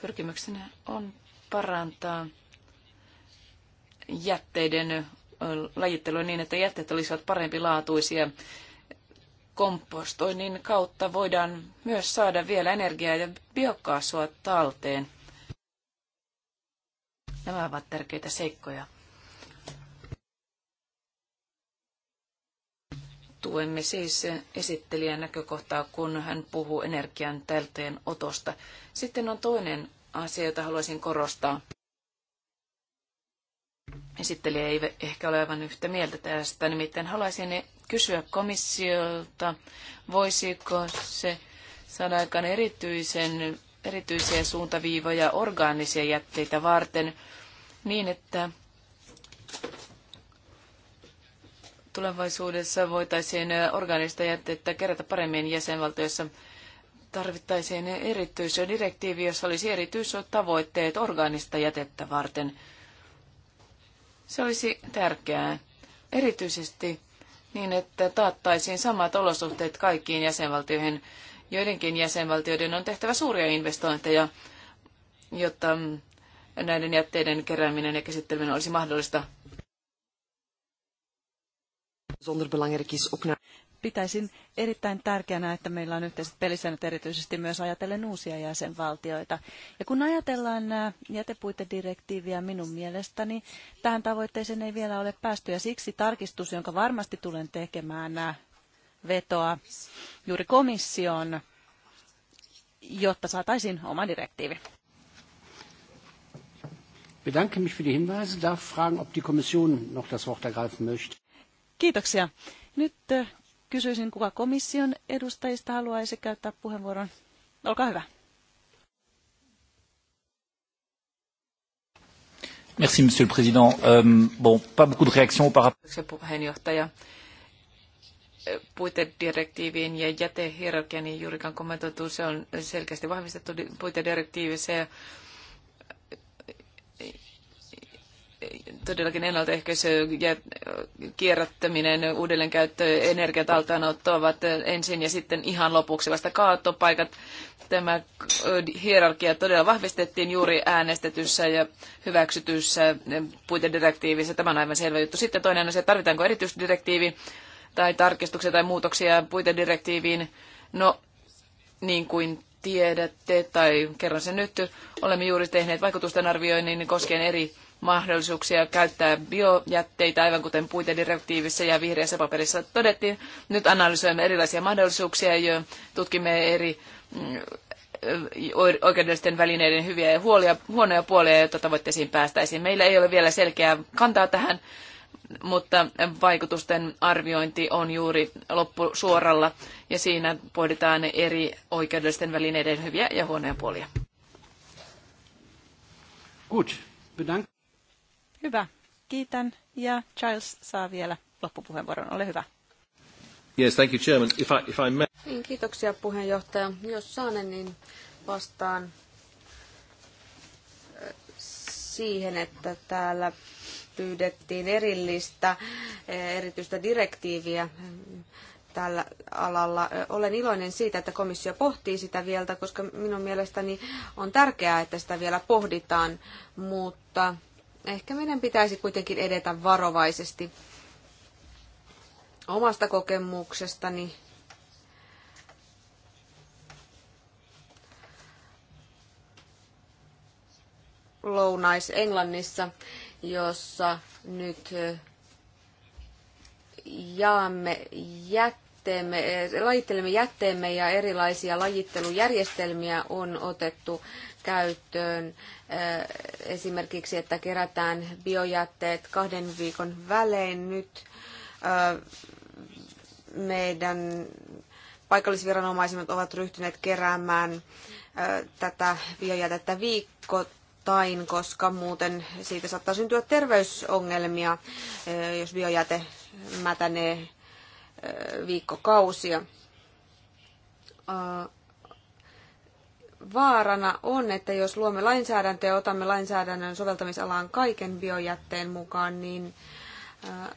Pyrkimyksenä on parantaa jätteiden lajittelua niin, että jätteet olisivat parempi laatuisia. Kompostoinnin kautta voidaan myös saada vielä energiaa ja biokaasua talteen. Nämä ovat tärkeitä seikkoja. Tuemme siis esittelijän näkökohtaa, kun hän puhuu energian tälteen otosta. Sitten on toinen asia, jota haluaisin korostaa esittelijä ei ehkä ole aivan yhtä mieltä tästä. Nimittäin haluaisin kysyä komissiolta, voisiko se saada aikaan erityisen, erityisiä suuntaviivoja orgaanisia jätteitä varten niin, että tulevaisuudessa voitaisiin orgaanista jätteitä kerätä paremmin jäsenvaltioissa tarvittaisiin direktiivi, jossa olisi erityisot tavoitteet orgaanista jätettä varten. Se olisi tärkeää, erityisesti niin, että taattaisiin samat olosuhteet kaikkiin jäsenvaltioihin. Joidenkin jäsenvaltioiden on tehtävä suuria investointeja, jotta näiden jätteiden kerääminen ja käsitteleminen olisi mahdollista pitäisin erittäin tärkeänä, että meillä on yhteiset pelisäännöt erityisesti myös ajatellen uusia jäsenvaltioita. Ja kun ajatellaan jätepuitedirektiiviä minun mielestäni, tähän tavoitteeseen ei vielä ole päästy ja siksi tarkistus, jonka varmasti tulen tekemään vetoa juuri komissioon, jotta saataisiin oma direktiivi. Bedanke mich für die Hinweise. Darf fragen, ob die Kommission noch das Wort ergreifen möchte. Kiitoksia. Nyt Kysyisin, kuka komission edustajista haluaisi käyttää puheenvuoron. Olkaa hyvä. Merci, Monsieur le Président. Euh, bon, pas beaucoup de réactions par rapport. Puheenjohtaja puitedirektiiviin ja jätehierarkiaan ei juurikaan kommentoitu. Se on selkeästi vahvistettu puitedirektiivissä ja, todellakin ennaltaehkäisy ja kierrättäminen, uudelleenkäyttö, energiatalteenotto ovat ensin ja sitten ihan lopuksi vasta kaatopaikat. Tämä hierarkia todella vahvistettiin juuri äänestetyssä ja hyväksytyssä puitedirektiivissä. Tämä on aivan selvä juttu. Sitten toinen asia, tarvitaanko erityisdirektiivi tai tarkistuksia tai muutoksia puitedirektiiviin? No, niin kuin tiedätte, tai kerron sen nyt, olemme juuri tehneet vaikutusten arvioinnin koskien eri mahdollisuuksia käyttää biojätteitä, aivan kuten puitedirektiivissä ja vihreässä paperissa todettiin. Nyt analysoimme erilaisia mahdollisuuksia ja tutkimme eri mm, oikeudellisten välineiden hyviä ja huolia, huonoja puolia, jotta tavoitteisiin päästäisiin. Meillä ei ole vielä selkeää kantaa tähän, mutta vaikutusten arviointi on juuri loppusuoralla ja siinä pohditaan eri oikeudellisten välineiden hyviä ja huonoja puolia. Gut, bedankt. Hyvä. Kiitän. Ja Charles saa vielä loppupuheenvuoron. Ole hyvä. Yes, thank you, Chairman. If I, if I may... Niin, kiitoksia puheenjohtaja. Jos saan, niin vastaan eh, siihen, että täällä pyydettiin erillistä eh, erityistä direktiiviä eh, tällä alalla. Olen iloinen siitä, että komissio pohtii sitä vielä, koska minun mielestäni on tärkeää, että sitä vielä pohditaan, mutta ehkä meidän pitäisi kuitenkin edetä varovaisesti. Omasta kokemuksestani Lounais-Englannissa, jossa nyt jaamme jätteemme, lajittelemme jätteemme ja erilaisia lajittelujärjestelmiä on otettu käyttöön Äh, esimerkiksi, että kerätään biojätteet kahden viikon välein nyt äh, meidän paikallisviranomaiset ovat ryhtyneet keräämään äh, tätä biojätettä viikkotain, koska muuten siitä saattaa syntyä terveysongelmia, jos biojäte mätänee viikkokausia vaarana on, että jos luomme lainsäädäntöä ja otamme lainsäädännön soveltamisalaan kaiken biojätteen mukaan, niin äh,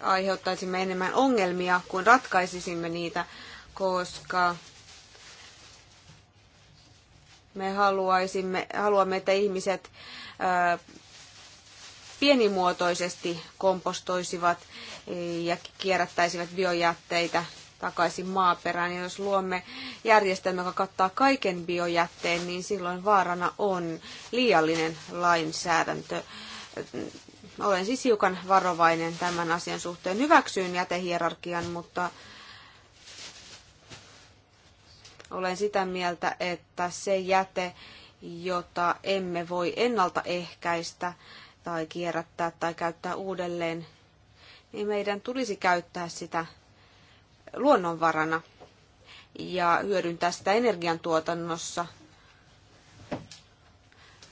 aiheuttaisimme enemmän ongelmia kuin ratkaisisimme niitä, koska me haluaisimme, haluamme, että ihmiset äh, pienimuotoisesti kompostoisivat ja kierrättäisivät biojätteitä takaisin maaperään. Ja jos luomme järjestelmä, joka kattaa kaiken biojätteen, niin silloin vaarana on liiallinen lainsäädäntö. Olen siis hiukan varovainen tämän asian suhteen. Hyväksyn jätehierarkian, mutta olen sitä mieltä, että se jäte, jota emme voi ennaltaehkäistä tai kierrättää tai käyttää uudelleen, niin meidän tulisi käyttää sitä luonnonvarana ja hyödyntää sitä energiantuotannossa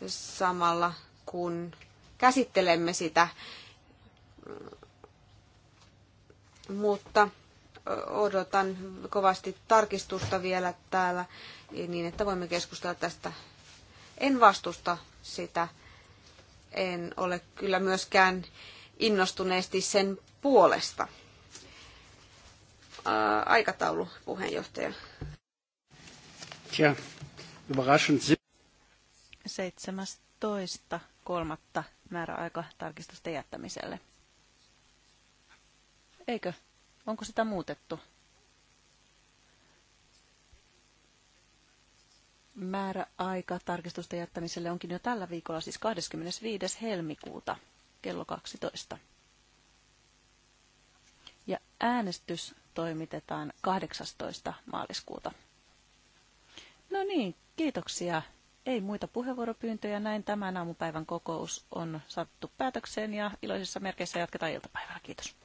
samalla kun käsittelemme sitä. Mutta odotan kovasti tarkistusta vielä täällä niin, että voimme keskustella tästä. En vastusta sitä. En ole kyllä myöskään innostuneesti sen puolesta. Äh, aikataulu, puheenjohtaja? Tja, 17. kolmatta määräaika tarkistusten jättämiselle. Eikö? Onko sitä muutettu? määräaika tarkistusten jättämiselle onkin jo tällä viikolla, siis 25. helmikuuta kello 12. Ja äänestys toimitetaan 18. maaliskuuta. No niin, kiitoksia. Ei muita puheenvuoropyyntöjä. Näin tämän aamupäivän kokous on sattu päätökseen ja iloisissa merkeissä jatketaan iltapäivällä. Kiitos.